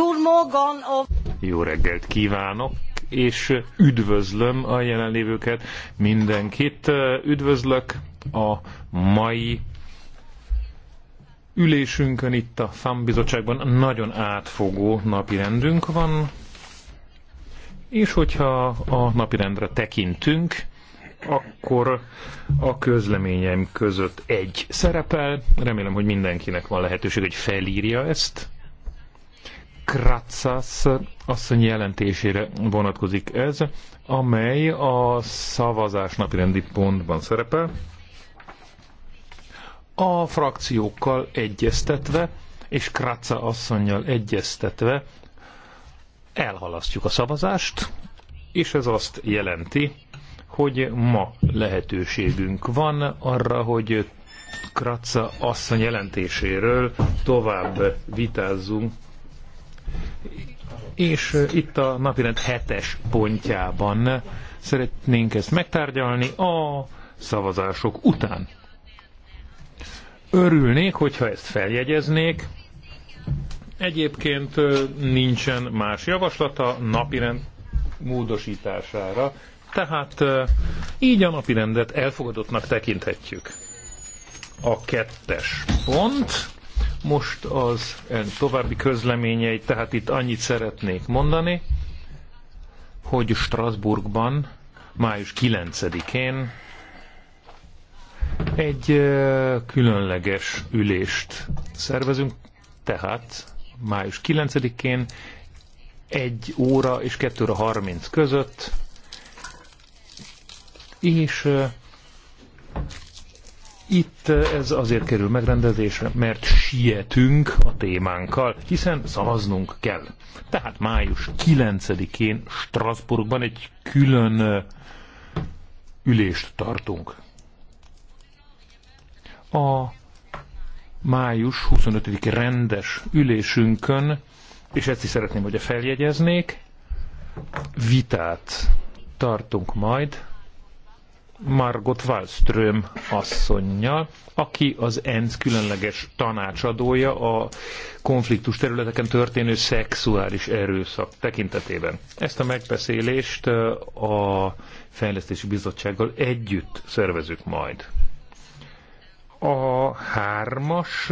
Good morning. Oh. Jó reggelt kívánok, és üdvözlöm a jelenlévőket, mindenkit. Üdvözlök a mai ülésünkön itt a FAM bizottságban. Nagyon átfogó napirendünk van, és hogyha a napirendre tekintünk, akkor a közleményem között egy szerepel. Remélem, hogy mindenkinek van lehetőség, hogy felírja ezt. Kratzas asszony jelentésére vonatkozik ez, amely a szavazás napirendi pontban szerepel. A frakciókkal egyeztetve és Kratza asszonynal egyeztetve elhalasztjuk a szavazást, és ez azt jelenti, hogy ma lehetőségünk van arra, hogy Kratza asszony jelentéséről tovább vitázzunk és itt a napirend hetes pontjában szeretnénk ezt megtárgyalni a szavazások után. Örülnék, hogyha ezt feljegyeznék. Egyébként nincsen más javaslata napirend módosítására, tehát így a napirendet elfogadottnak tekinthetjük. A kettes pont most az ön további közleményei, tehát itt annyit szeretnék mondani, hogy Strasbourgban május 9-én egy különleges ülést szervezünk, tehát május 9-én 1 óra és 2 óra 30 között, és itt ez azért kerül megrendezésre, mert sietünk a témánkkal, hiszen szavaznunk kell. Tehát május 9-én Strasbourgban egy külön ülést tartunk. A május 25 rendes ülésünkön, és ezt is szeretném, hogy a feljegyeznék, vitát tartunk majd Margot Wallström asszonynal, aki az ENSZ különleges tanácsadója a konfliktus területeken történő szexuális erőszak tekintetében. Ezt a megbeszélést a Fejlesztési Bizottsággal együtt szervezük majd. A hármas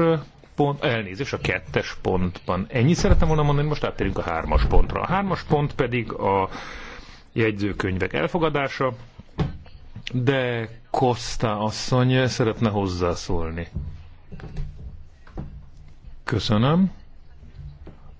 pont, elnézés, a kettes pontban. Ennyit szeretem volna mondani, most áttérünk a hármas pontra. A hármas pont pedig a jegyzőkönyvek elfogadása de Kosta asszony szeretne hozzászólni. Köszönöm.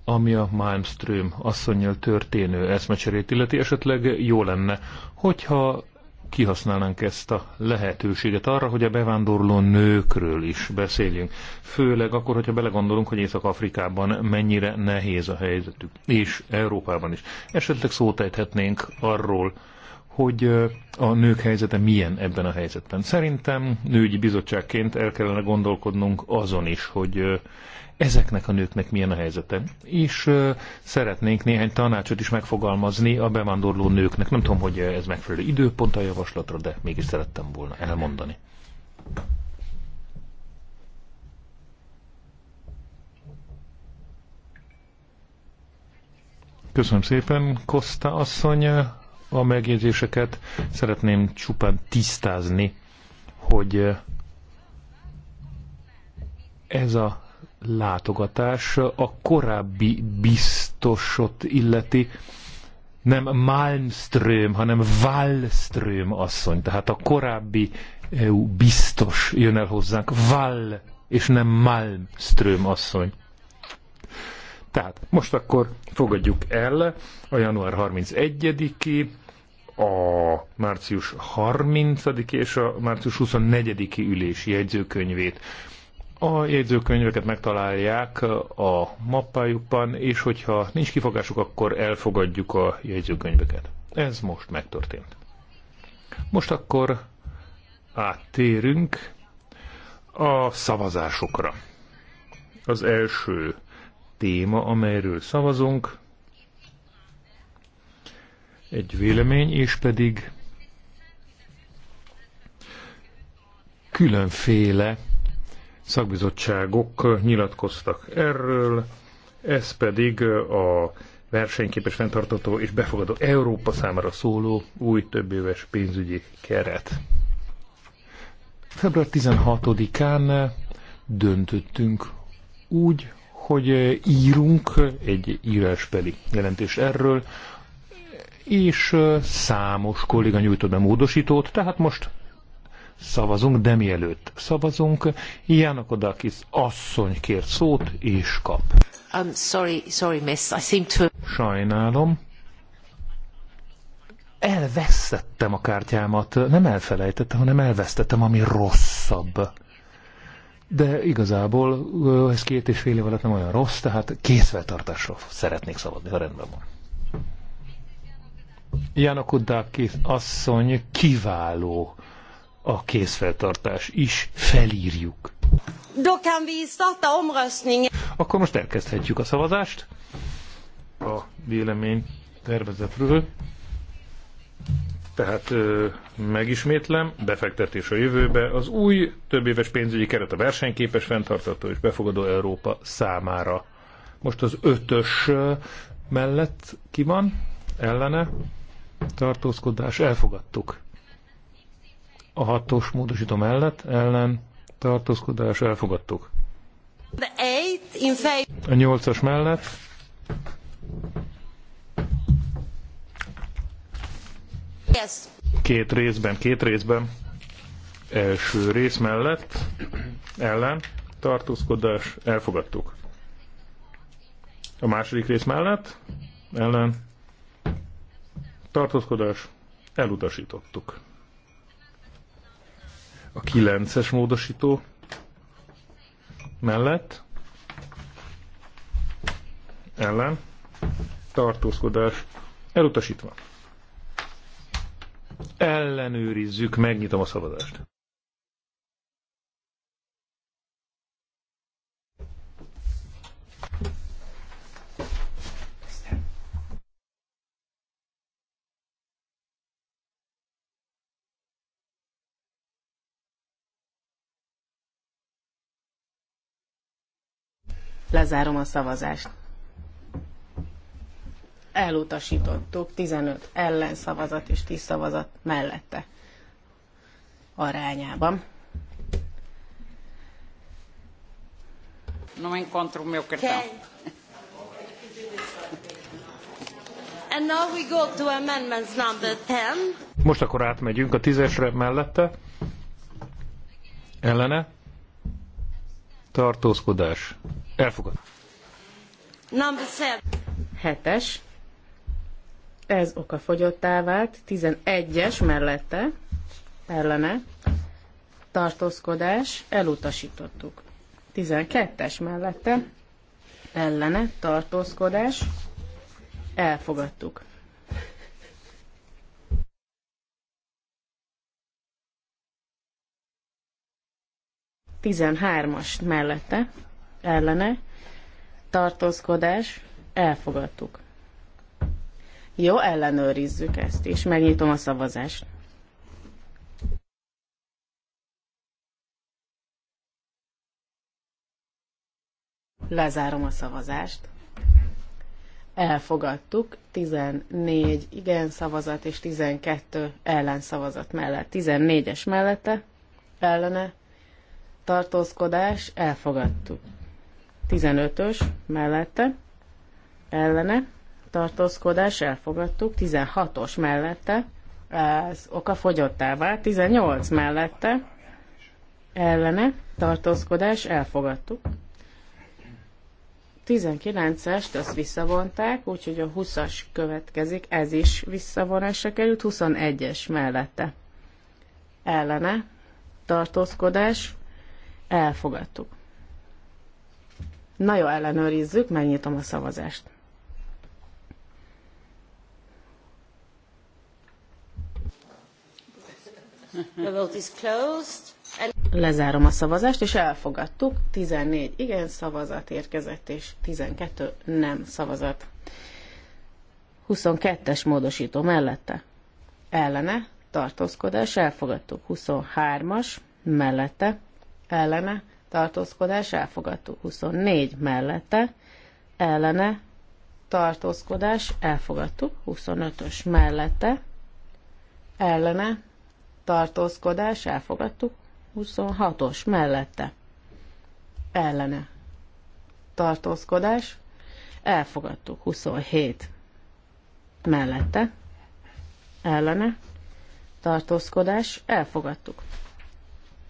Ami a Malmström asszonynal történő eszmecserét illeti, esetleg jó lenne, hogyha kihasználnánk ezt a lehetőséget arra, hogy a bevándorló nőkről is beszéljünk. Főleg akkor, hogyha belegondolunk, hogy Észak-Afrikában mennyire nehéz a helyzetük, és Európában is. Esetleg szót ejthetnénk arról, hogy a nők helyzete milyen ebben a helyzetben. Szerintem nőgyi bizottságként el kellene gondolkodnunk azon is, hogy ezeknek a nőknek milyen a helyzete. És szeretnénk néhány tanácsot is megfogalmazni a bevándorló nőknek. Nem tudom, hogy ez megfelelő időpont a javaslatra, de mégis szerettem volna elmondani. Köszönöm szépen, Kosta asszony a megjegyzéseket. Szeretném csupán tisztázni, hogy eh, ez a látogatás a korábbi biztosot illeti, nem Malmström, hanem Wallström asszony, tehát a korábbi EU biztos jön el hozzánk, Wall, és nem Malmström asszony. Tehát most akkor fogadjuk el a január 31-i a március 30 és a március 24-i ülési jegyzőkönyvét. A jegyzőkönyveket megtalálják a mappájukban, és hogyha nincs kifogásuk, akkor elfogadjuk a jegyzőkönyveket. Ez most megtörtént. Most akkor áttérünk a szavazásokra. Az első téma, amelyről szavazunk, egy vélemény, és pedig különféle szakbizottságok nyilatkoztak erről, ez pedig a versenyképes, fenntartató és befogadó Európa számára szóló új többéves pénzügyi keret. Február 16-án döntöttünk úgy, hogy írunk egy írásbeli jelentést erről, és számos kolléga nyújtott be módosítót, tehát most szavazunk, de mielőtt szavazunk, Janakodakis asszony kért szót és kap. Um, sorry, sorry, miss. I seem to... Sajnálom. Elvesztettem a kártyámat. Nem elfelejtettem, hanem elvesztettem, ami rosszabb. De igazából ez két és fél év alatt nem olyan rossz, tehát készfeltartásra szeretnék szavazni, ha rendben van. Janakudakis asszony kiváló a kézfeltartás is, felírjuk. Akkor most elkezdhetjük a szavazást a vélemény tervezetről. Tehát ö, megismétlem, befektetés a jövőbe, az új többéves pénzügyi keret a versenyképes, fenntartató és befogadó Európa számára. Most az ötös mellett ki van? Ellene? tartózkodás elfogadtuk. A hatos módosító mellett ellen tartózkodás elfogadtuk. A nyolcas mellett Két részben, két részben. Első rész mellett ellen tartózkodás elfogadtuk. A második rész mellett ellen tartózkodás, elutasítottuk. A kilences módosító mellett ellen tartózkodás elutasítva. Ellenőrizzük, megnyitom a szavazást. Lezárom a szavazást. Elutasítottuk 15 ellenszavazat és 10 szavazat mellette arányában. No encontro meu cartão. And now we go to amendments number 10. Most akkor átmegyünk a tízesre mellette. Ellene tartózkodás, elfogad. Number seven. Hetes. Ez okafogyottá vált. 11-es mellette, ellene, tartózkodás, elutasítottuk. 12-es mellette, ellene, tartózkodás, elfogadtuk. 13-as mellette ellene tartózkodás elfogadtuk. Jó, ellenőrizzük ezt, és megnyitom a szavazást. Lezárom a szavazást. Elfogadtuk 14 igen szavazat és 12 ellen szavazat mellett. 14-es mellette ellene tartózkodás, elfogadtuk. 15-ös mellette, ellene, tartózkodás, elfogadtuk. 16-os mellette, az oka fogyottá vált. 18 mellette, ellene, tartózkodás, elfogadtuk. 19-est azt visszavonták, úgyhogy a 20-as következik, ez is visszavonásra került, 21-es mellette. Ellene, tartózkodás, Elfogadtuk. Na jó, ellenőrizzük, megnyitom a szavazást. The vote is closed. Lezárom a szavazást, és elfogadtuk. 14 igen szavazat érkezett, és 12 nem szavazat. 22-es módosító mellette. Ellene, tartózkodás, elfogadtuk. 23-as mellette, ellene tartózkodás elfogadtuk. 24 mellette ellene tartózkodás elfogadtuk. 25-ös mellette ellene tartózkodás elfogadtuk. 26-os mellette ellene tartózkodás elfogadtuk. 27 mellette ellene tartózkodás elfogadtuk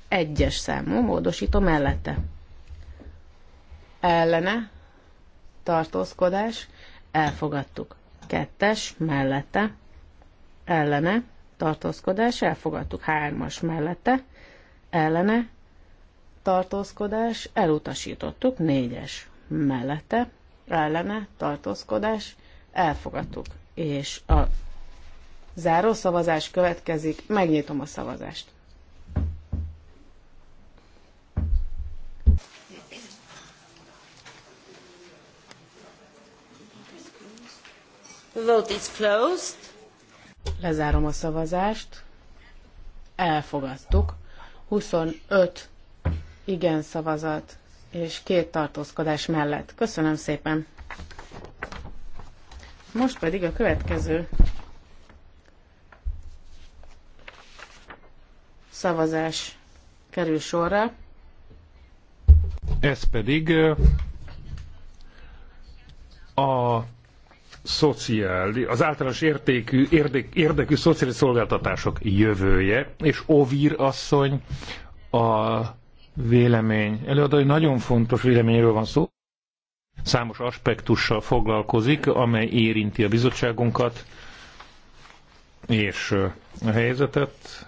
egyes számú módosító mellette. Ellene, tartózkodás, elfogadtuk. Kettes, mellette, ellene, tartózkodás, elfogadtuk. Hármas, mellette, ellene, tartózkodás, elutasítottuk. Négyes, mellette, ellene, tartózkodás, elfogadtuk. És a záró szavazás következik, megnyitom a szavazást. The vote is closed. Lezárom a szavazást. Elfogadtuk. 25 igen szavazat és két tartózkodás mellett. Köszönöm szépen. Most pedig a következő szavazás kerül sorra. Ez pedig a szociális, az általános értékű, érdek, érdekű szociális szolgáltatások jövője, és ovir asszony a vélemény előadó, hogy nagyon fontos véleményről van szó. Számos aspektussal foglalkozik, amely érinti a bizottságunkat és a helyzetet.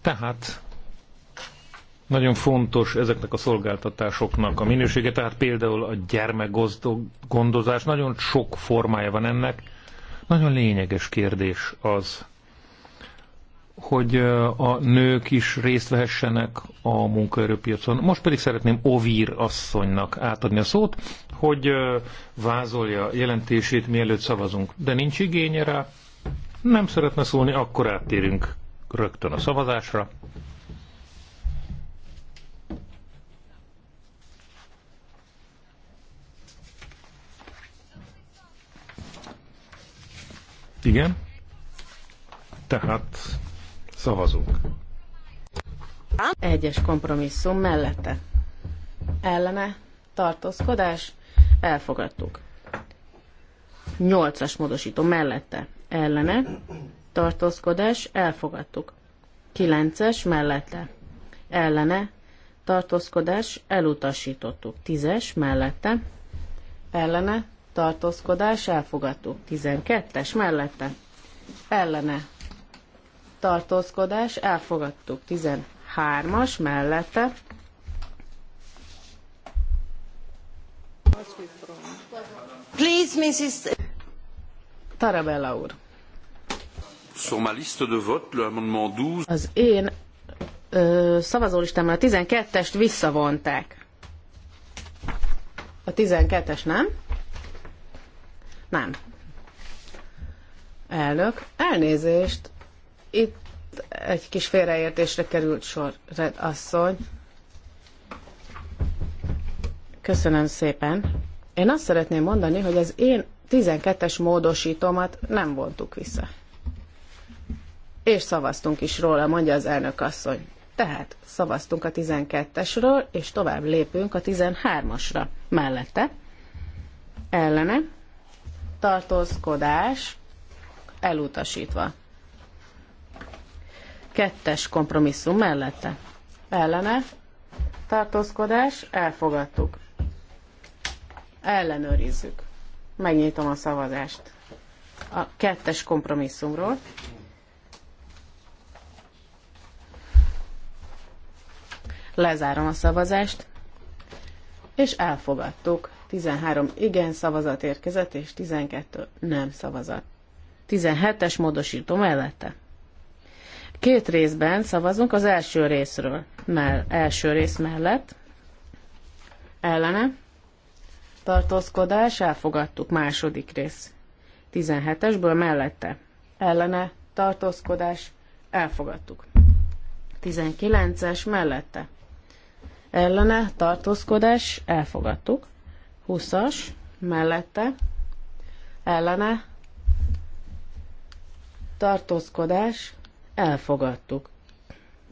Tehát nagyon fontos ezeknek a szolgáltatásoknak a minősége, tehát például a gyermekgondozás, nagyon sok formája van ennek. Nagyon lényeges kérdés az, hogy a nők is részt vehessenek a munkaerőpiacon. Most pedig szeretném Ovír asszonynak átadni a szót, hogy vázolja jelentését, mielőtt szavazunk. De nincs igénye rá, nem szeretne szólni, akkor áttérünk rögtön a szavazásra. Igen. Tehát szavazunk. Egyes kompromisszum mellette. Ellene tartózkodás elfogadtuk. Nyolcas módosító mellette. Ellene tartózkodás elfogadtuk. Kilences mellette. Ellene tartózkodás elutasítottuk. Tízes mellette. Ellene tartózkodás elfogadtuk. 12-es mellette ellene tartózkodás elfogadtuk. 13-as mellette Please, Mrs. Tarabella úr. Sur ma liste de vote, l'amendement 12. Az én ö, szavazólistámmal a 12-est visszavonták. A 12-es nem? Nem. Elnök, elnézést. Itt egy kis félreértésre került sor, Red asszony. Köszönöm szépen. Én azt szeretném mondani, hogy az én 12-es módosítomat nem vontuk vissza. És szavaztunk is róla, mondja az elnök asszony. Tehát szavaztunk a 12-esről, és tovább lépünk a 13-asra. Mellette, ellene, tartózkodás elutasítva. Kettes kompromisszum mellette. Ellene tartózkodás elfogadtuk. Ellenőrizzük. Megnyitom a szavazást. A kettes kompromisszumról. Lezárom a szavazást, és elfogadtuk 13 igen szavazat érkezett, és 12 nem szavazat. 17-es módosító mellette. Két részben szavazunk az első részről. Mell, első rész mellett. Ellene. Tartózkodás, elfogadtuk. Második rész. 17-esből mellette. Ellene. Tartózkodás, elfogadtuk. 19-es mellette. Ellene. Tartózkodás, elfogadtuk. 20-as mellette ellene tartózkodás elfogadtuk.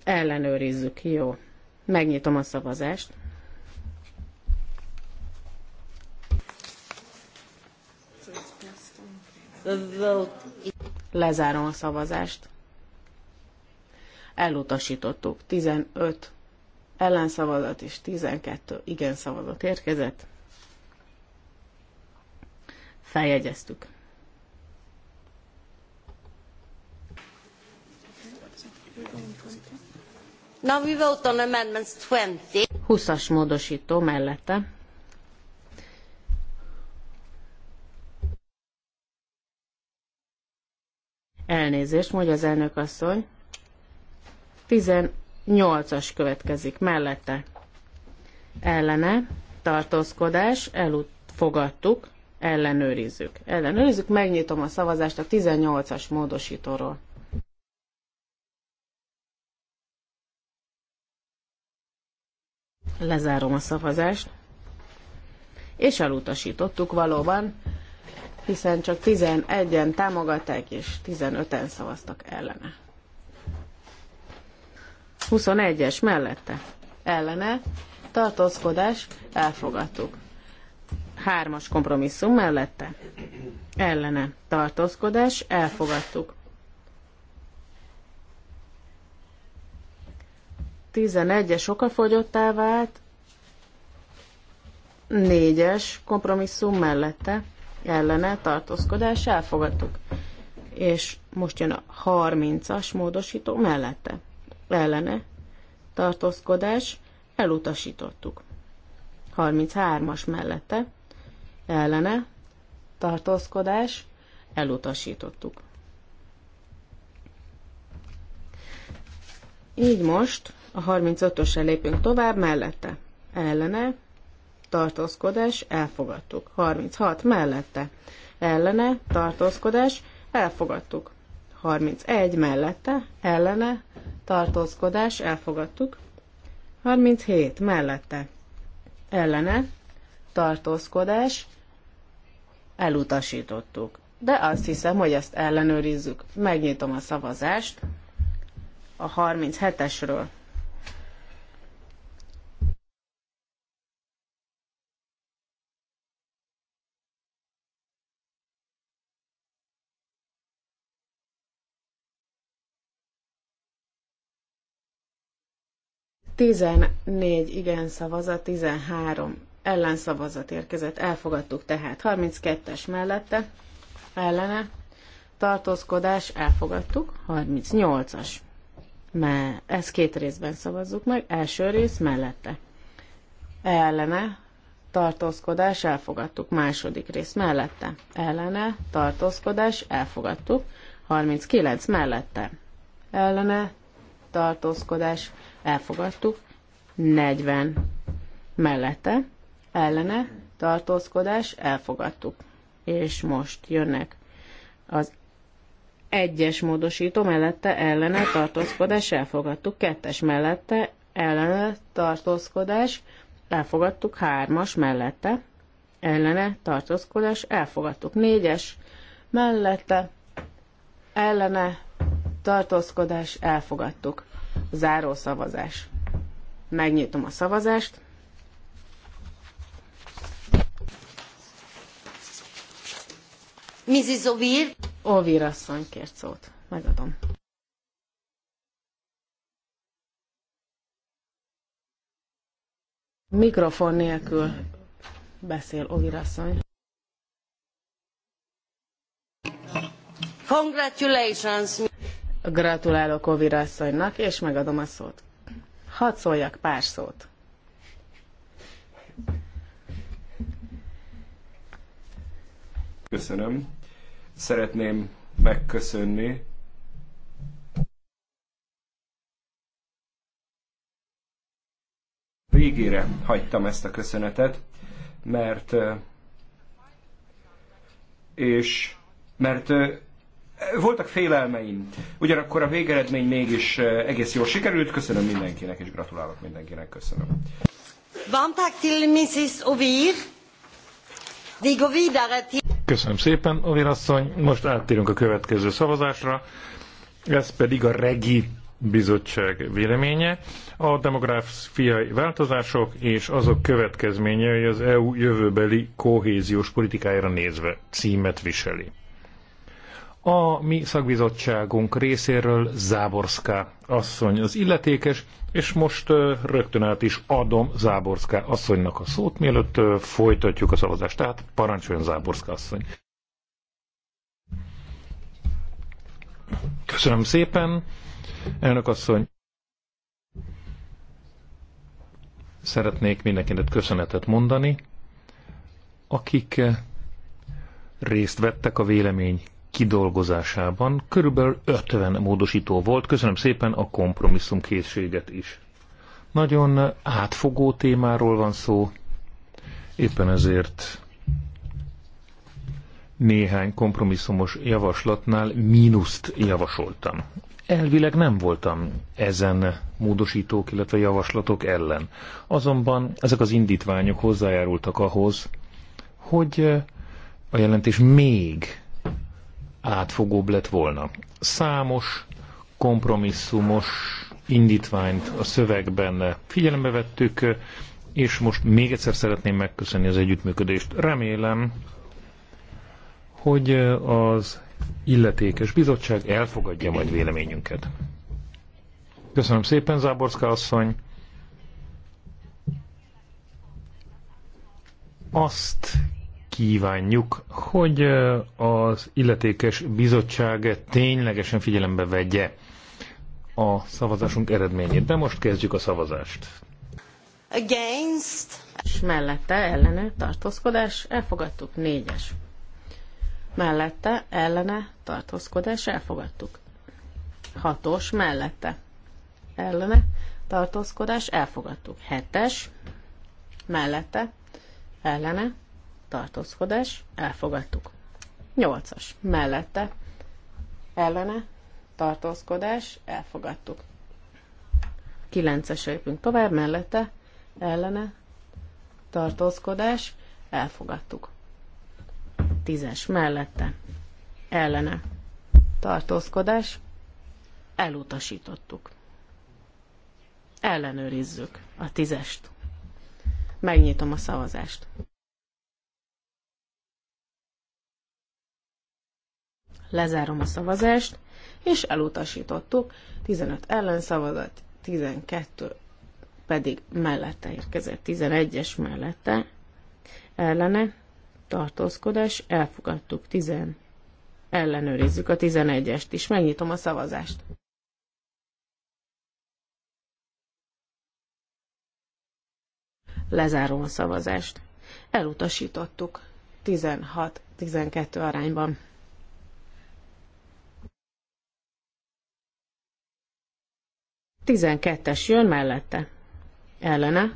Ellenőrizzük, jó. Megnyitom a szavazást. Lezárom a szavazást. Elutasítottuk. 15 ellenszavazat és 12 igen szavazat érkezett feljegyeztük. Now we vote on amendments 20. 20-as módosító mellette. Elnézést, mondja az elnök asszony. 18-as következik mellette. Ellene, tartózkodás, elutfogadtuk ellenőrizzük. Ellenőrizzük, megnyitom a szavazást a 18-as módosítóról. Lezárom a szavazást. És elutasítottuk valóban, hiszen csak 11-en támogatták, és 15-en szavaztak ellene. 21-es mellette ellene tartózkodás elfogadtuk. Hármas kompromisszum mellette. Ellene. Tartózkodás. Elfogadtuk. 11-es okafogyottá vált, 4-es kompromisszum mellette ellene tartózkodás elfogadtuk. És most jön a 30-as módosító mellette ellene tartózkodás elutasítottuk. 33-as mellette ellene tartózkodás elutasítottuk. Így most a 35-ösre lépünk tovább, mellette ellene tartózkodás elfogadtuk. 36 mellette ellene tartózkodás elfogadtuk. 31 mellette ellene tartózkodás elfogadtuk. 37 mellette ellene tartózkodás elfogadtuk elutasítottuk. De azt hiszem, hogy ezt ellenőrizzük. Megnyitom a szavazást a 37-esről. Tizennégy igen szavazat, tizenhárom ellenszavazat érkezett, elfogadtuk tehát. 32-es mellette ellene tartózkodás elfogadtuk. 38-as. Mert ezt két részben szavazzuk meg. Első rész mellette. Ellene tartózkodás elfogadtuk. Második rész mellette. Ellene tartózkodás elfogadtuk. 39 mellette. Ellene tartózkodás elfogadtuk. 40 mellette ellene tartózkodás elfogadtuk. És most jönnek az egyes módosító mellette ellene tartózkodás elfogadtuk, kettes mellette ellene tartózkodás elfogadtuk, hármas mellette ellene tartózkodás elfogadtuk, négyes mellette ellene tartózkodás elfogadtuk. Záró szavazás. Megnyitom a szavazást. Mrs. Ovir. Ovir asszony kért szót. Megadom. Mikrofon nélkül beszél Ovir asszony. Congratulations! Gratulálok Ovir asszonynak, és megadom a szót. Hadd szóljak pár szót. Köszönöm. Szeretném megköszönni végére hagytam ezt a köszönetet, mert és mert voltak félelmeim. Ugyanakkor a végeredmény mégis egész jól sikerült. Köszönöm mindenkinek, és gratulálok mindenkinek. Köszönöm. Varmt tack Mrs. Ovir. Vi går vidare Köszönöm szépen, Ovirasszony. Most áttérünk a következő szavazásra. Ez pedig a Regi bizottság véleménye, a demográfiai változások és azok következményei az EU jövőbeli kohéziós politikájára nézve címet viseli. A mi szakbizottságunk részéről Záborská asszony az illetékes, és most rögtön át is adom Záborská asszonynak a szót, mielőtt folytatjuk a szavazást. Tehát parancsoljon Záborská asszony. Köszönöm szépen, elnök asszony. Szeretnék mindenkinek köszönetet mondani, akik részt vettek a vélemény kidolgozásában körülbelül 50 módosító volt. Köszönöm szépen a kompromisszum készséget is. Nagyon átfogó témáról van szó, éppen ezért néhány kompromisszumos javaslatnál mínuszt javasoltam. Elvileg nem voltam ezen módosítók, illetve javaslatok ellen. Azonban ezek az indítványok hozzájárultak ahhoz, hogy a jelentés még átfogóbb lett volna. Számos kompromisszumos indítványt a szövegben figyelembe vettük, és most még egyszer szeretném megköszönni az együttműködést. Remélem, hogy az illetékes bizottság elfogadja majd véleményünket. Köszönöm szépen, Záborszka asszony. Azt kívánjuk, hogy az illetékes bizottság ténylegesen figyelembe vegye a szavazásunk eredményét. De most kezdjük a szavazást. Against. És mellette ellene tartózkodás elfogadtuk. Négyes. Mellette ellene tartózkodás elfogadtuk. Hatos mellette ellene tartózkodás elfogadtuk. Hetes mellette ellene tartózkodás, elfogadtuk. 8 mellette, ellene, tartózkodás, elfogadtuk. 9 lépünk tovább, mellette, ellene, tartózkodás, elfogadtuk. 10 mellette, ellene, tartózkodás, elutasítottuk. Ellenőrizzük a tízest. Megnyitom a szavazást. lezárom a szavazást, és elutasítottuk, 15 ellenszavazat, 12 pedig mellette érkezett, 11-es mellette ellene tartózkodás, elfogadtuk 10 ellenőrizzük a 11-est is, megnyitom a szavazást. Lezárom a szavazást. Elutasítottuk 16-12 arányban. 12-es jön mellette. Ellene.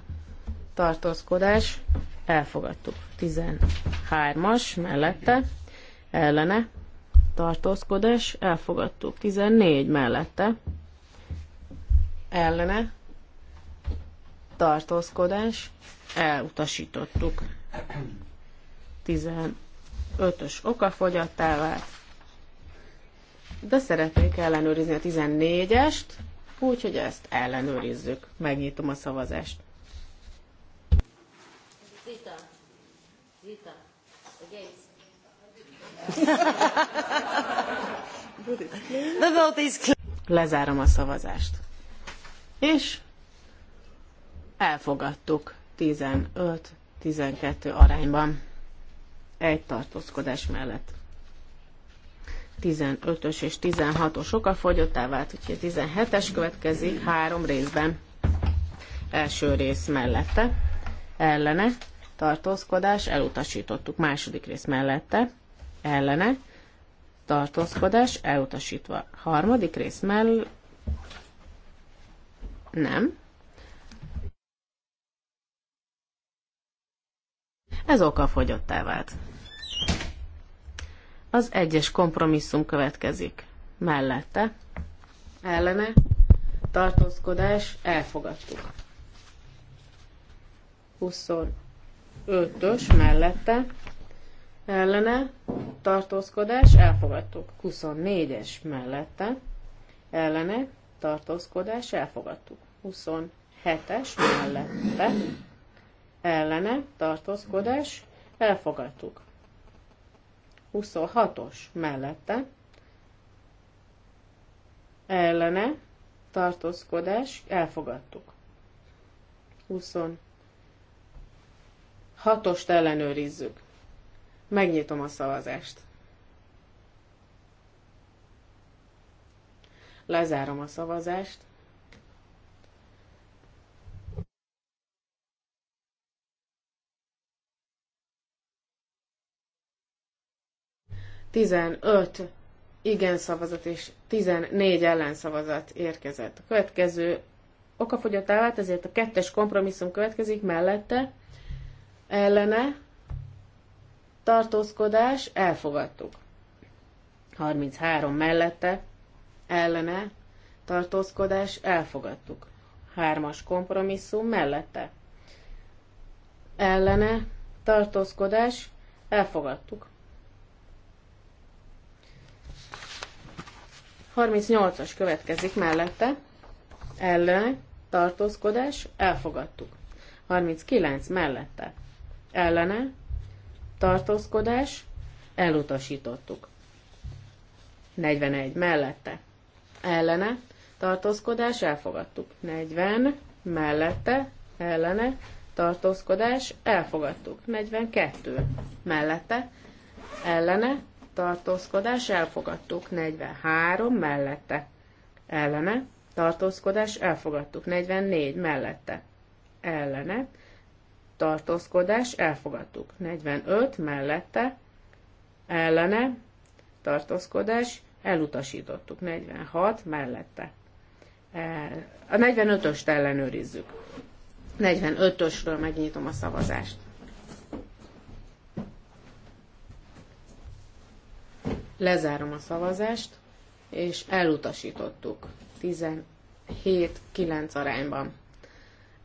Tartózkodás. Elfogadtuk. 13-as mellette. Ellene. Tartózkodás. Elfogadtuk. 14 mellette. Ellene. Tartózkodás. Elutasítottuk. 15-ös okafogyattá vált. De szeretnék ellenőrizni a 14-est úgyhogy ezt ellenőrizzük. Megnyitom a szavazást. Zita. Zita. Lezárom a szavazást. És elfogadtuk 15-12 arányban egy tartózkodás mellett. 15-ös és 16-os oka fogyottá vált, úgyhogy 17-es következik három részben. Első rész mellette, ellene, tartózkodás, elutasítottuk. Második rész mellette, ellene, tartózkodás, elutasítva. Harmadik rész mell... Nem. Ez oka fogyottá vált. Az egyes kompromisszum következik. Mellette. Ellene. Tartózkodás. Elfogadtuk. 25-ös mellette. Ellene. Tartózkodás. Elfogadtuk. 24-es mellette. Ellene. Tartózkodás. Elfogadtuk. 27-es mellette. Ellene. Tartózkodás. Elfogadtuk. 26-os mellette ellene tartózkodás elfogadtuk. 26-ost ellenőrizzük. Megnyitom a szavazást. Lezárom a szavazást. 15 igen szavazat és 14 ellenszavazat érkezett. A következő okafogyott állt, ezért a kettes kompromisszum következik mellette, ellene, tartózkodás, elfogadtuk. 33 mellette, ellene, tartózkodás, elfogadtuk. Hármas kompromisszum mellette, ellene, tartózkodás, elfogadtuk. 38-as következik mellette, ellene, tartózkodás, elfogadtuk. 39 mellette, ellene, tartózkodás, elutasítottuk. 41 mellette, ellene, tartózkodás, elfogadtuk. 40 mellette, ellene, tartózkodás, elfogadtuk. 42 mellette, ellene, tartózkodás elfogadtuk. 43 mellette ellene tartózkodás elfogadtuk. 44 mellette ellene tartózkodás elfogadtuk. 45 mellette ellene tartózkodás elutasítottuk. 46 mellette. E, a 45-öst ellenőrizzük. 45-ösről megnyitom a szavazást. Lezárom a szavazást, és elutasítottuk 17-9 arányban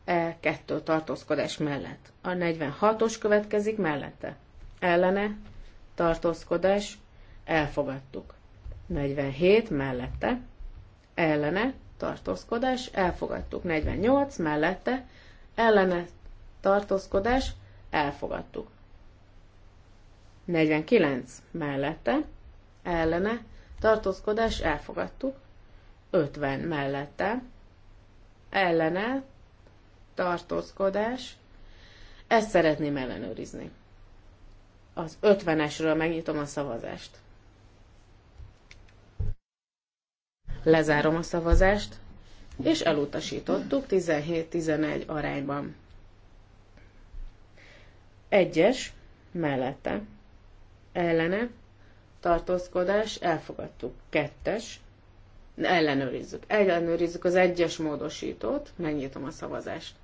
e kettő tartózkodás mellett. A 46-os következik mellette. Ellene tartózkodás elfogadtuk. 47 mellette ellene tartózkodás elfogadtuk. 48 mellette ellene tartózkodás elfogadtuk. 49 mellette ellene, tartózkodás elfogadtuk, 50 mellette, ellene, tartózkodás, ezt szeretném ellenőrizni. Az 50-esről megnyitom a szavazást. Lezárom a szavazást, és elutasítottuk 17-11 arányban. Egyes mellette, ellene, tartózkodás, elfogadtuk. Kettes, ellenőrizzük. Ellenőrizzük az egyes módosítót, megnyitom a szavazást.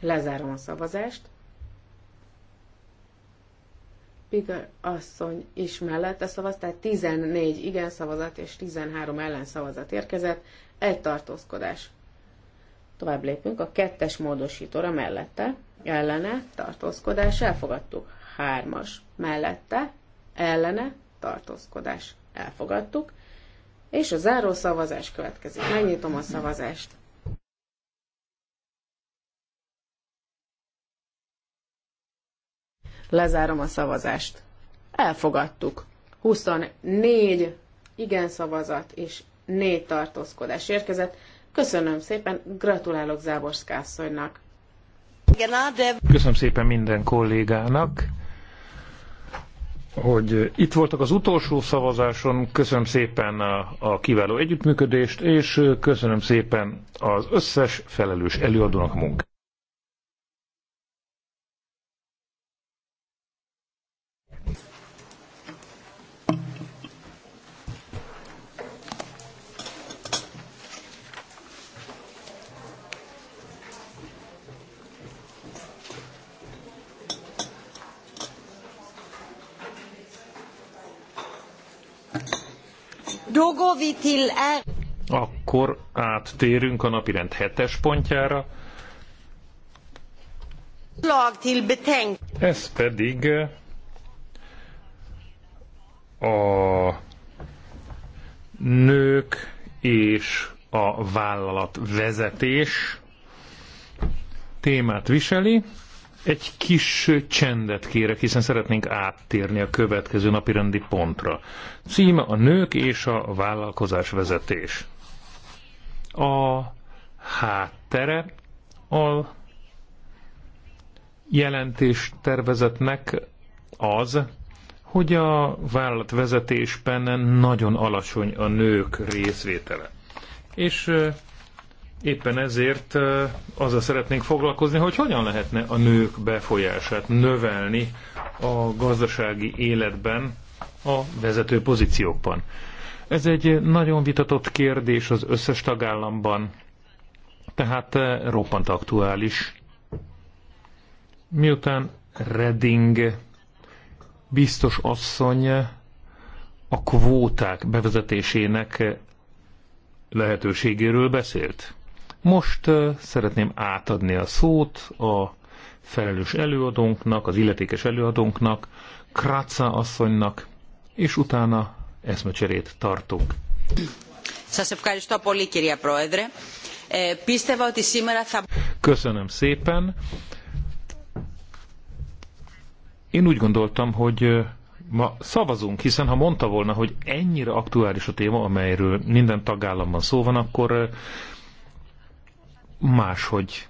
Lezárom a szavazást. Pigar asszony is mellette szavaz, tehát 14 igen szavazat és 13 ellen szavazat érkezett, egy tartózkodás. Tovább lépünk a kettes módosítóra mellette, ellene, tartózkodás, elfogadtuk hármas mellette, ellene, tartózkodás. Elfogadtuk. És a záró szavazás következik. Megnyitom a szavazást. Lezárom a szavazást. Elfogadtuk. 24 igen szavazat és 4 tartózkodás érkezett. Köszönöm szépen, gratulálok Záborszkászonynak. Köszönöm szépen minden kollégának hogy itt voltak az utolsó szavazáson. Köszönöm szépen a kiváló együttműködést, és köszönöm szépen az összes felelős előadónak munkát. Akkor áttérünk a napirend hetes pontjára. Ez pedig a nők és a vállalat vezetés témát viseli. Egy kis csendet kérek, hiszen szeretnénk áttérni a következő napirendi pontra. Címe a nők és a vállalkozás vezetés. A háttere a jelentés tervezetnek az, hogy a vállalatvezetésben nagyon alacsony a nők részvétele. És Éppen ezért azzal szeretnénk foglalkozni, hogy hogyan lehetne a nők befolyását növelni a gazdasági életben, a vezető pozíciókban. Ez egy nagyon vitatott kérdés az összes tagállamban, tehát roppant aktuális. Miután Redding biztos asszony a kvóták bevezetésének lehetőségéről beszélt. Most szeretném átadni a szót a felelős előadónknak, az illetékes előadónknak, Kráca asszonynak, és utána eszmecserét tartunk. Köszönöm szépen. Én úgy gondoltam, hogy ma szavazunk, hiszen ha mondta volna, hogy ennyire aktuális a téma, amelyről minden tagállamban szó van, akkor máshogy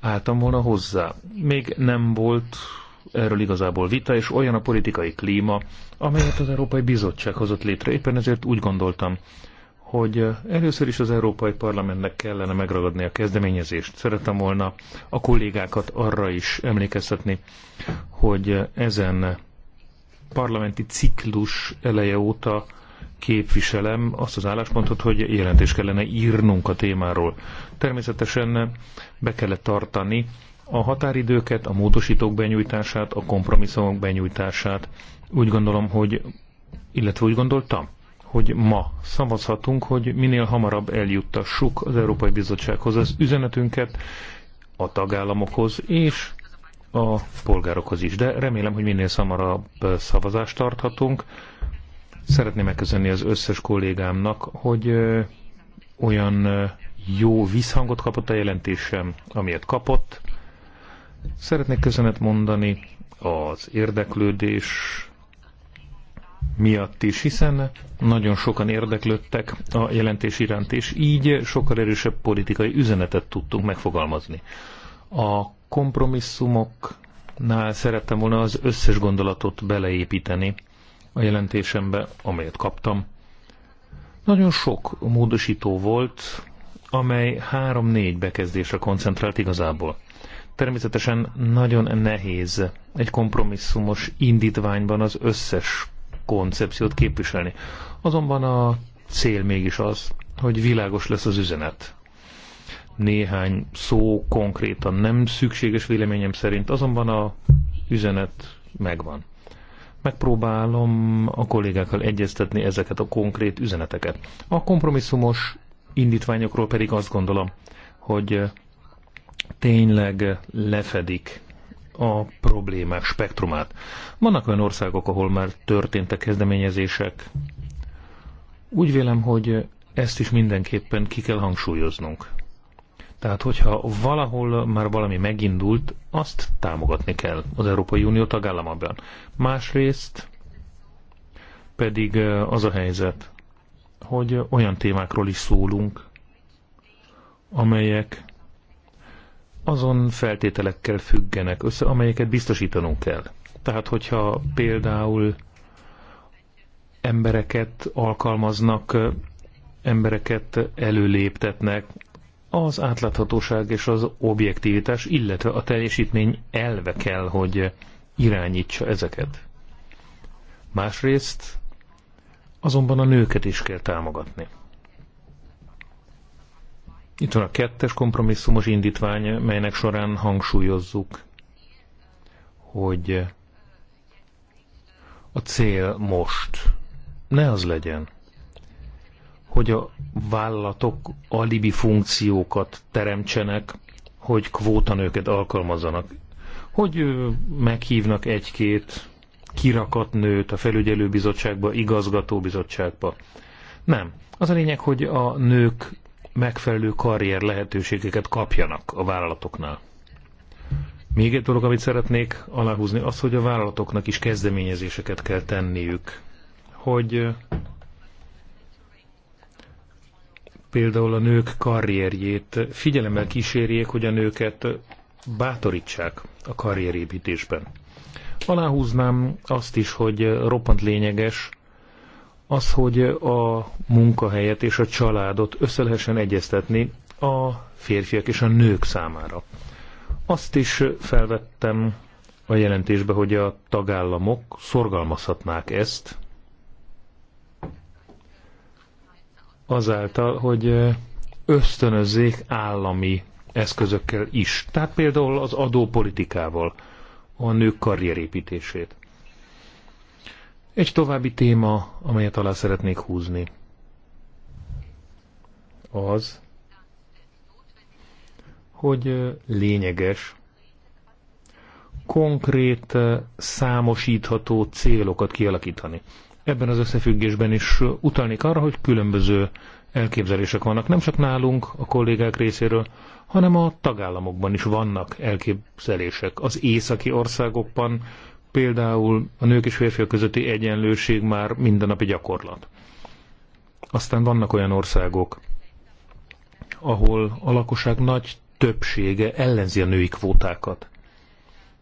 álltam volna hozzá. Még nem volt erről igazából vita, és olyan a politikai klíma, amelyet az Európai Bizottság hozott létre. Éppen ezért úgy gondoltam, hogy először is az Európai Parlamentnek kellene megragadni a kezdeményezést. Szeretem volna a kollégákat arra is emlékeztetni, hogy ezen parlamenti ciklus eleje óta képviselem azt az álláspontot, hogy jelentést kellene írnunk a témáról. Természetesen be kellett tartani a határidőket, a módosítók benyújtását, a kompromisszumok benyújtását. Úgy gondolom, hogy, illetve úgy gondoltam, hogy ma szavazhatunk, hogy minél hamarabb eljuttassuk az Európai Bizottsághoz az üzenetünket, a tagállamokhoz és a polgárokhoz is. De remélem, hogy minél hamarabb szavazást tarthatunk, Szeretném megköszönni az összes kollégámnak, hogy olyan jó visszhangot kapott a jelentésem, amilyet kapott. Szeretnék köszönet mondani az érdeklődés miatt is, hiszen nagyon sokan érdeklődtek a jelentés iránt, és így sokkal erősebb politikai üzenetet tudtunk megfogalmazni. A kompromisszumoknál szerettem volna az összes gondolatot beleépíteni, a jelentésembe, amelyet kaptam. Nagyon sok módosító volt, amely három-négy bekezdésre koncentrált igazából. Természetesen nagyon nehéz egy kompromisszumos indítványban az összes koncepciót képviselni. Azonban a cél mégis az, hogy világos lesz az üzenet. Néhány szó konkrétan nem szükséges véleményem szerint, azonban a üzenet megvan megpróbálom a kollégákkal egyeztetni ezeket a konkrét üzeneteket. A kompromisszumos indítványokról pedig azt gondolom, hogy tényleg lefedik a problémák spektrumát. Vannak olyan országok, ahol már történtek kezdeményezések. Úgy vélem, hogy ezt is mindenképpen ki kell hangsúlyoznunk. Tehát, hogyha valahol már valami megindult, azt támogatni kell az Európai Unió tagállamában. Másrészt pedig az a helyzet, hogy olyan témákról is szólunk, amelyek azon feltételekkel függenek össze, amelyeket biztosítanunk kell. Tehát, hogyha például embereket alkalmaznak, embereket előléptetnek, az átláthatóság és az objektivitás, illetve a teljesítmény elve kell, hogy irányítsa ezeket. Másrészt azonban a nőket is kell támogatni. Itt van a kettes kompromisszumos indítvány, melynek során hangsúlyozzuk, hogy a cél most ne az legyen, hogy a vállalatok alibi funkciókat teremtsenek, hogy kvótanőket alkalmazzanak. Hogy meghívnak egy-két kirakat nőt a felügyelőbizottságba, igazgatóbizottságba. Nem. Az a lényeg, hogy a nők megfelelő karrier lehetőségeket kapjanak a vállalatoknál. Még egy dolog, amit szeretnék aláhúzni, az, hogy a vállalatoknak is kezdeményezéseket kell tenniük, hogy például a nők karrierjét figyelemmel kísérjék, hogy a nőket bátorítsák a karrierépítésben. Aláhúznám azt is, hogy roppant lényeges az, hogy a munkahelyet és a családot össze lehessen egyeztetni a férfiak és a nők számára. Azt is felvettem a jelentésbe, hogy a tagállamok szorgalmazhatnák ezt, azáltal, hogy ösztönözzék állami eszközökkel is. Tehát például az adópolitikával a nők karrierépítését. Egy további téma, amelyet alá szeretnék húzni, az, hogy lényeges, konkrét, számosítható célokat kialakítani ebben az összefüggésben is utalnék arra, hogy különböző elképzelések vannak, nem csak nálunk, a kollégák részéről, hanem a tagállamokban is vannak elképzelések. Az északi országokban például a nők és férfiak közötti egyenlőség már mindennapi gyakorlat. Aztán vannak olyan országok, ahol a lakosság nagy többsége ellenzi a női kvótákat.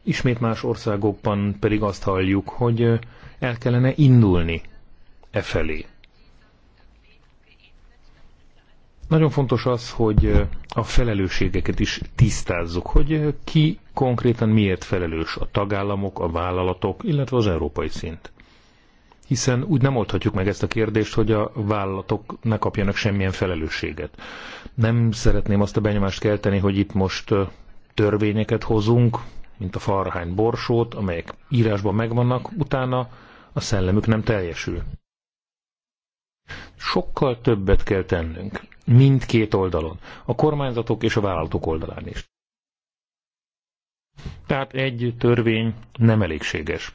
Ismét más országokban pedig azt halljuk, hogy el kellene indulni e felé. Nagyon fontos az, hogy a felelősségeket is tisztázzuk, hogy ki konkrétan miért felelős a tagállamok, a vállalatok, illetve az európai szint. Hiszen úgy nem oldhatjuk meg ezt a kérdést, hogy a vállalatok ne kapjanak semmilyen felelősséget. Nem szeretném azt a benyomást kelteni, hogy itt most törvényeket hozunk, mint a farhány borsót, amelyek írásban megvannak, utána a szellemük nem teljesül. Sokkal többet kell tennünk, mindkét oldalon, a kormányzatok és a vállalatok oldalán is. Tehát egy törvény nem elégséges.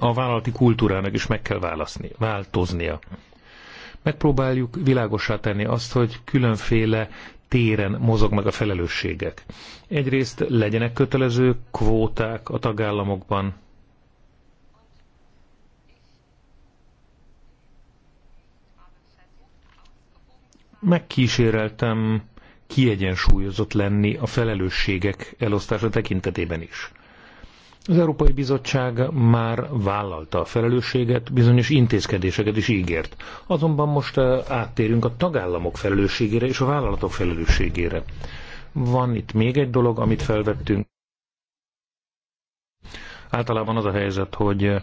A vállalati kultúrának is meg kell válaszni, változnia. Megpróbáljuk világossá tenni azt, hogy különféle téren mozognak a felelősségek. Egyrészt legyenek kötelező kvóták a tagállamokban, megkíséreltem kiegyensúlyozott lenni a felelősségek elosztása tekintetében is. Az Európai Bizottság már vállalta a felelősséget, bizonyos intézkedéseket is ígért. Azonban most eh, áttérünk a tagállamok felelősségére és a vállalatok felelősségére. Van itt még egy dolog, amit felvettünk. Általában az a helyzet, hogy eh,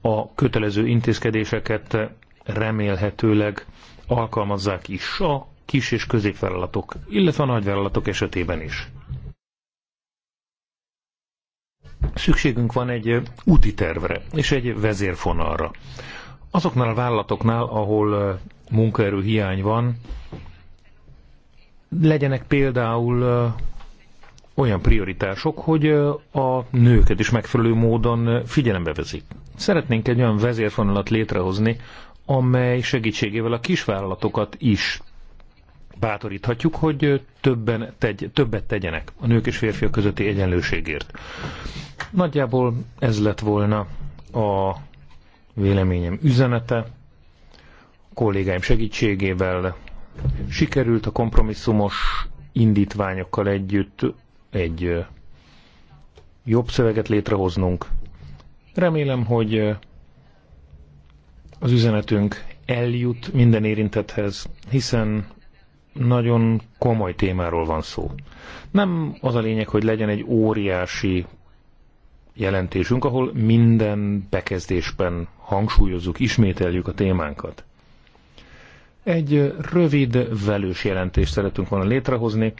a kötelező intézkedéseket remélhetőleg alkalmazzák is a kis és középvállalatok, illetve a nagyvállalatok esetében is. Szükségünk van egy úti tervre és egy vezérfonalra. Azoknál a vállalatoknál, ahol eh, munkaerő hiány van, legyenek például eh, olyan prioritások, hogy eh, a nőket is megfelelő módon figyelembe vezik. Szeretnénk egy olyan vezérfonalat létrehozni, amely segítségével a kisvállalatokat is bátoríthatjuk, hogy többen tegy, többet tegyenek a nők és férfiak közötti egyenlőségért. Nagyjából ez lett volna a véleményem üzenete. A kollégáim segítségével sikerült a kompromisszumos indítványokkal együtt egy jobb szöveget létrehoznunk. Remélem, hogy az üzenetünk eljut minden érintethez, hiszen nagyon komoly témáról van szó. Nem az a lényeg, hogy legyen egy óriási jelentésünk, ahol minden bekezdésben hangsúlyozzuk, ismételjük a témánkat. Egy rövid, velős jelentést szeretünk volna létrehozni,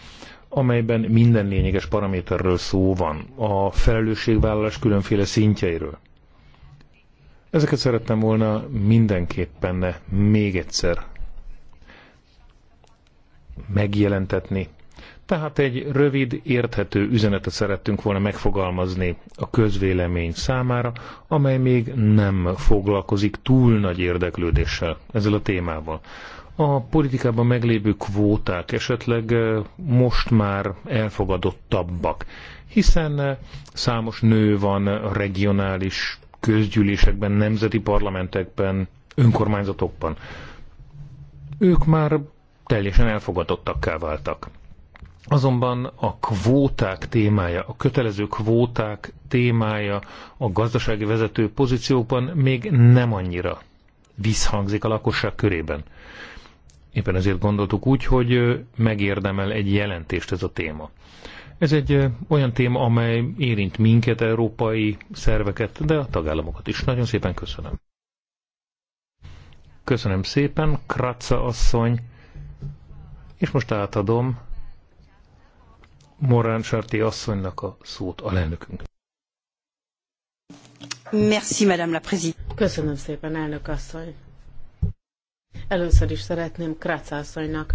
amelyben minden lényeges paraméterről szó van, a felelősségvállalás különféle szintjeiről. Ezeket szerettem volna mindenképpen még egyszer megjelentetni. Tehát egy rövid, érthető üzenetet szerettünk volna megfogalmazni a közvélemény számára, amely még nem foglalkozik túl nagy érdeklődéssel ezzel a témával. A politikában meglévő kvóták esetleg eh, most már elfogadottabbak, hiszen eh, számos nő van a regionális közgyűlésekben, nemzeti parlamentekben, önkormányzatokban. Ők már teljesen elfogadottakká váltak. Azonban a kvóták témája, a kötelező kvóták témája a gazdasági vezető pozíciókban még nem annyira visszhangzik a lakosság körében. Éppen ezért gondoltuk úgy, hogy megérdemel egy jelentést ez a téma. Ez egy olyan téma, amely érint minket, európai szerveket, de a tagállamokat is. Nagyon szépen köszönöm. Köszönöm szépen, Kratza asszony, és most átadom Morán Sarti asszonynak a szót a lelnökünk. Merci, Madame la Présidente. Köszönöm szépen, elnök asszony. Először is szeretném Kratza asszonynak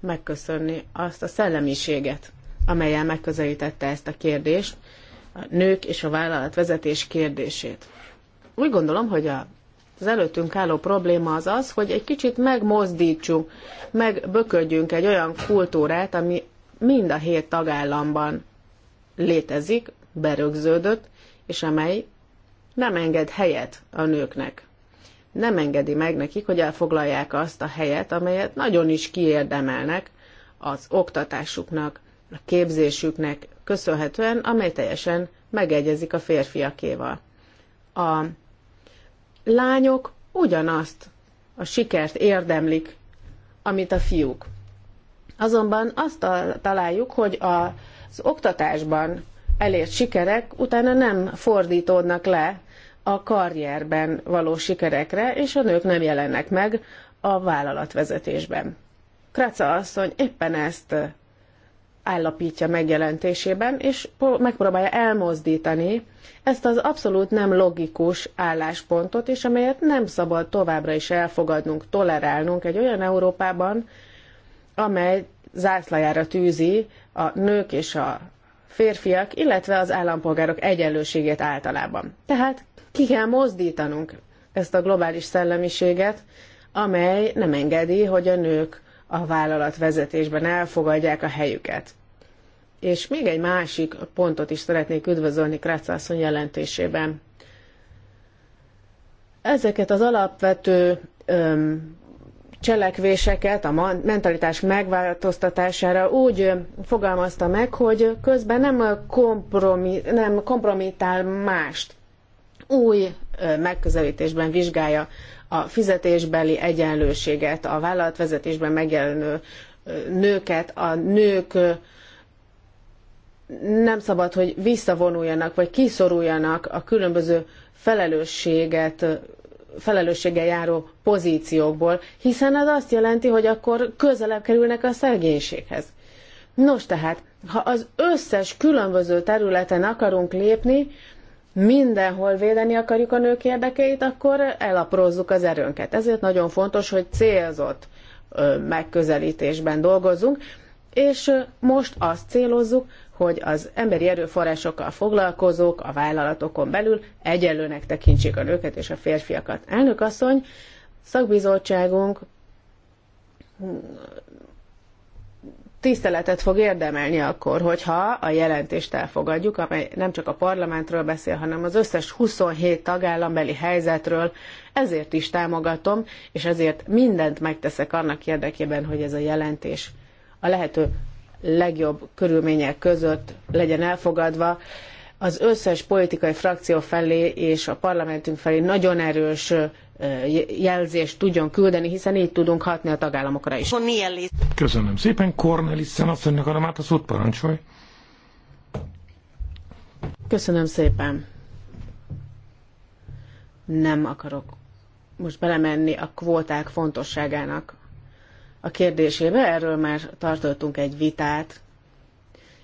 megköszönni azt a szellemiséget, amelyel megközelítette ezt a kérdést, a nők és a vállalatvezetés kérdését. Úgy gondolom, hogy a az előttünk álló probléma az az, hogy egy kicsit megmozdítsunk, megböködjünk egy olyan kultúrát, ami mind a hét tagállamban létezik, berögződött, és amely nem enged helyet a nőknek. Nem engedi meg nekik, hogy elfoglalják azt a helyet, amelyet nagyon is kiérdemelnek az oktatásuknak, a képzésüknek köszönhetően, amely teljesen megegyezik a férfiakéval. A lányok ugyanazt a sikert érdemlik, amit a fiúk. Azonban azt találjuk, hogy az oktatásban elért sikerek utána nem fordítódnak le a karrierben való sikerekre, és a nők nem jelennek meg a vállalatvezetésben. Kraca asszony éppen ezt állapítja megjelentésében, és megpróbálja elmozdítani ezt az abszolút nem logikus álláspontot, és amelyet nem szabad továbbra is elfogadnunk, tolerálnunk egy olyan Európában, amely zászlajára tűzi a nők és a férfiak, illetve az állampolgárok egyenlőségét általában. Tehát ki kell mozdítanunk ezt a globális szellemiséget, amely nem engedi, hogy a nők a vállalat vezetésben elfogadják a helyüket. És még egy másik pontot is szeretnék üdvözölni Krácászon jelentésében. Ezeket az alapvető öm, cselekvéseket a mentalitás megváltoztatására úgy fogalmazta meg, hogy közben nem, kompromi, nem kompromitál mást. Új megközelítésben vizsgálja a fizetésbeli egyenlőséget, a vállalatvezetésben megjelenő nőket, a nők nem szabad, hogy visszavonuljanak, vagy kiszoruljanak a különböző felelősséget, felelősséggel járó pozíciókból, hiszen ez azt jelenti, hogy akkor közelebb kerülnek a szegénységhez. Nos tehát, ha az összes különböző területen akarunk lépni, mindenhol védeni akarjuk a nők érdekeit, akkor elaprózzuk az erőnket. Ezért nagyon fontos, hogy célzott megközelítésben dolgozzunk, és most azt célozzuk, hogy az emberi erőforrásokkal foglalkozók a vállalatokon belül egyenlőnek tekintsék a nőket és a férfiakat. Elnök asszony, szakbizottságunk tiszteletet fog érdemelni akkor, hogyha a jelentést elfogadjuk, amely nem csak a parlamentről beszél, hanem az összes 27 tagállambeli helyzetről. Ezért is támogatom, és ezért mindent megteszek annak érdekében, hogy ez a jelentés a lehető legjobb körülmények között legyen elfogadva. Az összes politikai frakció felé és a parlamentünk felé nagyon erős jelzést tudjon küldeni, hiszen így tudunk hatni a tagállamokra is. Köszönöm szépen, Cornelissen asszonynak adom át a szót, parancsolj. Köszönöm szépen. Nem akarok most belemenni a kvóták fontosságának a kérdésébe, erről már tartottunk egy vitát,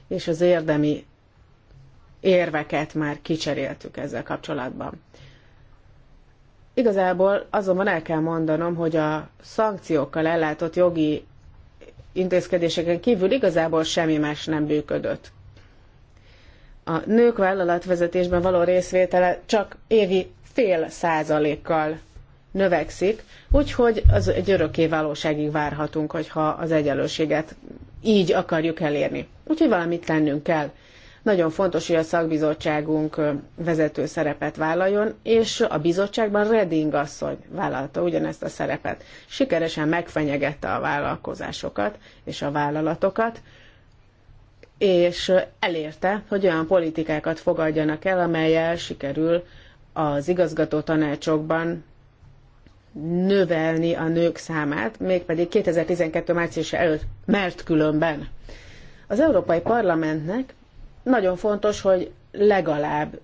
és az érdemi érveket már kicseréltük ezzel kapcsolatban. Igazából azonban el kell mondanom, hogy a szankciókkal ellátott jogi intézkedéseken kívül igazából semmi más nem működött. A nők vállalatvezetésben való részvétele csak évi fél százalékkal növekszik, úgyhogy az egy örökké valóságig várhatunk, hogyha az egyenlőséget így akarjuk elérni. Úgyhogy valamit tennünk kell. Nagyon fontos, hogy a szakbizottságunk vezető szerepet vállaljon, és a bizottságban Reding asszony vállalta ugyanezt a szerepet. Sikeresen megfenyegette a vállalkozásokat és a vállalatokat, és elérte, hogy olyan politikákat fogadjanak el, amelyel sikerül az igazgató tanácsokban növelni a nők számát, mégpedig 2012. március előtt, mert különben. Az Európai Parlamentnek nagyon fontos, hogy legalább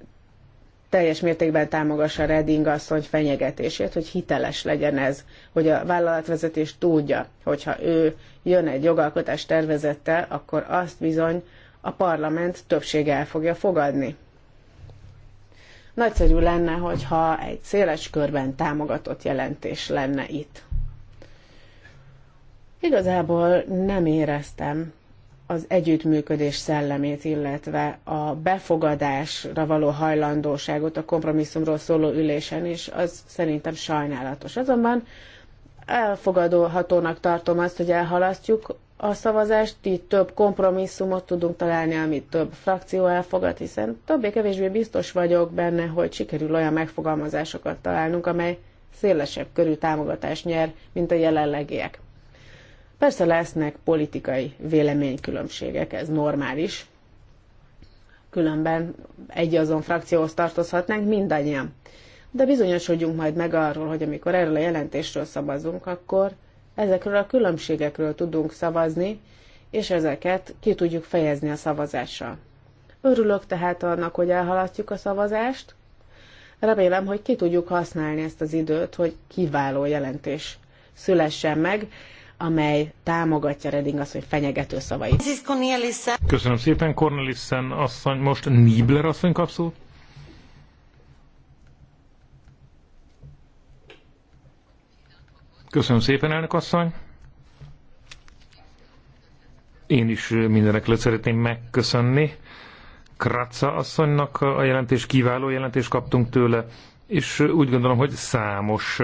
teljes mértékben támogassa Reding asszony fenyegetését, hogy hiteles legyen ez, hogy a vállalatvezetés tudja, hogyha ő jön egy jogalkotás tervezettel, akkor azt bizony a parlament többsége el fogja fogadni. Nagyszerű lenne, hogyha egy széles körben támogatott jelentés lenne itt. Igazából nem éreztem az együttműködés szellemét, illetve a befogadásra való hajlandóságot a kompromisszumról szóló ülésen, is, az szerintem sajnálatos. Azonban elfogadóhatónak tartom azt, hogy elhalasztjuk a szavazást, így több kompromisszumot tudunk találni, amit több frakció elfogad, hiszen többé-kevésbé biztos vagyok benne, hogy sikerül olyan megfogalmazásokat találnunk, amely szélesebb körű támogatást nyer, mint a jelenlegiek. Persze lesznek politikai véleménykülönbségek, ez normális. Különben egy azon frakcióhoz tartozhatnánk mindannyian. De bizonyosodjunk majd meg arról, hogy amikor erről a jelentésről szavazunk, akkor ezekről a különbségekről tudunk szavazni, és ezeket ki tudjuk fejezni a szavazással. Örülök tehát annak, hogy elhaladjuk a szavazást. Remélem, hogy ki tudjuk használni ezt az időt, hogy kiváló jelentés szülessen meg amely támogatja Reding asszony fenyegető szavait. Köszönöm szépen, Cornelissen asszony, most Nibler asszony kap szót. Köszönöm szépen, elnök asszony. Én is le szeretném megköszönni. Kratza asszonynak a jelentés, kiváló jelentést kaptunk tőle és úgy gondolom, hogy számos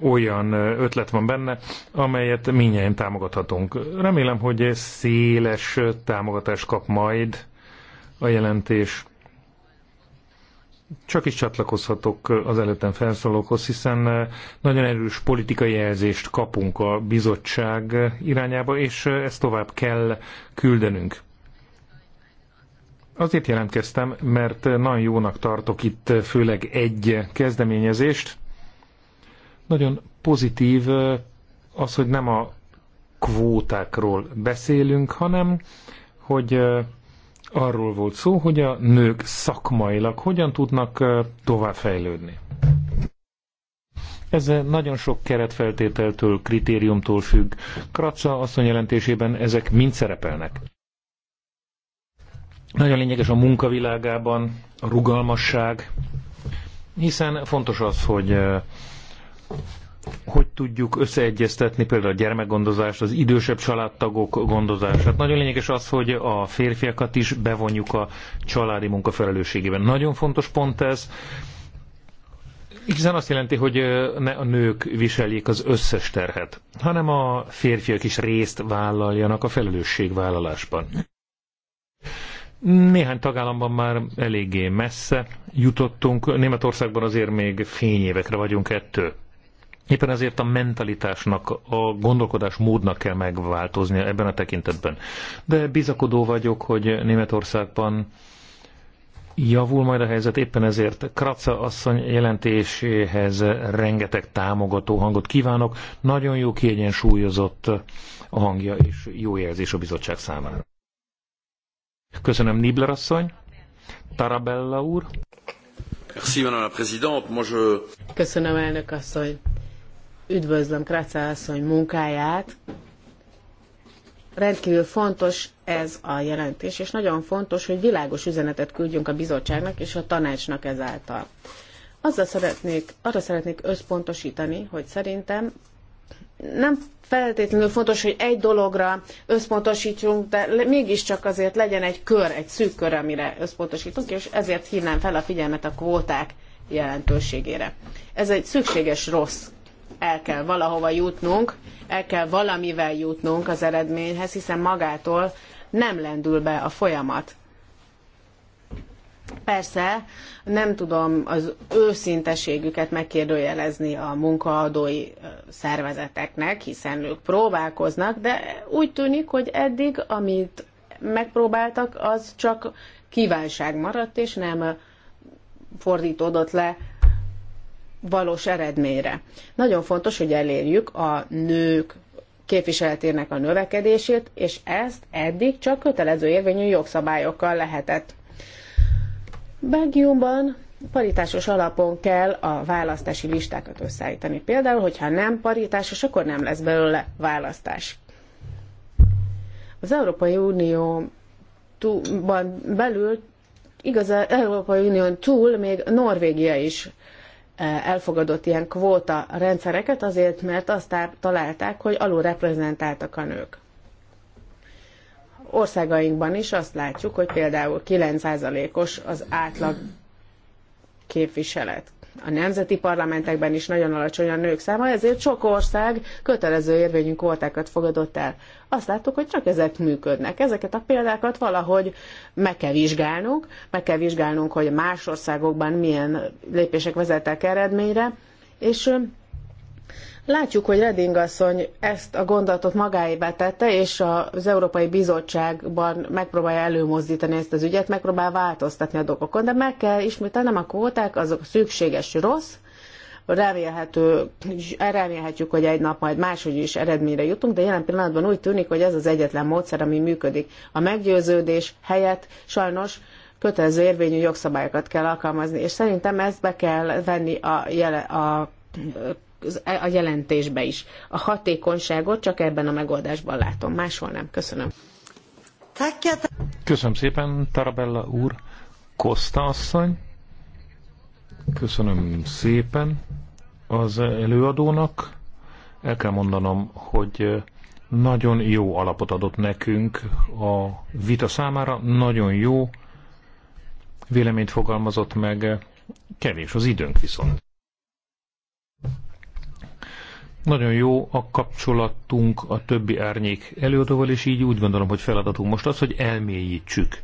olyan ötlet van benne, amelyet minnyáján támogathatunk. Remélem, hogy széles támogatást kap majd a jelentés. Csak is csatlakozhatok az előttem felszólókhoz, hiszen nagyon erős politikai jelzést kapunk a bizottság irányába, és ezt tovább kell küldenünk. Azért jelentkeztem, mert nagyon jónak tartok itt főleg egy kezdeményezést. Nagyon pozitív az, hogy nem a kvótákról beszélünk, hanem hogy arról volt szó, hogy a nők szakmailag hogyan tudnak továbbfejlődni. Ez nagyon sok keretfeltételtől, kritériumtól függ. Kratza asszony jelentésében ezek mind szerepelnek. Nagyon lényeges a munkavilágában a rugalmasság, hiszen fontos az, hogy hogy tudjuk összeegyeztetni például a gyermekgondozást, az idősebb családtagok gondozását. Nagyon lényeges az, hogy a férfiakat is bevonjuk a családi munka felelősségében. Nagyon fontos pont ez, hiszen azt jelenti, hogy ne a nők viseljék az összes terhet, hanem a férfiak is részt vállaljanak a felelősségvállalásban. Néhány tagállamban már eléggé messze jutottunk, Németországban azért még fényévekre vagyunk ettől. Éppen ezért a mentalitásnak, a gondolkodás módnak kell megváltoznia ebben a tekintetben. De bizakodó vagyok, hogy Németországban javul majd a helyzet, éppen ezért Kratza asszony jelentéséhez rengeteg támogató hangot kívánok. Nagyon jó kiegyensúlyozott a hangja és jó érzés a bizottság számára. Köszönöm, Nibler asszony. Tarabella úr. Merci, la présidente. Moi je... Köszönöm, elnök asszony. Üdvözlöm Kráca asszony munkáját. Rendkívül fontos ez a jelentés, és nagyon fontos, hogy világos üzenetet küldjünk a bizottságnak és a tanácsnak ezáltal. Azzal szeretnék, arra szeretnék összpontosítani, hogy szerintem nem feltétlenül fontos, hogy egy dologra összpontosítsunk, de mégiscsak azért legyen egy kör, egy szűk kör, amire összpontosítunk, és ezért hívnám fel a figyelmet a kvóták jelentőségére. Ez egy szükséges rossz. El kell valahova jutnunk, el kell valamivel jutnunk az eredményhez, hiszen magától nem lendül be a folyamat. Persze nem tudom az őszinteségüket megkérdőjelezni a munkaadói szervezeteknek, hiszen ők próbálkoznak, de úgy tűnik, hogy eddig, amit megpróbáltak, az csak kívánság maradt, és nem fordítódott le valós eredményre. Nagyon fontos, hogy elérjük a nők képviseletének a növekedését, és ezt eddig csak kötelező érvényű jogszabályokkal lehetett Belgiumban paritásos alapon kell a választási listákat összeállítani. Például, hogyha nem paritásos, akkor nem lesz belőle választás. Az Európai Unióban belül, igaz, az Európai Unión túl még Norvégia is eh, elfogadott ilyen kvóta rendszereket azért, mert azt találták, hogy alulreprezentáltak a nők országainkban is azt látjuk, hogy például 9%-os az átlag képviselet. A nemzeti parlamentekben is nagyon alacsony a nők száma, ezért sok ország kötelező érvényű kvótákat fogadott el. Azt láttuk, hogy csak ezek működnek. Ezeket a példákat valahogy meg kell vizsgálnunk, meg kell vizsgálnunk, hogy más országokban milyen lépések vezettek eredményre, és Látjuk, hogy Reding asszony ezt a gondolatot magáévá tette, és az Európai Bizottságban megpróbálja előmozdítani ezt az ügyet, megpróbál változtatni a dolgokon, de meg kell ismételnem, a kvóták azok szükséges rossz, remélhető, remélhetjük, hogy egy nap majd máshogy is eredményre jutunk, de jelen pillanatban úgy tűnik, hogy ez az egyetlen módszer, ami működik. A meggyőződés helyett sajnos kötelező érvényű jogszabályokat kell alkalmazni, és szerintem ezt be kell venni a, jele, a a jelentésbe is. A hatékonyságot csak ebben a megoldásban látom, máshol nem. Köszönöm. Köszönöm szépen, Tarabella úr. Kosta asszony. Köszönöm szépen az előadónak. El kell mondanom, hogy nagyon jó alapot adott nekünk a vita számára, nagyon jó véleményt fogalmazott meg, kevés az időnk viszont. Nagyon jó a kapcsolatunk a többi árnyék előadóval, és így úgy gondolom, hogy feladatunk most az, hogy elmélyítsük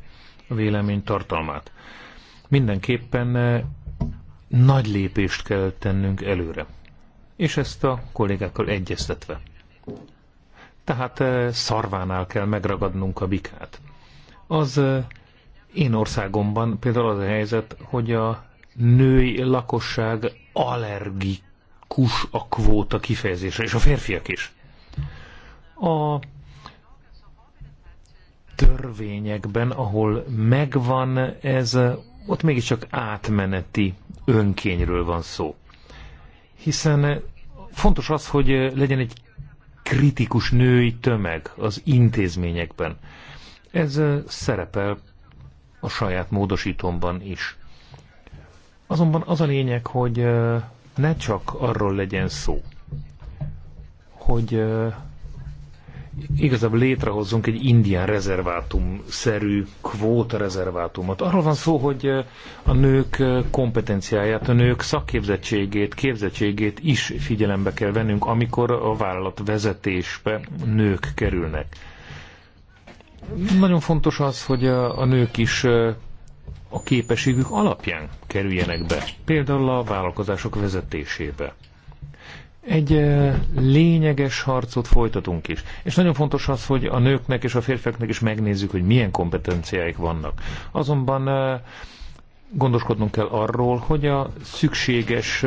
a vélemény tartalmát. Mindenképpen eh, nagy lépést kell tennünk előre, és ezt a kollégákkal egyeztetve. Tehát eh, szarvánál kell megragadnunk a bikát. Az eh, én országomban például az a helyzet, hogy a női lakosság allergik kus a kvóta kifejezése, és a férfiak is. A törvényekben, ahol megvan ez, ott mégiscsak átmeneti önkényről van szó. Hiszen fontos az, hogy legyen egy kritikus női tömeg az intézményekben. Ez szerepel a saját módosítomban is. Azonban az a lényeg, hogy ne csak arról legyen szó, hogy igazából létrehozzunk egy indián rezervátum-szerű kvóta rezervátumot. Arról van szó, hogy a nők kompetenciáját, a nők szakképzettségét, képzettségét is figyelembe kell vennünk, amikor a vállalat vezetésbe nők kerülnek. Nagyon fontos az, hogy a nők is a képességük alapján kerüljenek be, például a vállalkozások vezetésébe. Egy lényeges harcot folytatunk is. És nagyon fontos az, hogy a nőknek és a férfiaknak is megnézzük, hogy milyen kompetenciáik vannak. Azonban gondoskodnunk kell arról, hogy a szükséges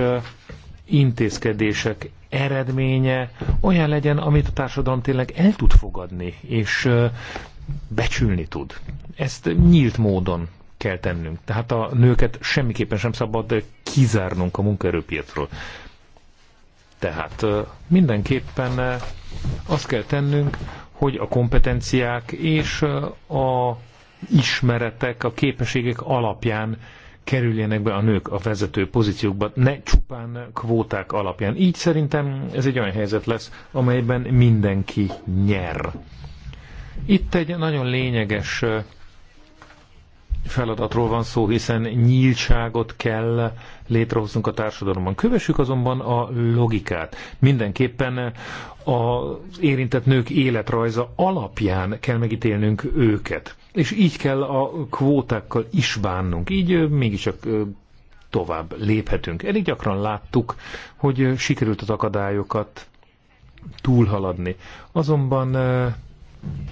intézkedések eredménye olyan legyen, amit a társadalom tényleg el tud fogadni, és becsülni tud. Ezt nyílt módon kell tennünk. Tehát a nőket semmiképpen sem szabad kizárnunk a munkaerőpiacról. Tehát mindenképpen azt kell tennünk, hogy a kompetenciák és a ismeretek, a képességek alapján kerüljenek be a nők a vezető pozíciókba, ne csupán kvóták alapján. Így szerintem ez egy olyan helyzet lesz, amelyben mindenki nyer. Itt egy nagyon lényeges feladatról van szó, hiszen nyíltságot kell létrehoznunk a társadalomban. Kövessük azonban a logikát. Mindenképpen az érintett nők életrajza alapján kell megítélnünk őket. És így kell a kvótákkal is bánnunk. Így mégiscsak tovább léphetünk. Elég gyakran láttuk, hogy sikerült az akadályokat túlhaladni. Azonban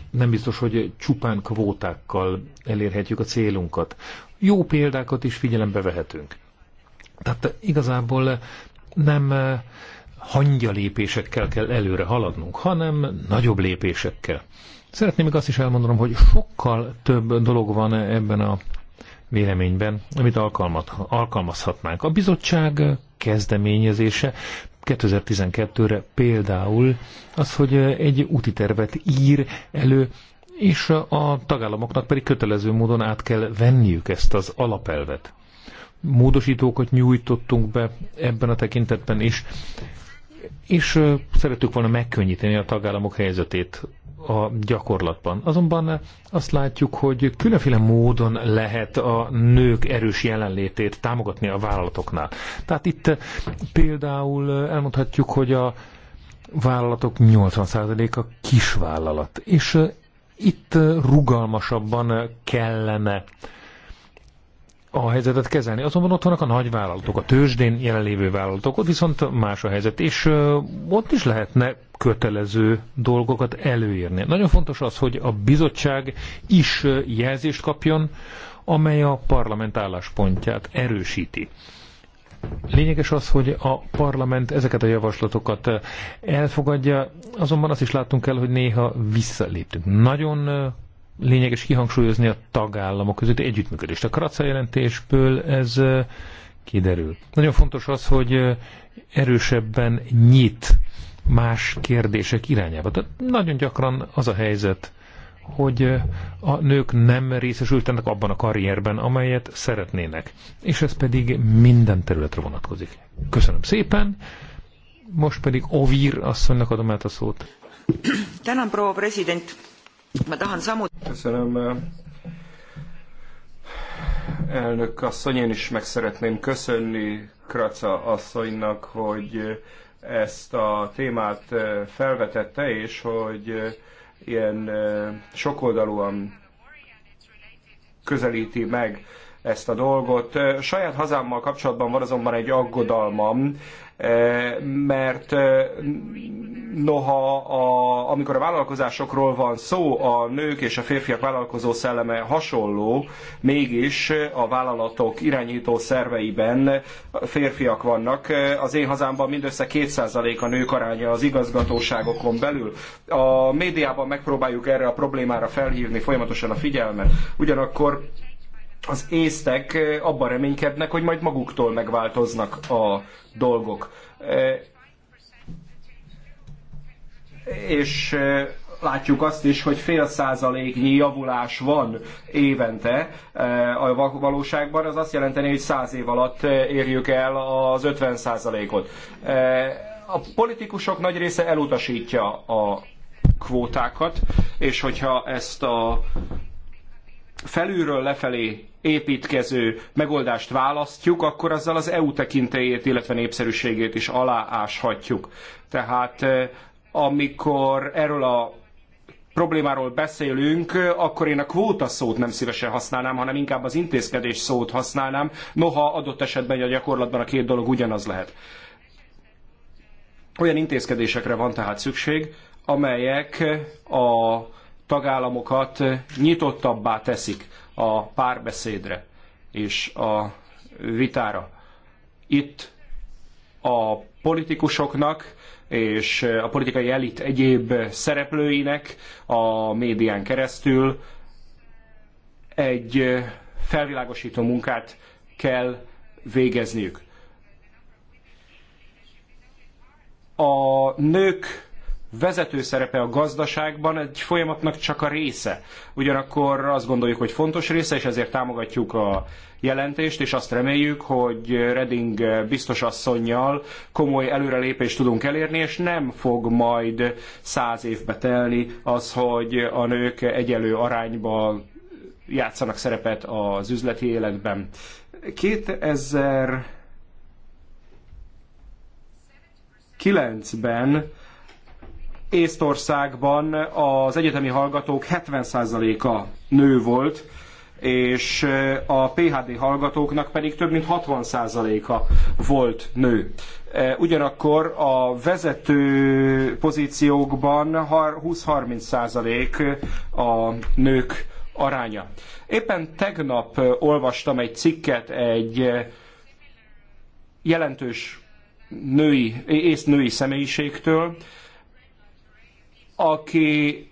nem biztos, hogy csupán kvótákkal elérhetjük a célunkat. Jó példákat is figyelembe vehetünk. Tehát igazából nem eh, hangya lépésekkel kell előre haladnunk, hanem nagyobb lépésekkel. Szeretném még azt is elmondanom, hogy sokkal több dolog van ebben a véleményben, amit alkalmazhatnánk. A bizottság kezdeményezése 2012-re például az, hogy egy úti tervet ír elő, és a tagállamoknak pedig kötelező módon át kell venniük ezt az alapelvet. Módosítókat nyújtottunk be ebben a tekintetben is, és szeretük volna megkönnyíteni a tagállamok helyzetét a gyakorlatban. Azonban azt látjuk, hogy különféle módon lehet a nők erős jelenlétét támogatni a vállalatoknál. Tehát itt például elmondhatjuk, hogy a vállalatok 80%-a kisvállalat, és itt rugalmasabban kellene a helyzetet kezelni. Azonban ott vannak a nagy vállalatok, a tőzsdén jelenlévő vállalatok, ott viszont más a helyzet, és ott is lehetne kötelező dolgokat előírni. Nagyon fontos az, hogy a bizottság is jelzést kapjon, amely a parlament álláspontját erősíti. Lényeges az, hogy a parlament ezeket a javaslatokat elfogadja, azonban azt is láttunk el, hogy néha visszaléptünk. Nagyon lényeges kihangsúlyozni a tagállamok közötti együttműködést. A Kraca jelentésből ez kiderül. Nagyon fontos az, hogy erősebben nyit más kérdések irányába. Tehát nagyon gyakran az a helyzet, hogy a nők nem részesültenek abban a karrierben, amelyet szeretnének. És ez pedig minden területre vonatkozik. Köszönöm szépen, most pedig Ovir asszonynak adom át a szót. Tänan, proua president! Köszönöm. Eh, elnök asszony, én is meg szeretném köszönni Kraca asszonynak, hogy eh, ezt a témát eh, felvetette, és hogy ilyen sokoldalúan közelíti meg ezt a dolgot. Saját hazámmal kapcsolatban van azonban egy aggodalmam, Eh, mert eh, noha a, amikor a vállalkozásokról van szó, a nők és a férfiak vállalkozó szelleme hasonló, mégis a vállalatok irányító szerveiben férfiak vannak. Eh, az én hazámban mindössze 2% a nők aránya az igazgatóságokon belül. A médiában megpróbáljuk erre a problémára felhívni folyamatosan a figyelmet. Ugyanakkor az észtek abban reménykednek, hogy majd maguktól megváltoznak a dolgok. És látjuk azt is, hogy fél százaléknyi javulás van évente a valóságban, az azt jelenteni, hogy száz év alatt érjük el az 50 százalékot. A politikusok nagy része elutasítja a kvótákat, és hogyha ezt a felülről lefelé építkező megoldást választjuk, akkor azzal az EU tekintélyét, illetve népszerűségét is alááshatjuk. Tehát eh, amikor erről a problémáról beszélünk, akkor én a kvóta szót nem szívesen használnám, hanem inkább az intézkedés szót használnám, noha adott esetben a gyakorlatban a két dolog ugyanaz lehet. Olyan intézkedésekre van tehát szükség, amelyek a tagállamokat nyitottabbá teszik a párbeszédre és a vitára. Itt a politikusoknak és a politikai elit egyéb szereplőinek a médián keresztül egy felvilágosító munkát kell végezniük. A nők vezető szerepe a gazdaságban egy folyamatnak csak a része. Ugyanakkor azt gondoljuk, hogy fontos része, és ezért támogatjuk a jelentést, és azt reméljük, hogy Reding biztos asszonynal komoly előrelépést tudunk elérni, és nem fog majd száz évbe telni az, hogy a nők egyelő arányban játszanak szerepet az üzleti életben. 2009 ben Észtországban az egyetemi hallgatók 70%-a nő volt, és eh, a PhD hallgatóknak pedig több mint 60%-a volt nő. Eh, ugyanakkor a vezető pozíciókban 20-30% eh, a nők aránya. Éppen tegnap olvastam egy cikket egy jelentős női, ész női személyiségtől, aki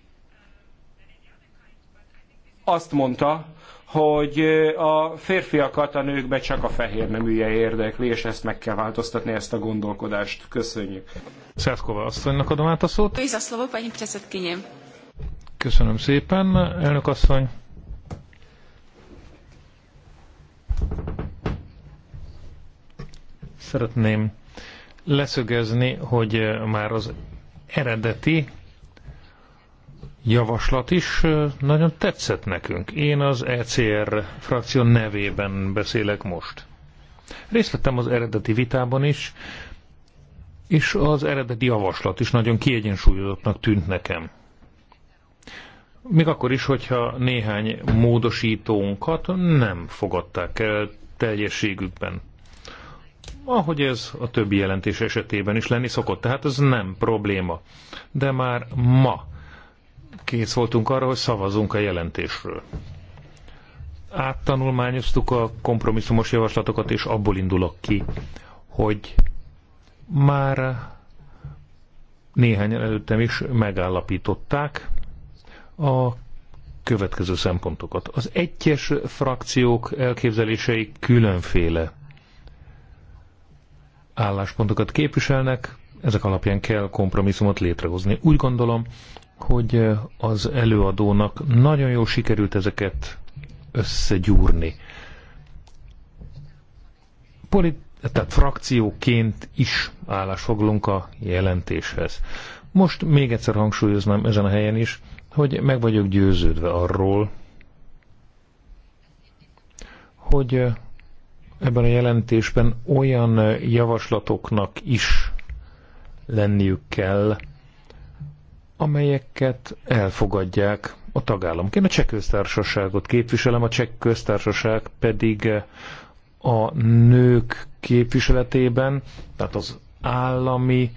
azt mondta, hogy a férfiakat a nőkbe csak a fehér neműje érdekli, és ezt meg kell változtatni, ezt a gondolkodást. Köszönjük. Szávkova asszonynak adom át a szót. Köszönöm szépen, elnök asszony. Szeretném leszögezni, hogy már az eredeti javaslat is nagyon tetszett nekünk. Én az ECR frakció nevében beszélek most. Részt vettem az eredeti vitában is, és az eredeti javaslat is nagyon kiegyensúlyozottnak tűnt nekem. Még akkor is, hogyha néhány módosítónkat nem fogadták el teljességükben. Ahogy ez a többi jelentés esetében is lenni szokott, tehát ez nem probléma. De már ma kész voltunk arra, hogy szavazunk a jelentésről. Áttanulmányoztuk a kompromisszumos javaslatokat, és abból indulok ki, hogy már néhány előttem is megállapították a következő szempontokat. Az egyes frakciók elképzelései különféle álláspontokat képviselnek, ezek alapján kell kompromisszumot létrehozni. Úgy gondolom, hogy az előadónak nagyon jól sikerült ezeket összegyúrni. Polit, tehát frakcióként is állásfoglunk a jelentéshez. Most még egyszer hangsúlyoznám ezen a helyen is, hogy meg vagyok győződve arról, hogy ebben a jelentésben olyan javaslatoknak is lenniük kell, amelyeket elfogadják a Én A cseh köztársaságot képviselem, a cseh köztársaság pedig a nők képviseletében, tehát az állami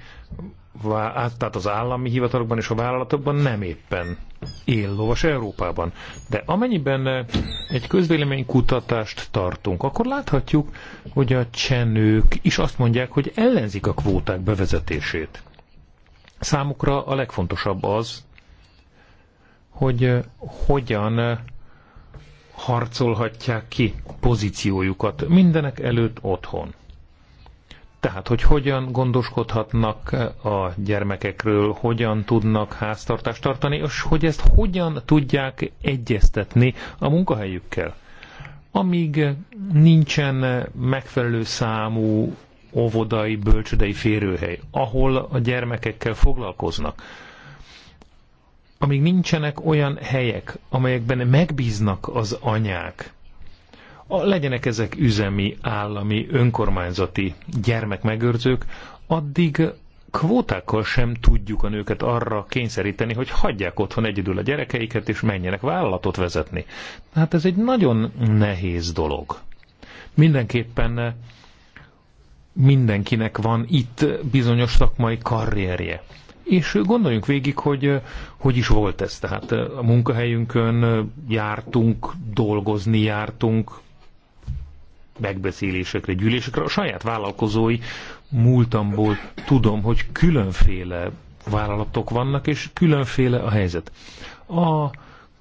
tehát az állami hivatalokban és a vállalatokban nem éppen lovas Európában. De amennyiben egy közvéleménykutatást tartunk, akkor láthatjuk, hogy a csenők is azt mondják, hogy ellenzik a kvóták bevezetését. Számukra a legfontosabb az, hogy eh, hogyan eh, harcolhatják ki pozíciójukat mindenek előtt otthon. Tehát, hogy hogyan gondoskodhatnak eh, a gyermekekről, hogyan tudnak háztartást tartani, és hogy ezt hogyan tudják egyeztetni a munkahelyükkel. Amíg nincsen megfelelő számú óvodai, bölcsödei férőhely, ahol a gyermekekkel foglalkoznak. Amíg nincsenek olyan helyek, amelyekben megbíznak az anyák, a, legyenek ezek üzemi, állami, önkormányzati gyermekmegőrzők, addig kvótákkal sem tudjuk a nőket arra kényszeríteni, hogy hagyják otthon egyedül a gyerekeiket, és menjenek vállalatot vezetni. hát ez egy nagyon nehéz dolog. Mindenképpen mindenkinek van itt bizonyos szakmai karrierje. És gondoljunk végig, hogy hogy is volt ez. Tehát a munkahelyünkön jártunk, dolgozni jártunk, megbeszélésekre, gyűlésekre. A saját vállalkozói múltamból tudom, hogy különféle vállalatok vannak, és különféle a helyzet. A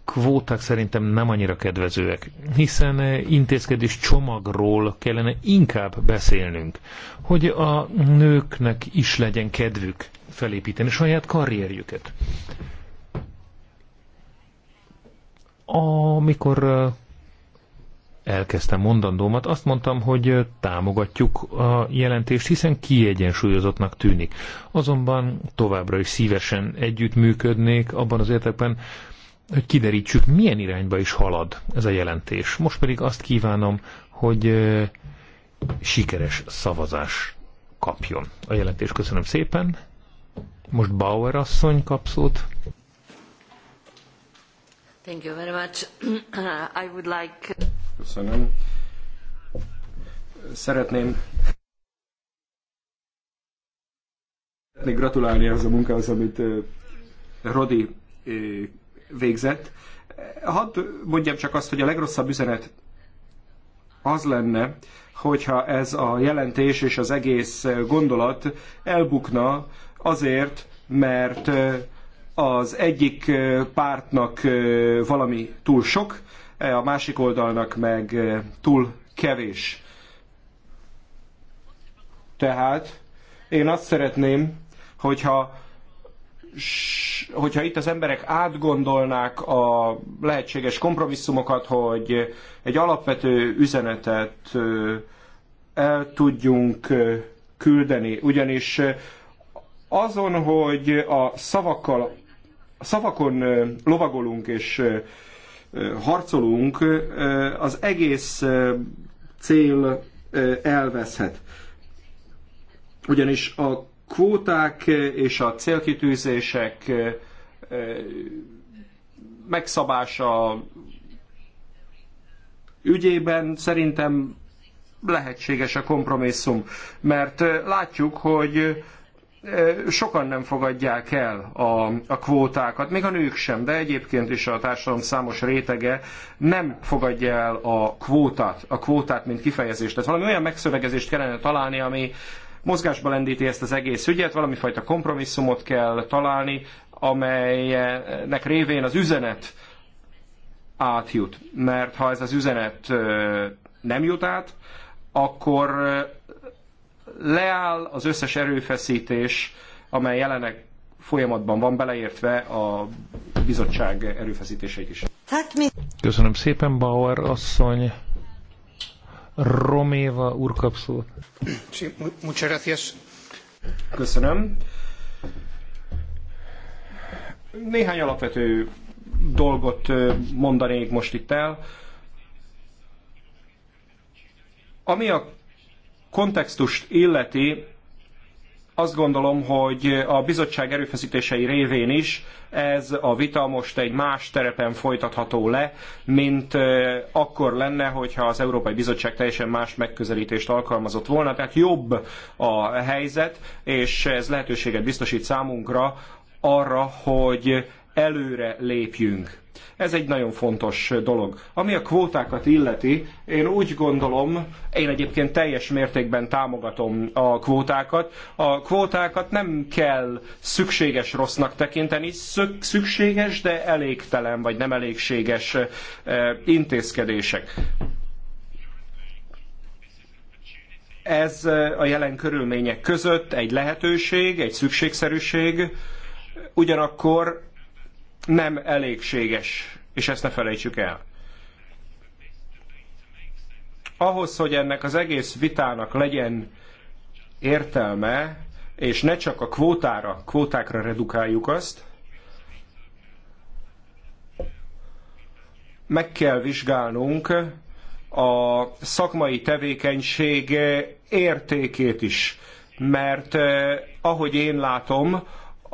kvóták szerintem nem annyira kedvezőek, hiszen eh, intézkedés csomagról kellene inkább beszélnünk, hogy a nőknek is legyen kedvük felépíteni saját karrierjüket. Amikor eh, elkezdtem mondandómat, azt mondtam, hogy eh, támogatjuk a jelentést, hiszen kiegyensúlyozottnak tűnik. Azonban továbbra is szívesen együttműködnék abban az értekben, hogy kiderítsük, milyen irányba is halad ez a jelentés. Most pedig azt kívánom, hogy sikeres szavazás kapjon a jelentés. Köszönöm szépen. Most Bauer asszony kap szót. Thank you very much. I would like... Köszönöm. Szeretném Szeretnék gratulálni az a munkához, amit Rodi végzett. Hadd mondjam csak azt, hogy a legrosszabb üzenet az lenne, hogyha ez a jelentés és az egész gondolat elbukna azért, mert az egyik pártnak valami túl sok, a másik oldalnak meg túl kevés. Tehát én azt szeretném, hogyha hogyha itt az emberek átgondolnák a lehetséges kompromisszumokat, hogy egy alapvető üzenetet el tudjunk küldeni. Ugyanis azon, hogy a szavakkal, a szavakon lovagolunk és harcolunk, az egész cél elveszhet. Ugyanis a kvóták és a célkitűzések eh, megszabása ügyében szerintem lehetséges a kompromisszum, mert eh, látjuk, hogy eh, sokan nem fogadják el a, a kvótákat, még a nők sem, de egyébként is a társadalom számos rétege nem fogadja el a kvótát, a kvótát, mint kifejezést. Tehát valami olyan megszövegezést kellene találni, ami mozgásba lendíti ezt az egész ügyet, valamifajta kompromisszumot kell találni, amelynek révén az üzenet átjut. Mert ha ez az üzenet nem jut át, akkor leáll az összes erőfeszítés, amely jelenleg folyamatban van, beleértve a bizottság erőfeszítéseit is. Köszönöm szépen, Bauer asszony. Roméva úr kap szót. Köszönöm. Néhány alapvető dolgot mondanék most itt el. Ami a kontextust illeti, azt gondolom, hogy a bizottság erőfeszítései révén is ez a vita most egy más terepen folytatható le, mint akkor lenne, hogyha az Európai Bizottság teljesen más megközelítést alkalmazott volna. Tehát jobb a helyzet, és ez lehetőséget biztosít számunkra arra, hogy előre lépjünk. Ez egy nagyon fontos dolog. Ami a kvótákat illeti, én úgy gondolom, én egyébként teljes mértékben támogatom a kvótákat. A kvótákat nem kell szükséges rossznak tekinteni, szükséges, de elégtelen vagy nem elégséges eh, intézkedések ez eh, a jelen körülmények között egy lehetőség, egy szükségszerűség, ugyanakkor nem elégséges, és ezt ne felejtsük el. Ahhoz, hogy ennek az egész vitának legyen értelme, és ne csak a kvótára, kvótákra redukáljuk azt, meg kell vizsgálnunk a szakmai tevékenység értékét is, mert eh, ahogy én látom,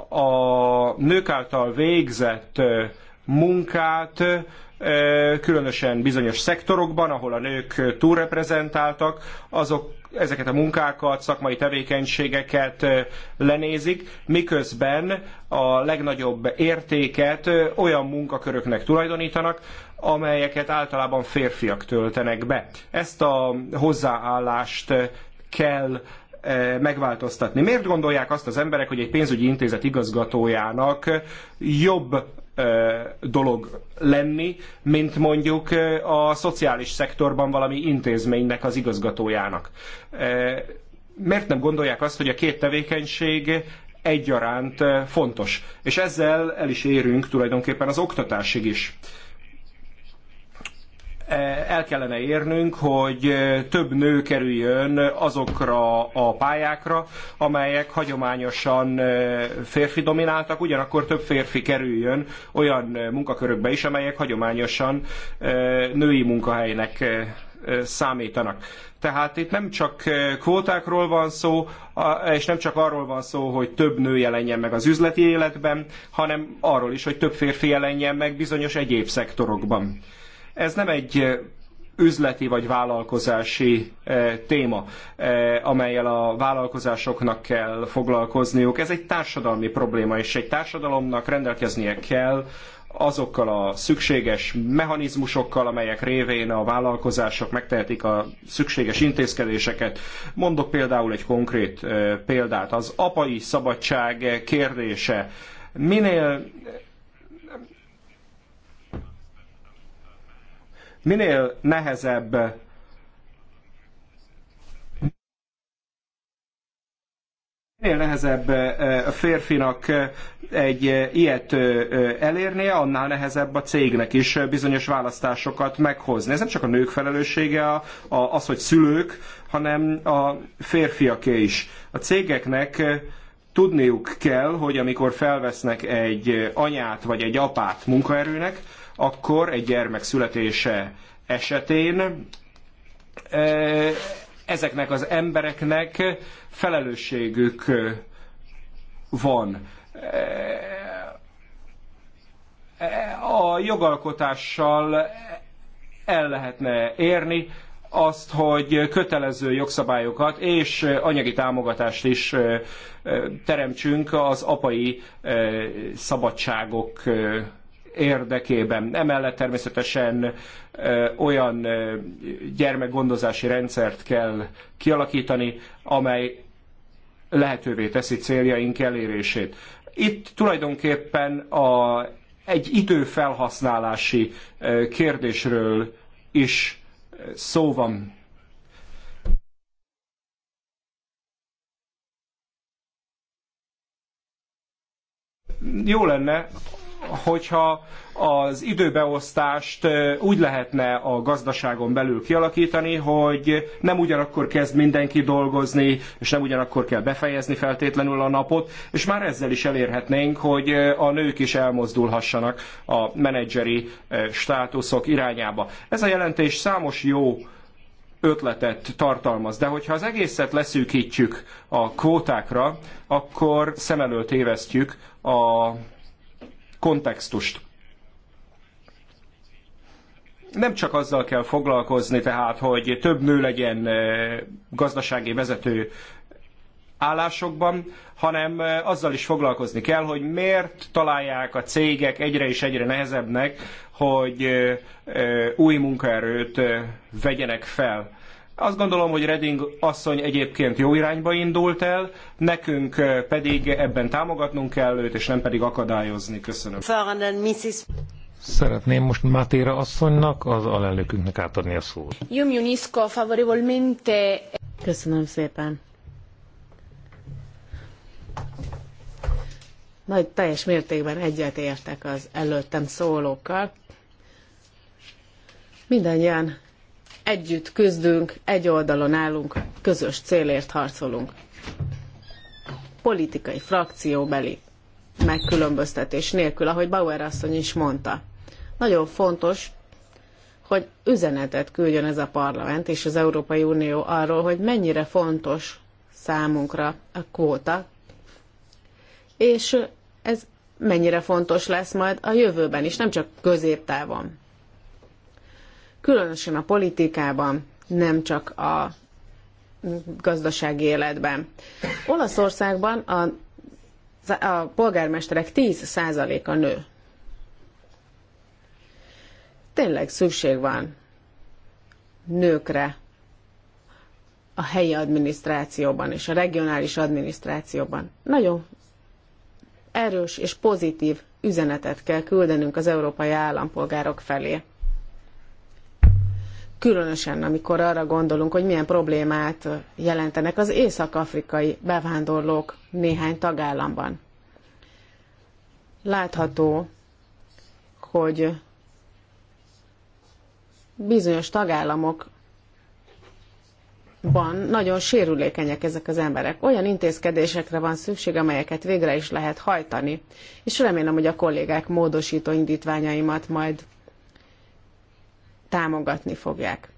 a nők által végzett munkát, különösen bizonyos szektorokban, ahol a nők túlreprezentáltak, azok ezeket a munkákat, szakmai tevékenységeket lenézik, miközben a legnagyobb értéket olyan munkaköröknek tulajdonítanak, amelyeket általában férfiak töltenek be. Ezt a hozzáállást kell E, megváltoztatni. Miért gondolják azt az emberek, hogy egy pénzügyi intézet igazgatójának jobb e, dolog lenni, mint mondjuk e, a szociális szektorban valami intézménynek az igazgatójának. Miért nem gondolják azt, hogy a két tevékenység egyaránt fontos? És ezzel el is érünk tulajdonképpen az oktatásig is el kellene érnünk, hogy több nő kerüljön azokra a pályákra, amelyek hagyományosan férfi domináltak, ugyanakkor több férfi kerüljön olyan munkakörökbe is, amelyek hagyományosan női munkahelynek számítanak. Tehát itt nem csak kvótákról van szó, és nem csak arról van szó, hogy több nő jelenjen meg az üzleti életben, hanem arról is, hogy több férfi jelenjen meg bizonyos egyéb szektorokban. Ez nem egy eh, üzleti vagy vállalkozási eh, téma, eh, amelyel a vállalkozásoknak kell foglalkozniuk. Ez egy társadalmi probléma, és egy társadalomnak rendelkeznie kell azokkal a szükséges mechanizmusokkal, amelyek révén a vállalkozások megtehetik a szükséges intézkedéseket. Mondok például egy konkrét példát. Az apai szabadság kérdése minél Minél nehezebb minél nehezebb eh, a férfinak eh, egy eh, ilyet elérnie, annál nehezebb a cégnek is bizonyos választásokat meghozni. Ez nem csak a nők felelőssége, az, hogy szülők, hanem a férfiaké is. A cégeknek tudniuk kell, hogy amikor felvesznek egy anyát vagy egy apát munkaerőnek, akkor egy gyermek születése esetén e, ezeknek az embereknek felelősségük e, van. E, a jogalkotással el lehetne érni azt, hogy kötelező jogszabályokat és anyagi támogatást is teremtsünk az apai szabadságok érdekében. Emellett természetesen olyan gyermekgondozási rendszert kell kialakítani, amely lehetővé teszi céljaink elérését. Itt tulajdonképpen a, egy időfelhasználási kérdésről is szó van. Jó lenne, hogyha az időbeosztást úgy lehetne a gazdaságon belül kialakítani, hogy nem ugyanakkor kezd mindenki dolgozni, és nem ugyanakkor kell befejezni feltétlenül a napot, és már ezzel is elérhetnénk, hogy a nők is elmozdulhassanak a menedzseri státuszok irányába. Ez a jelentés számos jó ötletet tartalmaz, de hogyha az egészet leszűkítjük a kvótákra, akkor szem előtt évesztjük a kontextust. Nem csak azzal kell foglalkozni, tehát, hogy több nő legyen eh, gazdasági vezető állásokban, hanem eh, azzal is foglalkozni kell, hogy miért találják a cégek egyre és egyre nehezebbnek, hogy eh, új munkaerőt vegyenek fel. Azt gondolom, hogy Reding asszony egyébként jó irányba indult el, nekünk eh, pedig ebben támogatnunk kell őt, és nem pedig akadályozni. Köszönöm. Szeretném most Mátéra asszonynak, az alelnökünknek átadni a szót. favorevolmente. Köszönöm szépen. Nagy teljes mértékben egyetértek az előttem szólókkal. Mindannyian együtt küzdünk, egy oldalon állunk, közös célért harcolunk. Politikai frakcióbeli megkülönböztetés nélkül, ahogy Bauer asszony is mondta. Nagyon fontos, hogy üzenetet küldjön ez a parlament és az Európai Unió arról, hogy mennyire fontos számunkra a kvóta, és ez mennyire fontos lesz majd a jövőben is, nem csak középtávon különösen a politikában, nem csak a gazdasági életben. Olaszországban a, a polgármesterek 10%-a nő. Tényleg szükség van nőkre a helyi adminisztrációban és a regionális adminisztrációban. Nagyon erős és pozitív üzenetet kell küldenünk az európai állampolgárok felé különösen amikor arra gondolunk, hogy milyen problémát jelentenek az észak-afrikai bevándorlók néhány tagállamban. Látható, hogy bizonyos tagállamokban nagyon sérülékenyek ezek az emberek. Olyan intézkedésekre van szükség, amelyeket végre is lehet hajtani, és remélem, hogy a kollégák módosító indítványaimat majd támogatni fogják.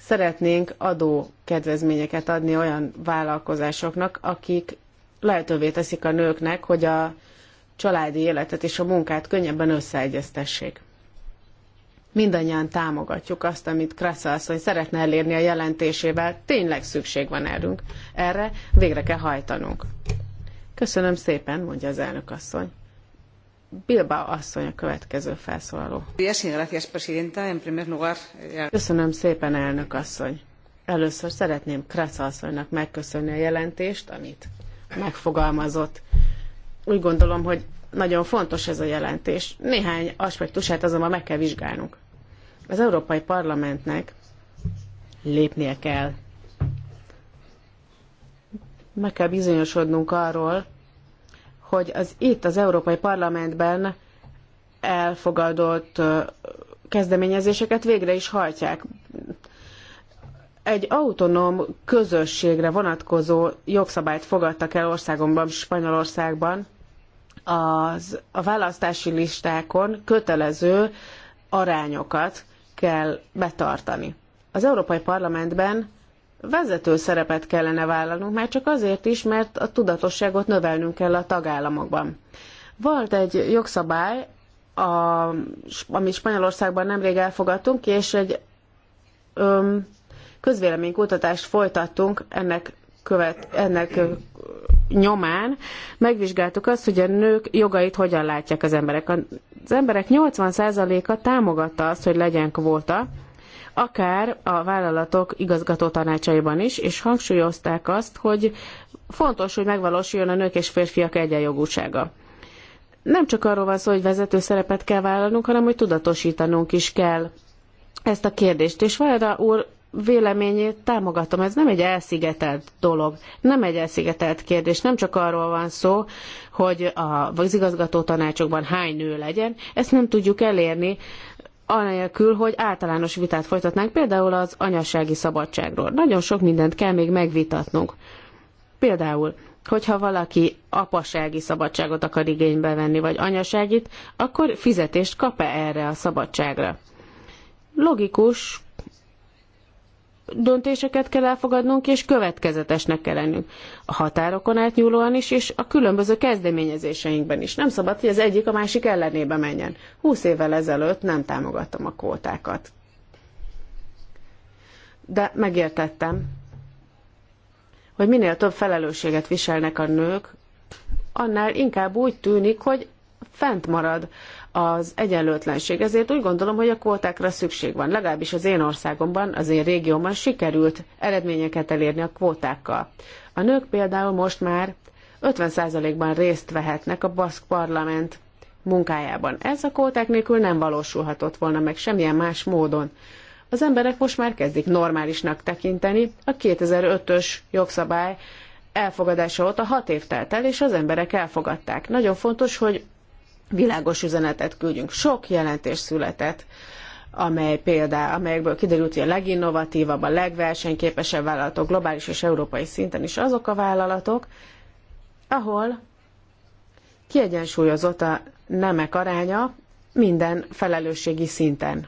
Szeretnénk adó kedvezményeket adni olyan vállalkozásoknak, akik lehetővé teszik a nőknek, hogy a családi életet és a munkát könnyebben összeegyeztessék. Mindannyian támogatjuk azt, amit Krasza asszony szeretne elérni a jelentésével. Tényleg szükség van erünk. Erre végre kell hajtanunk. Köszönöm szépen, mondja az elnök asszony. Bilbao asszony a következő felszólaló. Eh, Köszönöm szépen, elnök asszony. Először szeretném Kratz asszonynak megköszönni a jelentést, amit megfogalmazott. Úgy gondolom, hogy nagyon fontos ez a jelentés. Néhány aspektusát azonban meg kell vizsgálnunk. Az Európai Parlamentnek lépnie kell. Meg kell bizonyosodnunk arról, hogy az itt az Európai Parlamentben elfogadott kezdeményezéseket végre is hajtják. Egy autonóm közösségre vonatkozó jogszabályt fogadtak el országomban, Spanyolországban. Az, a választási listákon kötelező arányokat kell betartani. Az Európai Parlamentben vezető szerepet kellene vállalnunk, már csak azért is, mert a tudatosságot növelnünk kell a tagállamokban. Volt egy jogszabály, a, amit Spanyolországban nemrég elfogadtunk, és egy öm, közvéleménykutatást folytattunk ennek, követ, ennek nyomán. Megvizsgáltuk azt, hogy a nők jogait hogyan látják az emberek. Az emberek 80%-a támogatta azt, hogy legyen kvóta, akár a vállalatok igazgató tanácsaiban is, és hangsúlyozták azt, hogy fontos, hogy megvalósuljon a nők és férfiak egyenjogúsága. Nem csak arról van szó, hogy vezető szerepet kell vállalnunk, hanem hogy tudatosítanunk is kell ezt a kérdést. És Vajda úr véleményét támogatom. Ez nem egy elszigetelt dolog, nem egy elszigetelt kérdés, nem csak arról van szó, hogy a, az igazgató tanácsokban hány nő legyen, ezt nem tudjuk elérni, anélkül, hogy általános vitát folytatnánk, például az anyasági szabadságról. Nagyon sok mindent kell még megvitatnunk. Például, hogyha valaki apasági szabadságot akar igénybe venni, vagy anyaságit, akkor fizetést kap-e erre a szabadságra? Logikus döntéseket kell elfogadnunk, és következetesnek kell lennünk. A határokon átnyúlóan is, és a különböző kezdeményezéseinkben is. Nem szabad, hogy az egyik a másik ellenébe menjen. Húsz évvel ezelőtt nem támogattam a kvótákat. De megértettem, hogy minél több felelősséget viselnek a nők, annál inkább úgy tűnik, hogy fent marad az egyenlőtlenség. Ezért úgy gondolom, hogy a kvótákra szükség van. Legalábbis az én országomban, az én régiómban sikerült eredményeket elérni a kvótákkal. A nők például most már 50%-ban részt vehetnek a baszk parlament munkájában. Ez a kvóták nélkül nem valósulhatott volna meg semmilyen más módon. Az emberek most már kezdik normálisnak tekinteni. A 2005-ös jogszabály elfogadása óta hat év telt el, és az emberek elfogadták. Nagyon fontos, hogy világos üzenetet küldjünk. Sok jelentés született, amely példá, amelyekből kiderült, hogy a leginnovatívabb, a legversenyképesebb vállalatok globális és európai szinten is azok a vállalatok, ahol kiegyensúlyozott a nemek aránya minden felelősségi szinten.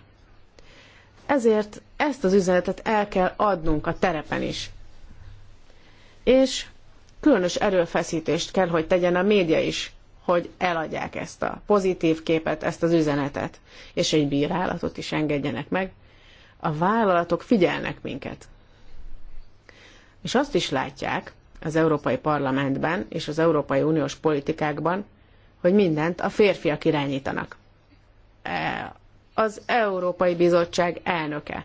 Ezért ezt az üzenetet el kell adnunk a terepen is. És különös erőfeszítést kell, hogy tegyen a média is hogy eladják ezt a pozitív képet, ezt az üzenetet, és egy bírálatot is engedjenek meg. A vállalatok figyelnek minket. És azt is látják az Európai Parlamentben és az Európai Uniós politikákban, hogy mindent a férfiak irányítanak. E, az Európai Bizottság elnöke.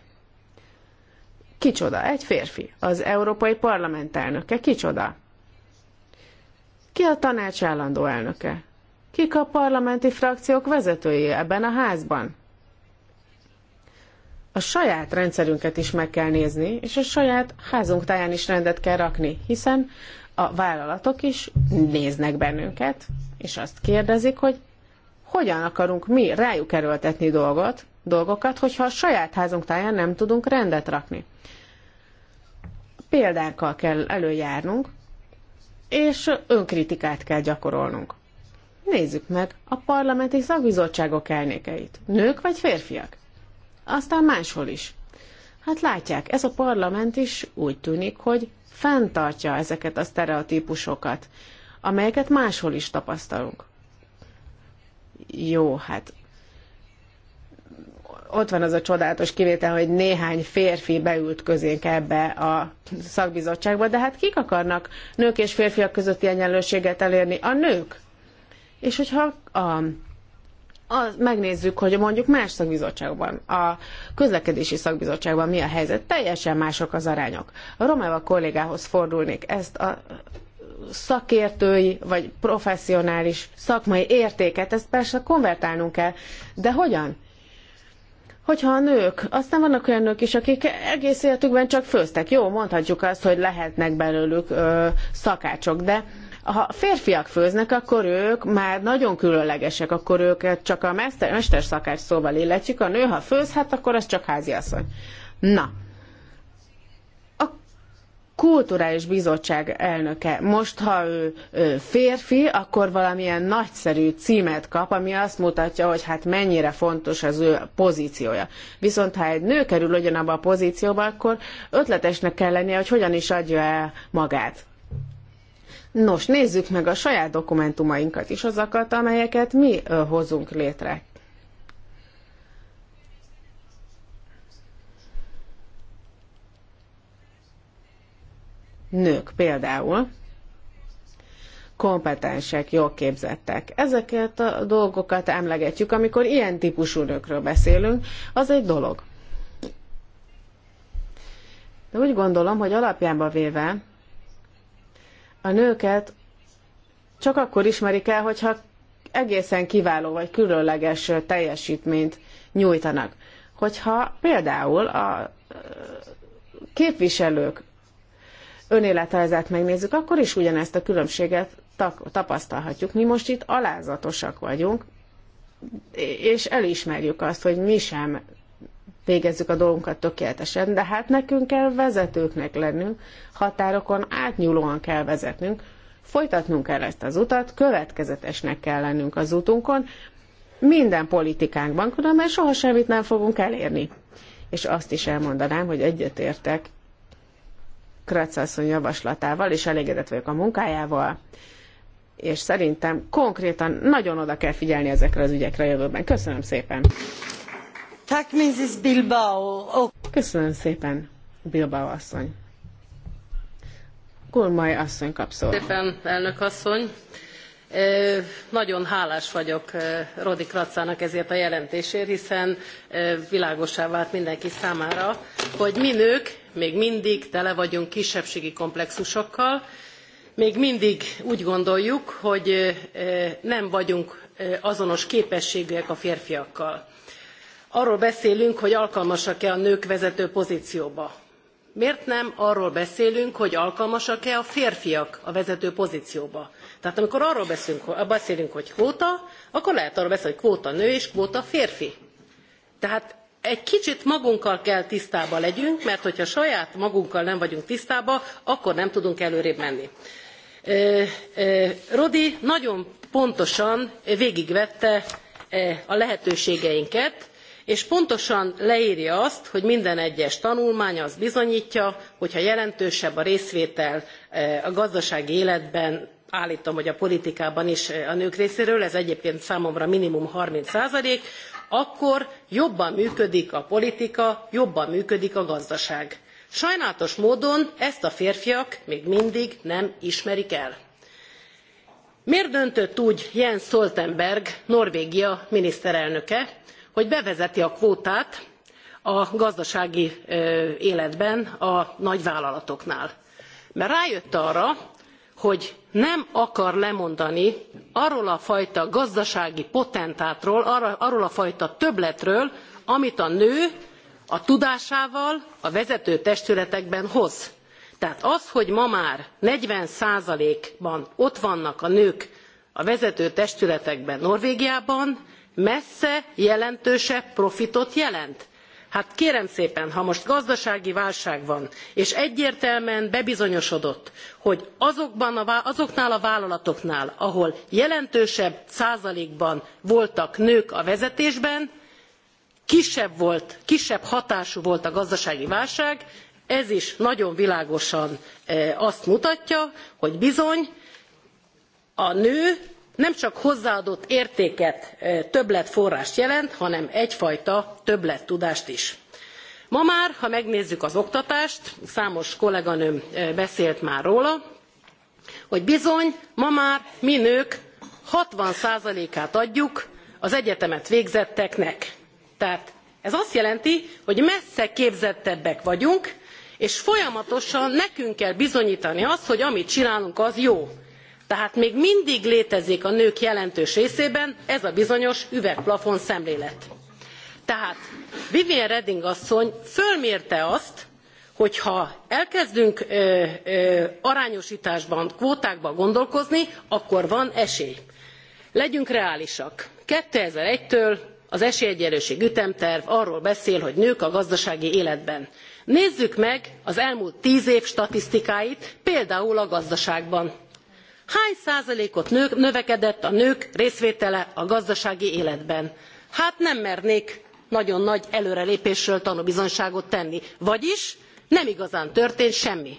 Kicsoda? Egy férfi. Az Európai Parlament elnöke. Kicsoda? Ki a tanács állandó elnöke? Kik a parlamenti frakciók vezetői ebben a házban? A saját rendszerünket is meg kell nézni, és a saját házunk táján is rendet kell rakni, hiszen a vállalatok is néznek bennünket, és azt kérdezik, hogy hogyan akarunk mi rájuk erőltetni dolgot, dolgokat, hogyha a saját házunk táján nem tudunk rendet rakni. Példákkal kell előjárnunk, és önkritikát kell gyakorolnunk. Nézzük meg a parlamenti szakbizottságok elnékeit. Nők vagy férfiak? Aztán máshol is. Hát látják, ez a parlament is úgy tűnik, hogy fenntartja ezeket a sztereotípusokat, amelyeket máshol is tapasztalunk. Jó, hát ott van az a csodálatos kivétel, hogy néhány férfi beült közénk ebbe a szakbizottságba, de hát kik akarnak nők és férfiak közötti egyenlőséget elérni? A nők. És hogyha a, a, megnézzük, hogy mondjuk más szakbizottságban, a közlekedési szakbizottságban mi a helyzet, teljesen mások az arányok. A Romeva kollégához fordulnék, ezt a szakértői vagy professzionális szakmai értéket, ezt persze konvertálnunk kell, de hogyan? hogyha a nők, aztán vannak olyan nők is, akik egész életükben csak főztek. Jó, mondhatjuk azt, hogy lehetnek belőlük ö, szakácsok, de ha férfiak főznek, akkor ők már nagyon különlegesek, akkor őket csak a mester, szakács szóval illetjük. A nő, ha főz, hát akkor az csak háziasszony. Na, kulturális bizottság elnöke. Most, ha ő, ő férfi, akkor valamilyen nagyszerű címet kap, ami azt mutatja, hogy hát mennyire fontos az ő pozíciója. Viszont ha egy nő kerül ugyanabba a pozícióba, akkor ötletesnek kell lennie, hogy hogyan is adja el magát. Nos, nézzük meg a saját dokumentumainkat is, azokat, amelyeket mi hozunk létre. nők például kompetensek, jól képzettek. Ezeket a dolgokat emlegetjük, amikor ilyen típusú nőkről beszélünk, az egy dolog. De úgy gondolom, hogy alapjába véve a nőket csak akkor ismerik el, hogyha egészen kiváló vagy különleges teljesítményt nyújtanak. Hogyha például a képviselők önéletrajzát megnézzük, akkor is ugyanezt a különbséget tapasztalhatjuk. Mi most itt alázatosak vagyunk, és elismerjük azt, hogy mi sem végezzük a dolgunkat tökéletesen, de hát nekünk kell vezetőknek lennünk, határokon átnyúlóan kell vezetnünk, folytatnunk kell ezt az utat, következetesnek kell lennünk az útunkon, minden politikánkban, különben soha semmit nem fogunk elérni. És azt is elmondanám, hogy egyetértek asszony javaslatával, és elégedett vagyok a munkájával, és szerintem konkrétan nagyon oda kell figyelni ezekre az ügyekre a jövőben. Köszönöm szépen! Köszönöm szépen, Bilbao asszony. Kulmai asszony kap szót. Szépen, elnök asszony. Nagyon hálás vagyok Rodi Kratzának ezért a jelentésért, hiszen világosá vált mindenki számára, hogy mi nők még mindig tele vagyunk kisebbségi komplexusokkal, még mindig úgy gondoljuk, hogy nem vagyunk azonos képességűek a férfiakkal. Arról beszélünk, hogy alkalmasak-e a nők vezető pozícióba. Miért nem arról beszélünk, hogy alkalmasak-e a férfiak a vezető pozícióba? Tehát amikor arról beszélünk, beszélünk hogy kvóta, akkor lehet arról beszélni, hogy kvóta nő és kvóta férfi. Tehát egy kicsit magunkkal kell tisztába legyünk, mert hogyha saját magunkkal nem vagyunk tisztába, akkor nem tudunk előrébb menni. Rodi nagyon pontosan végigvette a lehetőségeinket, és pontosan leírja azt, hogy minden egyes tanulmány az bizonyítja, hogyha jelentősebb a részvétel a gazdasági életben, állítom, hogy a politikában is a nők részéről, ez egyébként számomra minimum 30 százalék, akkor jobban működik a politika, jobban működik a gazdaság. Sajnálatos módon ezt a férfiak még mindig nem ismerik el. Miért döntött úgy Jens Stoltenberg, Norvégia miniszterelnöke, hogy bevezeti a kvótát a gazdasági életben a nagyvállalatoknál? Mert rájött arra, hogy nem akar lemondani arról a fajta gazdasági potentátról, arról a fajta többletről, amit a nő a tudásával a vezető testületekben hoz. Tehát az, hogy ma már 40%-ban ott vannak a nők a vezető testületekben Norvégiában, messze jelentősebb profitot jelent hát kérem szépen ha most gazdasági válság van és egyértelműen bebizonyosodott hogy azokban azoknál a vállalatoknál ahol jelentősebb százalékban voltak nők a vezetésben kisebb volt kisebb hatású volt a gazdasági válság ez is nagyon világosan eh, azt mutatja hogy bizony a nő nem csak hozzáadott értéket, többletforrást jelent, hanem egyfajta többlettudást is. Ma már, ha megnézzük az oktatást, számos kolléganőm beszélt már róla, hogy bizony ma már mi nők 60%-át adjuk az egyetemet végzetteknek. Tehát ez azt jelenti, hogy messze képzettebbek vagyunk, és folyamatosan nekünk kell bizonyítani azt, hogy amit csinálunk, az jó tehát még mindig létezik a nők jelentős részében ez a bizonyos üvegplafon szemlélet. tehát viviane reding asszony fölmérte azt hogy ha elkezdünk ö, ö, arányostásban kvótákban gondolkozni akkor van esély. legyünk reálisak two thousand and one től az esélyegyenlőség ütemterv arról beszél hogy nők a gazdasági életben. nézzük meg az elmúlt tz év statisztikáit például a gazdaságban hány százalékot növekedett a nők részvétele a gazdasági életben? hát nem mernék nagyon nagy előrelépésről tanúbizonyságot tenni vagyis nem igazán történt semmi.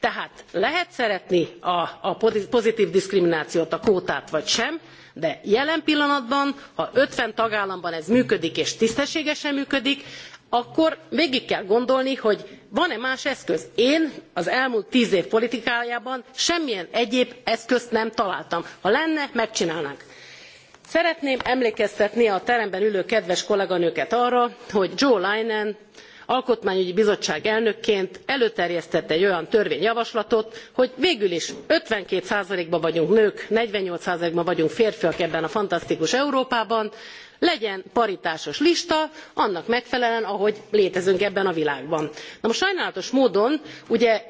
tehát lehet szeretni a, a pozitv diszkriminációt a kvótát vagy sem de jelen pillanatban ha fifty tagállamban ez működik és tisztességesen működik akkor végig kell gondolni hogy van e más eszköz. én az elmúlt tz év politikájában semmilyen egyéb eszközt nem találtam. ha lenne megcsinálnánk. szeretném emlékeztetni a teremben ülő kedves kolléganőket arra hogy joe leinen alkotmányügyi bizottság elnökként előterjesztett egy olyan törvényjavaslatot hogy végül is fifty two ban vagyunk nők forty eight ban vagyunk férfiak ebben a fantasztikus európában legyen paritásos lista annak megfelelően ahogy létezünk ebben a világban. na most sajnálatos módon ugye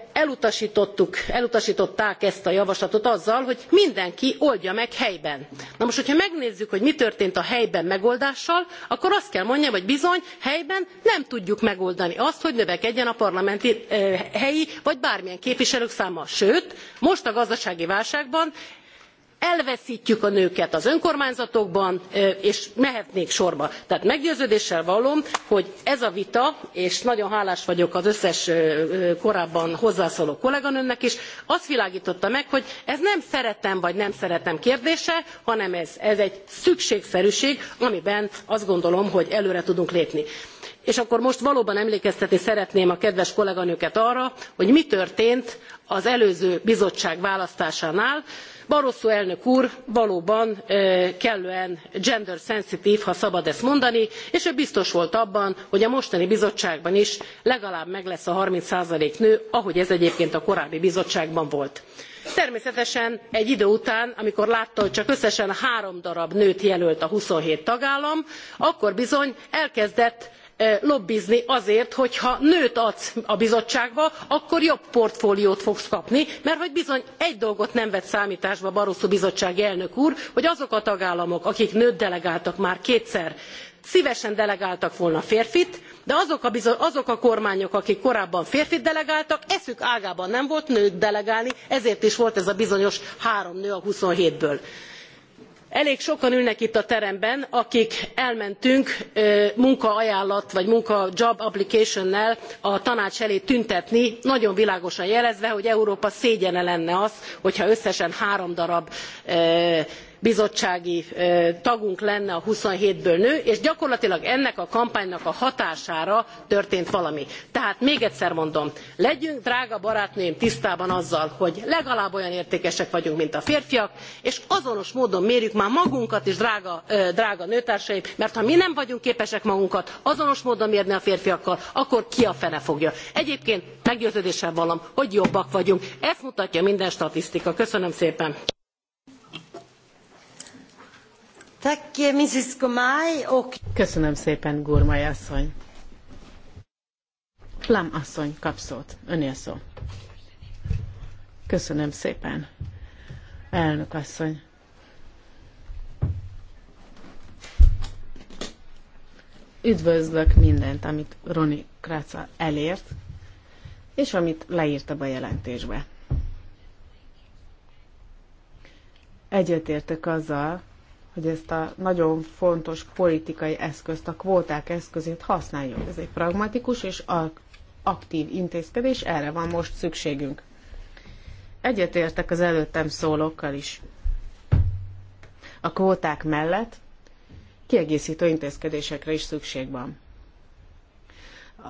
elutastották ezt a javaslatot azzal hogy mindenki oldja meg helyben. na most hogyha megnézzük hogy mi történt a helyben megoldással akkor azt kell mondjam hogy bizony helyben nem tudjuk megoldani azt hogy növekedjen a parlamenti eh, helyi vagy bármilyen képviselők száma sőt most a gazdasági válságban elvesztjük a nőket az önkormányzatokban és mehetnék sorba. tehát meggyőződéssel vallom hogy ez a vita és nagyon hálás vagyok az összes korábban hozzászóló kolléganőmnek is azt világtotta meg hogy ez nem szeretem vagy nem szeretem kérdése hanem ez, egy szükségszerűség amiben azt gondolom hogy előre tudunk lépni és akkor most valóban emlékeztetni szeretném a kedves kolléganőket arra hogy mi történt az előző bizottság választásánál barroso elnök úr valóban kellően gender sensitive ha szabad ezt mondani és ő biztos volt abban hogy a mostani bizottságban is legalább meg lesz a thirty nő ahogy ez egyébként a korábbi bizottságban volt. természetesen egy idő után amikor látta hogy csak összesen három darab nőt jelölt a twenty seven tagállam akkor bizony elkezdett lobbizni azért hogy ha nőt adsz a bizottságba akkor jobb portfóliót fogsz kapni mert hogy bizony egy dolgot nem vett számtásba barroso bizottsági elnök úr hogy azok a tagállamok akik nőt delegáltak már kétszer szvesen delegáltak volna férfit de azok a, azok a kormányok akik korábban férfit delegáltak eszük ágában nem volt nőt delegálni ezért is volt ez a bizonyos három nő a twenty seven ből elég sokan ülnek itt a teremben akik elmentünk munkaajánlat vagy munka job application nel a tanács elé tüntetni nagyon világosan jelezve hogy európa szégyene lenne az hogyha összesen három darab bizottsági tagunk lenne a twenty seven ből nő és gyakorlatilag ennek a kampánynak a hatására történt valami. tehát még egyszer mondom legyünk drága barátnőim tisztában azzal hogy legalább olyan értékesek vagyunk mint a férfiak és azonos módon mérjük már magunkat is drága, drága nőtársaim mert ha mi nem vagyunk képesek magunkat azonos módon mérni a férfiakkal akkor ki a fene fogja. egyébként meggyőződésem vallom hogy jobbak vagyunk ezt mutatja minden statisztika. köszönöm szépen! Köszönöm szépen, Gurmai asszony. Plam asszony, kap szót. Önél szó. Köszönöm szépen, elnök asszony. Üdvözlök mindent, amit Roni Kráca elért, és amit leírt a jelentésbe. Egyetértek azzal, hogy ezt a nagyon fontos politikai eszközt, a kvóták eszközét használjuk. Ez egy pragmatikus és aktív intézkedés, erre van most szükségünk. Egyetértek az előttem szólókkal is. A kvóták mellett kiegészítő intézkedésekre is szükség van.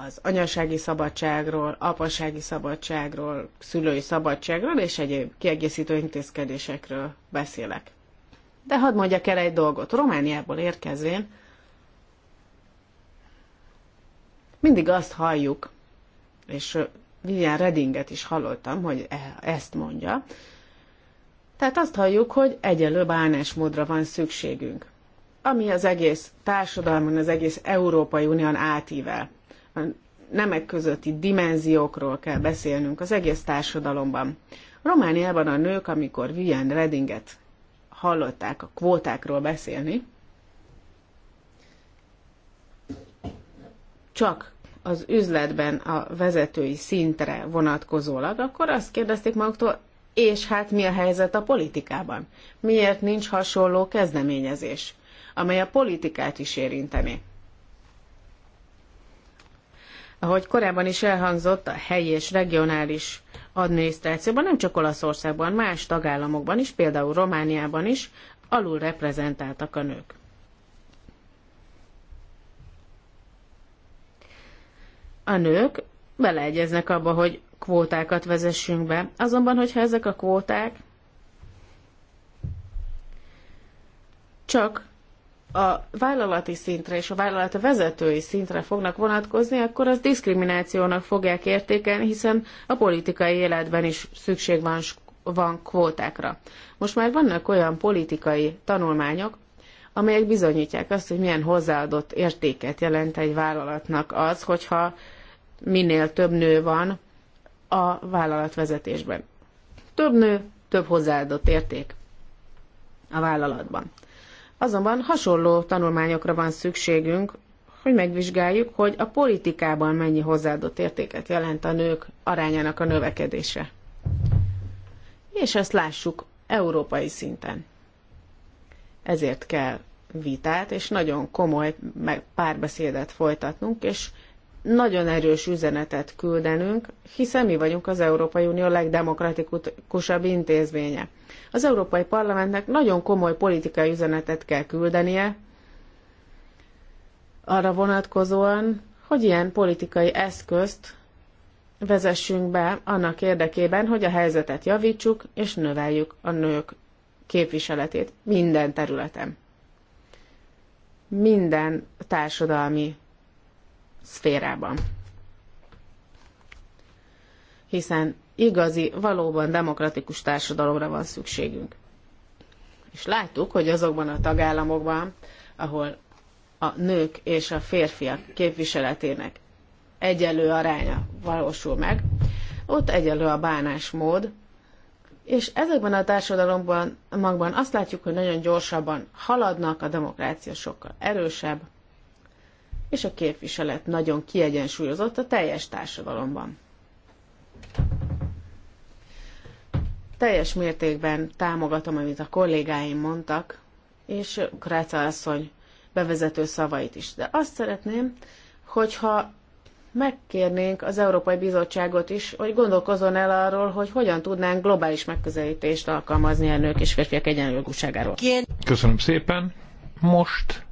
Az anyasági szabadságról, apasági szabadságról, szülői szabadságról és egyéb kiegészítő intézkedésekről beszélek. De hadd mondjak el egy dolgot. Romániából érkezvén mindig azt halljuk, és Vivian Redinget is hallottam, hogy e, ezt mondja, tehát azt halljuk, hogy egyenlő bánásmódra van szükségünk, ami az egész társadalmon, az egész Európai Unión átível. A nemek közötti dimenziókról kell beszélnünk az egész társadalomban. Romániában a nők, amikor Vivian Redinget hallották a kvótákról beszélni, csak az üzletben a vezetői szintre vonatkozólag, akkor azt kérdezték maguktól, és hát mi a helyzet a politikában? Miért nincs hasonló kezdeményezés, amely a politikát is érinteni? Ahogy korábban is elhangzott, a helyi és regionális adminisztrációban, nem csak Olaszországban, más tagállamokban is, például Romániában is alul reprezentáltak a nők. A nők beleegyeznek abba, hogy kvótákat vezessünk be. Azonban, hogyha ezek a kvóták csak a vállalati szintre és a vállalat vezetői szintre fognak vonatkozni, akkor az diszkriminációnak fogják értékelni, hiszen a politikai életben is szükség van, van kvótákra. Most már vannak olyan politikai tanulmányok, amelyek bizonyítják azt, hogy milyen hozzáadott értéket jelent egy vállalatnak az, hogyha minél több nő van a vállalatvezetésben. Több nő, több hozzáadott érték a vállalatban. Azonban hasonló tanulmányokra van szükségünk, hogy megvizsgáljuk, hogy a politikában mennyi hozzáadott értéket jelent a nők arányának a növekedése. És ezt lássuk európai szinten. Ezért kell vitát és nagyon komoly párbeszédet folytatnunk, és nagyon erős üzenetet küldenünk, hiszen mi vagyunk az Európai Unió legdemokratikusabb intézménye. Az Európai Parlamentnek nagyon komoly politikai üzenetet kell küldenie arra vonatkozóan, hogy ilyen politikai eszközt vezessünk be annak érdekében, hogy a helyzetet javítsuk és növeljük a nők képviseletét minden területen. Minden társadalmi szférában. Hiszen igazi, valóban demokratikus társadalomra van szükségünk. És láttuk, hogy azokban a tagállamokban, ahol a nők és a férfiak képviseletének egyenlő aránya valósul meg, ott egyenlő a bánásmód, és ezekben a társadalomban magban azt látjuk, hogy nagyon gyorsabban haladnak, a demokrácia sokkal erősebb, és a képviselet nagyon kiegyensúlyozott a teljes társadalomban. Teljes mértékben támogatom, amit a kollégáim mondtak, és Kráca asszony bevezető szavait is. De azt szeretném, hogyha megkérnénk az Európai Bizottságot is, hogy gondolkozzon el arról, hogy hogyan tudnánk globális megközelítést alkalmazni a nők és férfiak egyenlőgúságáról. Köszönöm szépen. Most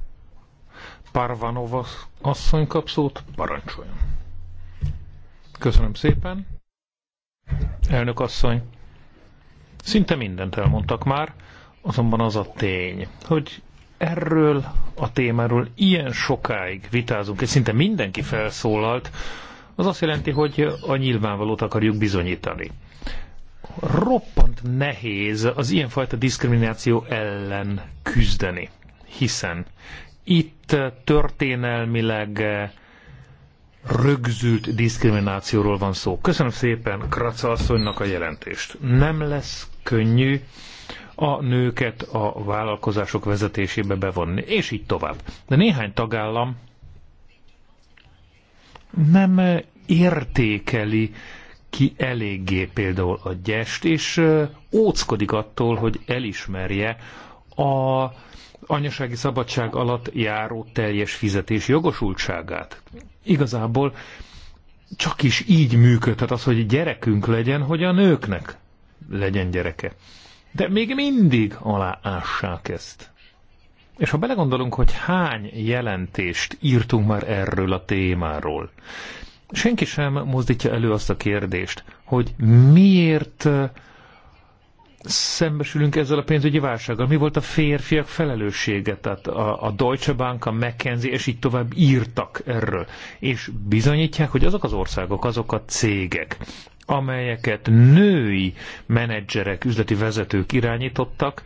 Parvanova asszony kap szót, parancsoljon. Köszönöm szépen. Elnök asszony, szinte mindent elmondtak már, azonban az a tény, hogy erről a témáról ilyen sokáig vitázunk, és szinte mindenki felszólalt, az azt jelenti, hogy a nyilvánvalót akarjuk bizonyítani. Roppant nehéz az ilyenfajta diszkrimináció ellen küzdeni, hiszen itt történelmileg rögzült diszkriminációról van szó. Köszönöm szépen Kraca asszonynak a jelentést. Nem lesz könnyű a nőket a vállalkozások vezetésébe bevonni, és így tovább. De néhány tagállam nem értékeli ki eléggé például a gyest, és óckodik attól, hogy elismerje a anyasági szabadság alatt járó teljes fizetés jogosultságát. Igazából csak is így működhet az, hogy gyerekünk legyen, hogy a nőknek legyen gyereke. De még mindig aláássák ezt. És ha belegondolunk, hogy hány jelentést írtunk már erről a témáról, senki sem mozdítja elő azt a kérdést, hogy miért szembesülünk ezzel a pénzügyi válsággal? Mi volt a férfiak felelőssége? Tehát a, a Deutsche Bank, a McKenzie és így tovább írtak erről. És bizonyítják, hogy azok az országok, azok a cégek, amelyeket női menedzserek, üzleti vezetők irányítottak,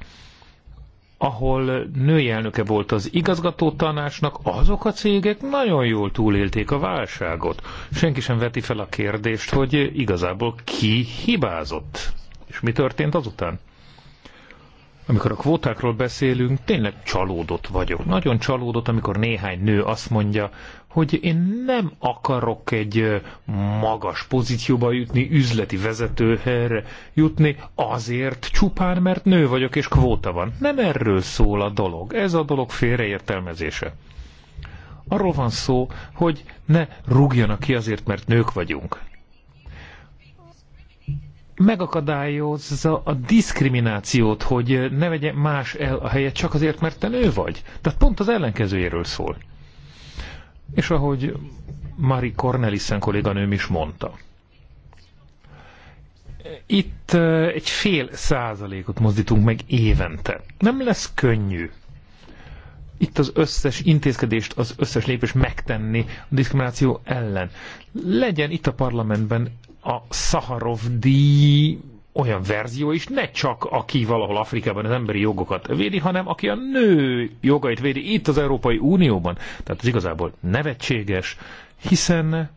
ahol női elnöke volt az igazgató tanácsnak, azok a cégek nagyon jól túlélték a válságot. Senki sem veti fel a kérdést, hogy igazából ki hibázott és mi történt azután? Amikor a kvótákról beszélünk, tényleg csalódott vagyok. Nagyon csalódott, amikor néhány nő azt mondja, hogy én nem akarok egy magas pozícióba jutni, üzleti vezetőhelyre jutni, azért csupán, mert nő vagyok és kvóta van. Nem erről szól a dolog. Ez a dolog félreértelmezése. Arról van szó, hogy ne rúgjanak ki azért, mert nők vagyunk megakadályozza a diszkriminációt, hogy ne vegye más el a helyet csak azért, mert te nő vagy. Tehát pont az ellenkezőjéről szól. És ahogy Mari Cornelissen kolléganőm is mondta, itt egy fél százalékot mozdítunk meg évente. Nem lesz könnyű itt az összes intézkedést, az összes lépést megtenni a diszkrimináció ellen. Legyen itt a parlamentben a Szaharov díj olyan verzió is, ne csak aki valahol Afrikában az emberi jogokat védi, hanem aki a nő jogait védi itt az Európai Unióban. Tehát ez igazából nevetséges, hiszen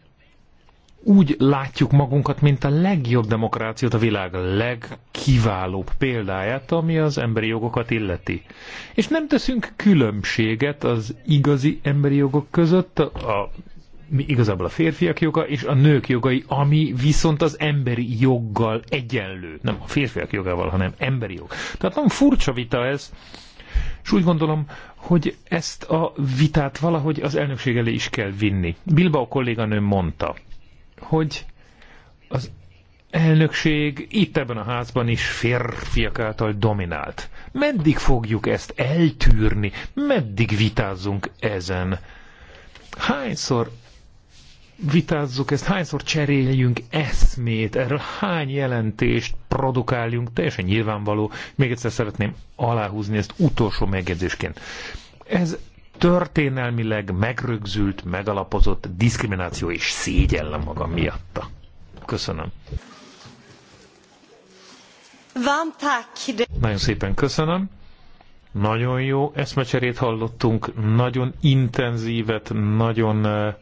úgy látjuk magunkat, mint a legjobb demokrációt, a világ legkiválóbb példáját, ami az emberi jogokat illeti. És nem teszünk különbséget az igazi emberi jogok között, a igazából a férfiak joga és a nők jogai, ami viszont az emberi joggal egyenlő. Nem a férfiak jogával, hanem emberi jog. Tehát nagyon furcsa vita ez, és úgy gondolom, hogy ezt a vitát valahogy az elnökség elé is kell vinni. Bilbao kolléganő mondta, hogy az elnökség itt ebben a házban is férfiak által dominált. Meddig fogjuk ezt eltűrni? Meddig vitázzunk ezen? Hányszor vitázzuk ezt, hányszor cseréljünk eszmét, erről hány jelentést produkáljunk, teljesen nyilvánvaló. Még egyszer szeretném aláhúzni ezt utolsó megjegyzésként. Ez történelmileg megrögzült, megalapozott diszkrimináció és szégyellem magam miatta. Köszönöm. Nagyon szépen köszönöm. Nagyon jó eszmecserét hallottunk, nagyon intenzívet, nagyon eh,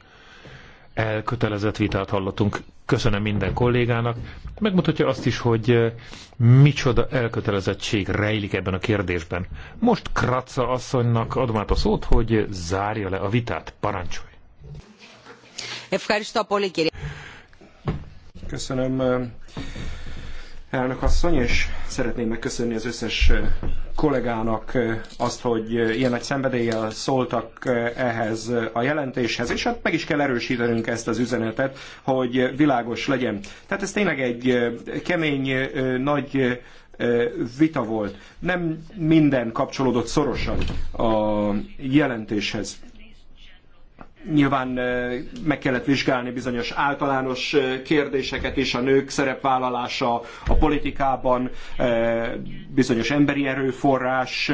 elkötelezett vitát hallottunk. Köszönöm minden kollégának. Megmutatja azt is, hogy eh, micsoda elkötelezettség rejlik ebben a kérdésben. Most Kratza asszonynak adom át a szót, hogy zárja le a vitát. Parancsolj! Köszönöm. Eh, elnök asszony, és szeretném megköszönni az összes kollégának azt, hogy ilyen nagy szenvedéllyel szóltak ehhez a jelentéshez, és hát meg is kell erősítenünk ezt az üzenetet, hogy világos legyen. Tehát ez tényleg egy kemény, nagy vita volt. Nem minden kapcsolódott szorosan a jelentéshez. Nyilván meg kellett vizsgálni bizonyos általános kérdéseket is, a nők szerepvállalása a politikában, bizonyos emberi erőforrás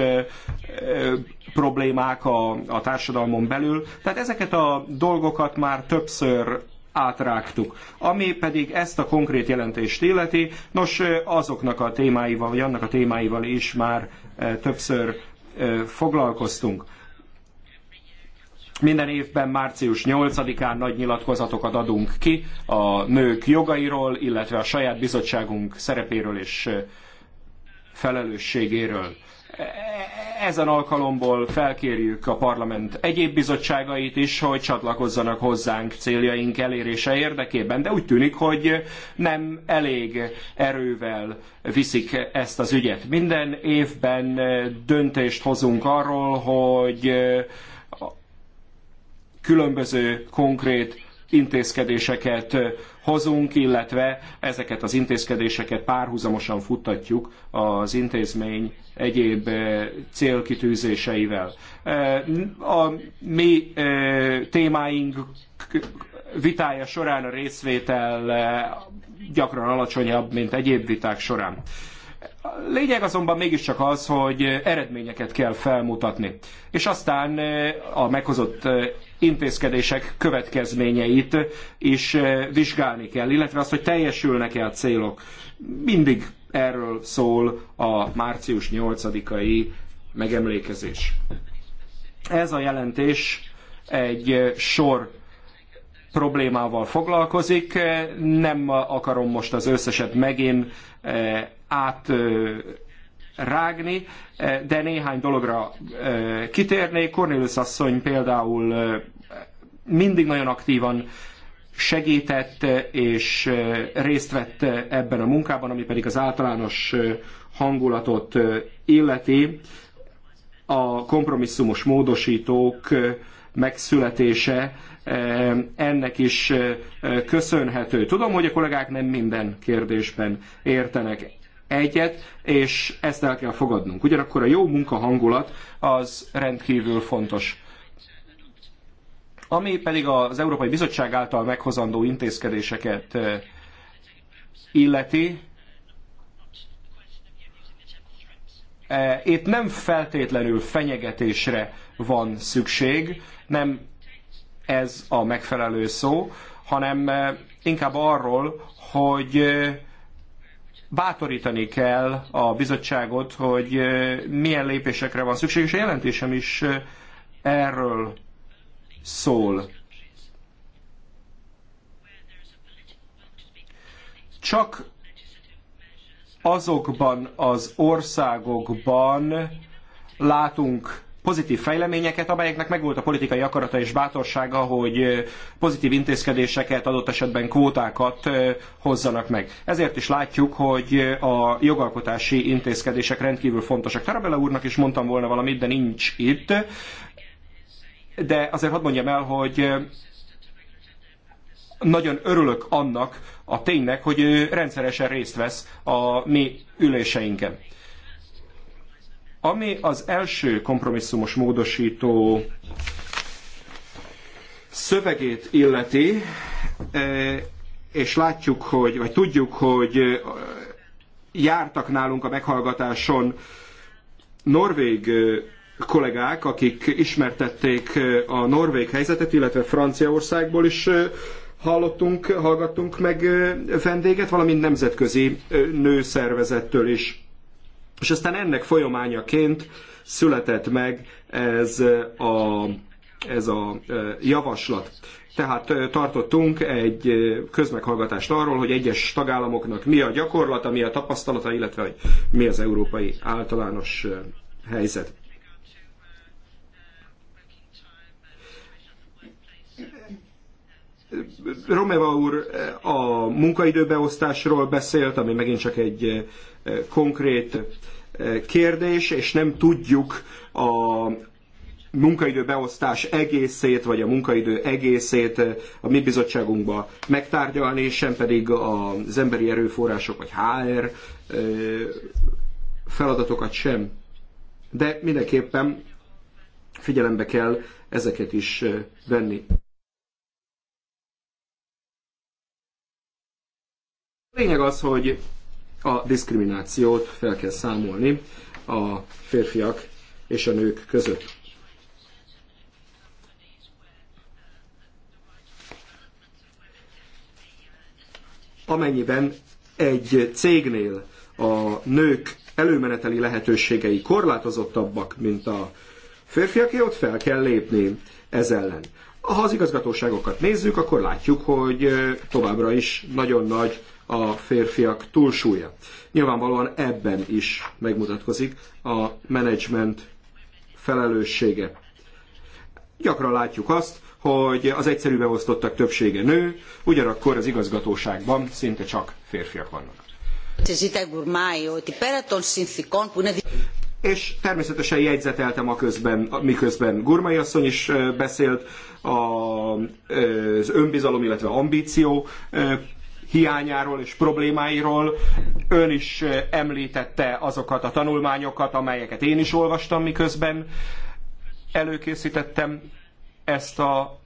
problémák a, a társadalmon belül. Tehát ezeket a dolgokat már többször átrágtuk. Ami pedig ezt a konkrét jelentést illeti, nos azoknak a témáival, vagy annak a témáival is már többször foglalkoztunk. Minden évben március 8-án nagy nyilatkozatokat adunk ki a nők jogairól, illetve a saját bizottságunk szerepéről és felelősségéről. E, e, ezen alkalomból felkérjük a parlament egyéb bizottságait is, hogy csatlakozzanak hozzánk céljaink elérése érdekében, de úgy tűnik, hogy nem elég erővel viszik ezt az ügyet. Minden évben döntést hozunk arról, hogy különböző konkrét intézkedéseket hozunk, illetve ezeket az intézkedéseket párhuzamosan futtatjuk az intézmény egyéb célkitűzéseivel. A mi témáink vitája során a részvétel gyakran alacsonyabb, mint egyéb viták során. A lényeg azonban mégiscsak az, hogy eredményeket kell felmutatni, és aztán a meghozott intézkedések következményeit is eh, vizsgálni kell, illetve azt, hogy teljesülnek-e a célok. Mindig erről szól a március 8-ai megemlékezés. Ez a jelentés egy eh, sor problémával foglalkozik. Nem akarom most az összeset megint eh, át rágni, eh, de néhány dologra eh, kitérnék. Cornelius asszony például eh, mindig nagyon aktívan segített és részt vett ebben a munkában, ami pedig az általános hangulatot illeti. A kompromisszumos módosítók megszületése ennek is köszönhető. Tudom, hogy a kollégák nem minden kérdésben értenek egyet, és ezt el kell fogadnunk. Ugyanakkor a jó munkahangulat az rendkívül fontos. Ami pedig az Európai Bizottság által meghozandó intézkedéseket eh, illeti, eh, itt nem feltétlenül fenyegetésre van szükség, nem ez a megfelelő szó, hanem eh, inkább arról, hogy bátorítani kell a bizottságot, hogy milyen lépésekre van szükség, és a jelentésem is erről szól. Csak azokban az országokban látunk pozitív fejleményeket, amelyeknek megvolt a politikai akarata és bátorsága, hogy pozitív intézkedéseket, adott esetben kvótákat hozzanak meg. Ezért is látjuk, hogy a jogalkotási intézkedések rendkívül fontosak. Tarabella úrnak is mondtam volna valamit, de nincs itt. De azért hadd mondjam el, hogy nagyon örülök annak a ténynek, hogy ő rendszeresen részt vesz a mi üléseinken. Ami az első kompromisszumos módosító szövegét illeti, e, és látjuk, hogy, vagy tudjuk, hogy e, jártak nálunk a meghallgatáson norvég e, kollégák, akik ismertették a norvég helyzetet, illetve Franciaországból is hallottunk, hallgattunk meg vendéget, valamint nemzetközi nőszervezettől is. És aztán ennek folyamányaként született meg ez a, ez a javaslat. Tehát tartottunk egy közmeghallgatást arról, hogy egyes tagállamoknak mi a gyakorlata, mi a tapasztalata, illetve hogy mi az európai általános helyzet. Romeva úr a munkaidőbeosztásról beszélt, ami megint csak egy eh, konkrét eh, kérdés, és nem tudjuk a munkaidő beosztás egészét, vagy a munkaidő egészét eh, a mi bizottságunkba megtárgyalni, sem pedig az emberi erőforrások, vagy HR feladatokat sem. De mindenképpen figyelembe kell ezeket is venni. Lényeg az, hogy a diszkriminációt fel kell számolni a férfiak és a nők között. Amennyiben egy cégnél a nők előmeneteli lehetőségei korlátozottabbak, mint a férfiaké, ott fel kell lépni ez ellen. Ha az igazgatóságokat nézzük, akkor látjuk, hogy továbbra is nagyon nagy a férfiak túlsúlya. Nyilvánvalóan ebben is megmutatkozik a menedzsment felelőssége. Gyakran látjuk azt, hogy az egyszerű beosztottak többsége nő, ugyanakkor az igazgatóságban szinte csak férfiak vannak. És természetesen jegyzeteltem a közben, miközben Gurmai asszony is beszélt, az önbizalom, illetve ambíció hiányáról és problémáiról. Ön is eh, említette azokat a tanulmányokat, amelyeket én is olvastam, miközben előkészítettem ezt a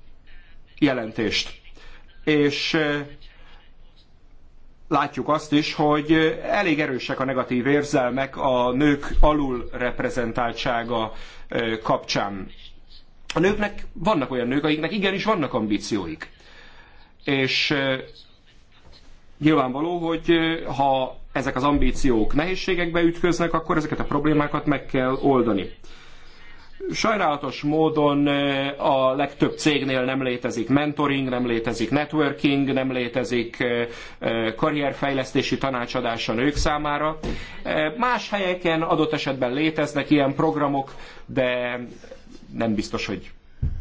jelentést. És eh, látjuk azt is, hogy eh, elég erősek a negatív érzelmek a nők alulreprezentáltsága kapcsán. A nőknek vannak olyan nők, akiknek igenis vannak ambícióik. És Nyilvánvaló, hogy ha ezek az ambíciók nehézségekbe ütköznek, akkor ezeket a problémákat meg kell oldani. Sajnálatos módon a legtöbb cégnél nem létezik mentoring, nem létezik networking, nem létezik karrierfejlesztési tanácsadás a nők számára. Más helyeken adott esetben léteznek ilyen programok, de nem biztos, hogy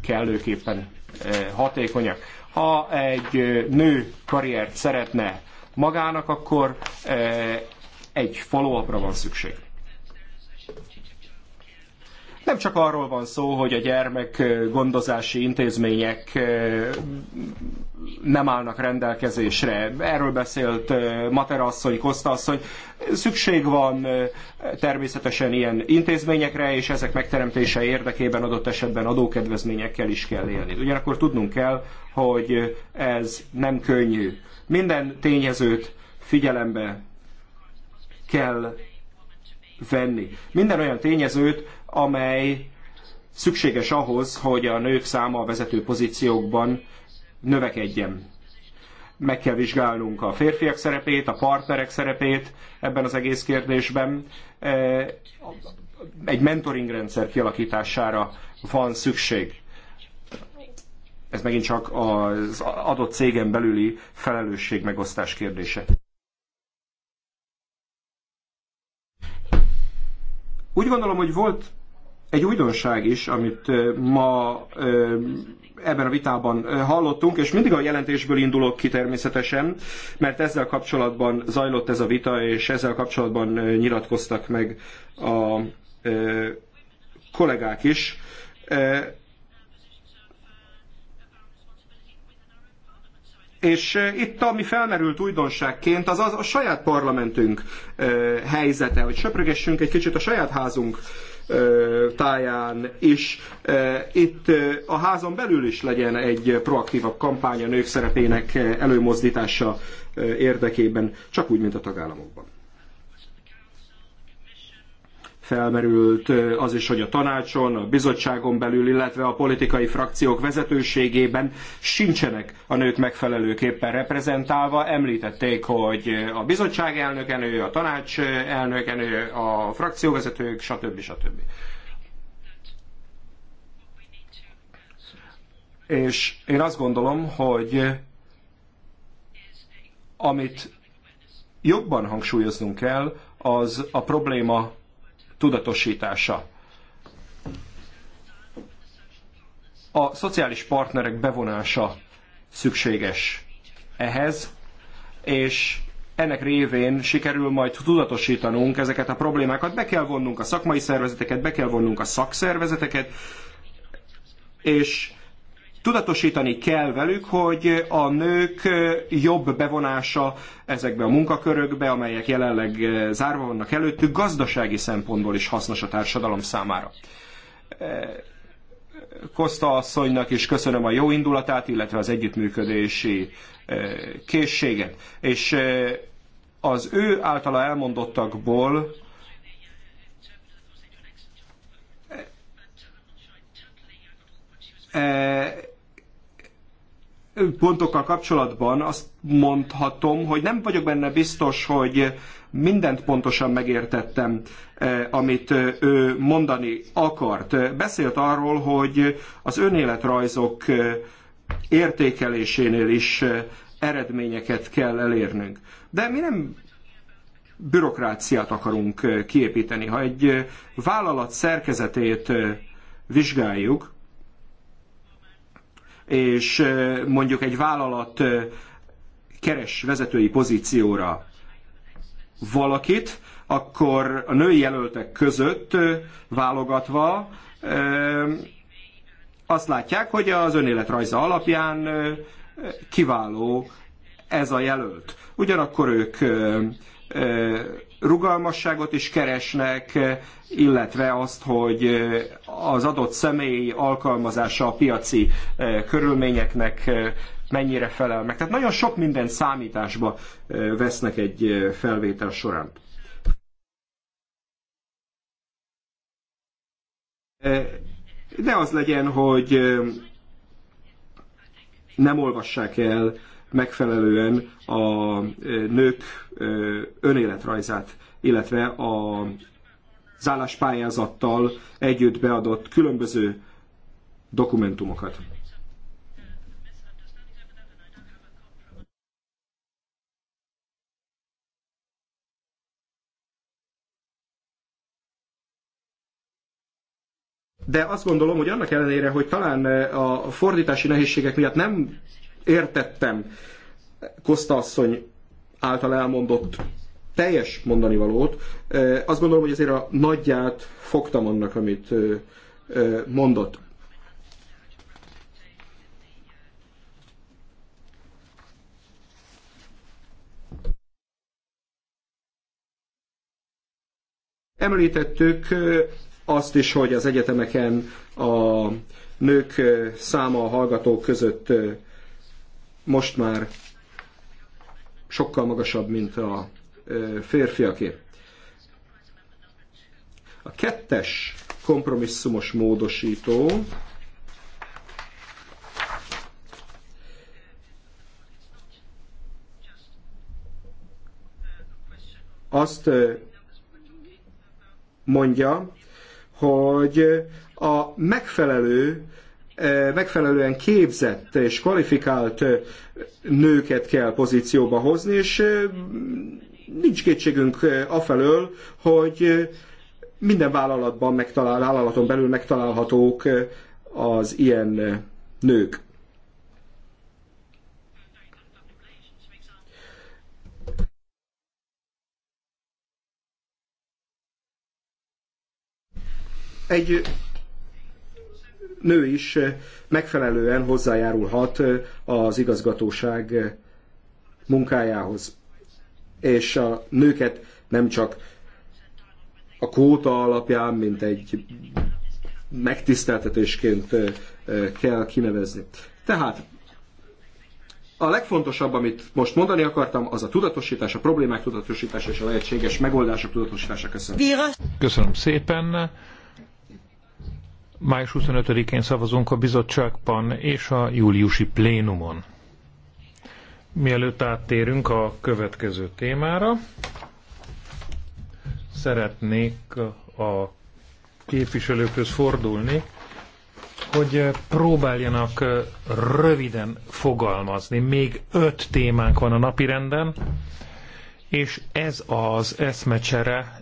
kellőképpen hatékonyak. Ha egy nő karriert szeretne magának, akkor e, egy follow-upra van szükség. Nem csak arról van szó, hogy a gyermek e, gondozási intézmények e, nem állnak rendelkezésre. Erről beszélt Matera asszony, Koszta asszony. Szükség van természetesen ilyen intézményekre, és ezek megteremtése érdekében adott esetben adókedvezményekkel is kell élni. Ugyanakkor tudnunk kell, hogy ez nem könnyű. Minden tényezőt figyelembe kell venni. Minden olyan tényezőt, amely szükséges ahhoz, hogy a nők száma a vezető pozíciókban növekedjen. Meg kell vizsgálnunk a férfiak szerepét, a partnerek szerepét ebben az egész kérdésben. Eh, egy mentoring rendszer kialakítására van szükség. Ez megint csak az adott cégen belüli felelősség megosztás kérdése. Úgy gondolom, hogy volt egy újdonság is, amit ma ebben a vitában hallottunk, és mindig a jelentésből indulok ki természetesen, mert ezzel kapcsolatban zajlott ez a vita, és ezzel kapcsolatban nyilatkoztak meg a kollégák is. És itt, ami felmerült újdonságként, az, az a saját parlamentünk helyzete, hogy söprögessünk egy kicsit a saját házunk táján is. Itt a házon belül is legyen egy proaktívabb kampány a nők szerepének előmozdítása érdekében, csak úgy, mint a tagállamokban felmerült az is, hogy a tanácson, a bizottságon belül, illetve a politikai frakciók vezetőségében sincsenek a nők megfelelőképpen reprezentálva. Említették, hogy a bizottság elnöke nő, a tanács elnöke nő, a frakcióvezetők, stb. stb. És én azt gondolom, hogy amit jobban hangsúlyoznunk kell, az a probléma tudatosítása. A szociális partnerek bevonása szükséges ehhez, és ennek révén sikerül majd tudatosítanunk ezeket a problémákat. Be kell vonnunk a szakmai szervezeteket, be kell vonnunk a szakszervezeteket, és Tudatosítani kell velük, hogy a nők jobb bevonása ezekbe a munkakörökbe, amelyek jelenleg zárva vannak előttük, gazdasági szempontból is hasznos a társadalom számára. Kosta asszonynak is köszönöm a jó indulatát, illetve az együttműködési készséget. És az ő általa elmondottakból pontokkal kapcsolatban azt mondhatom, hogy nem vagyok benne biztos, hogy mindent pontosan megértettem, eh, amit eh, ő mondani akart. Beszélt arról, hogy az önéletrajzok eh, értékelésénél is eredményeket kell elérnünk. De mi nem bürokráciát akarunk kiépíteni. Ha egy vállalat szerkezetét vizsgáljuk, és mondjuk egy vállalat keres vezetői pozícióra valakit, akkor a női jelöltek között válogatva azt látják, hogy az önéletrajza alapján kiváló ez a jelölt. Ugyanakkor ők rugalmasságot is keresnek, illetve azt, hogy az adott személy alkalmazása a piaci eh, körülményeknek eh, mennyire felel meg. Tehát nagyon sok minden számításba eh, vesznek egy felvétel során. Ne az legyen, hogy nem olvassák el megfelelően a e, nők e, önéletrajzát, illetve a az álláspályázattal együtt beadott különböző dokumentumokat. De azt gondolom, hogy annak ellenére, hogy talán e, a fordítási nehézségek miatt nem értettem Koszta asszony által elmondott teljes mondani valót. Azt gondolom, hogy azért a nagyját fogtam annak, amit mondott. Említettük azt is, hogy az egyetemeken a nők száma a hallgatók között most már sokkal magasabb, mint a férfiaké. A kettes kompromisszumos módosító azt mondja, hogy a megfelelő megfelelően képzett és kvalifikált nőket kell pozícióba hozni, és nincs kétségünk afelől, hogy minden vállalatban megtalál, vállalaton belül megtalálhatók az ilyen nők. Egy nő is eh, megfelelően hozzájárulhat eh, az igazgatóság eh, munkájához. És a nőket nem csak a kóta alapján, mint egy megtiszteltetésként kell kinevezni. Tehát a legfontosabb, amit most mondani akartam, az a tudatosítás, a problémák tudatosítása és a lehetséges megoldások tudatosítása. Köszönöm. Köszönöm szépen május 25-én szavazunk a bizottságban és a júliusi plénumon. Mielőtt áttérünk a következő témára, szeretnék a képviselőkhöz fordulni, hogy próbáljanak röviden fogalmazni. Még öt témánk van a napirenden, és ez az eszmecsere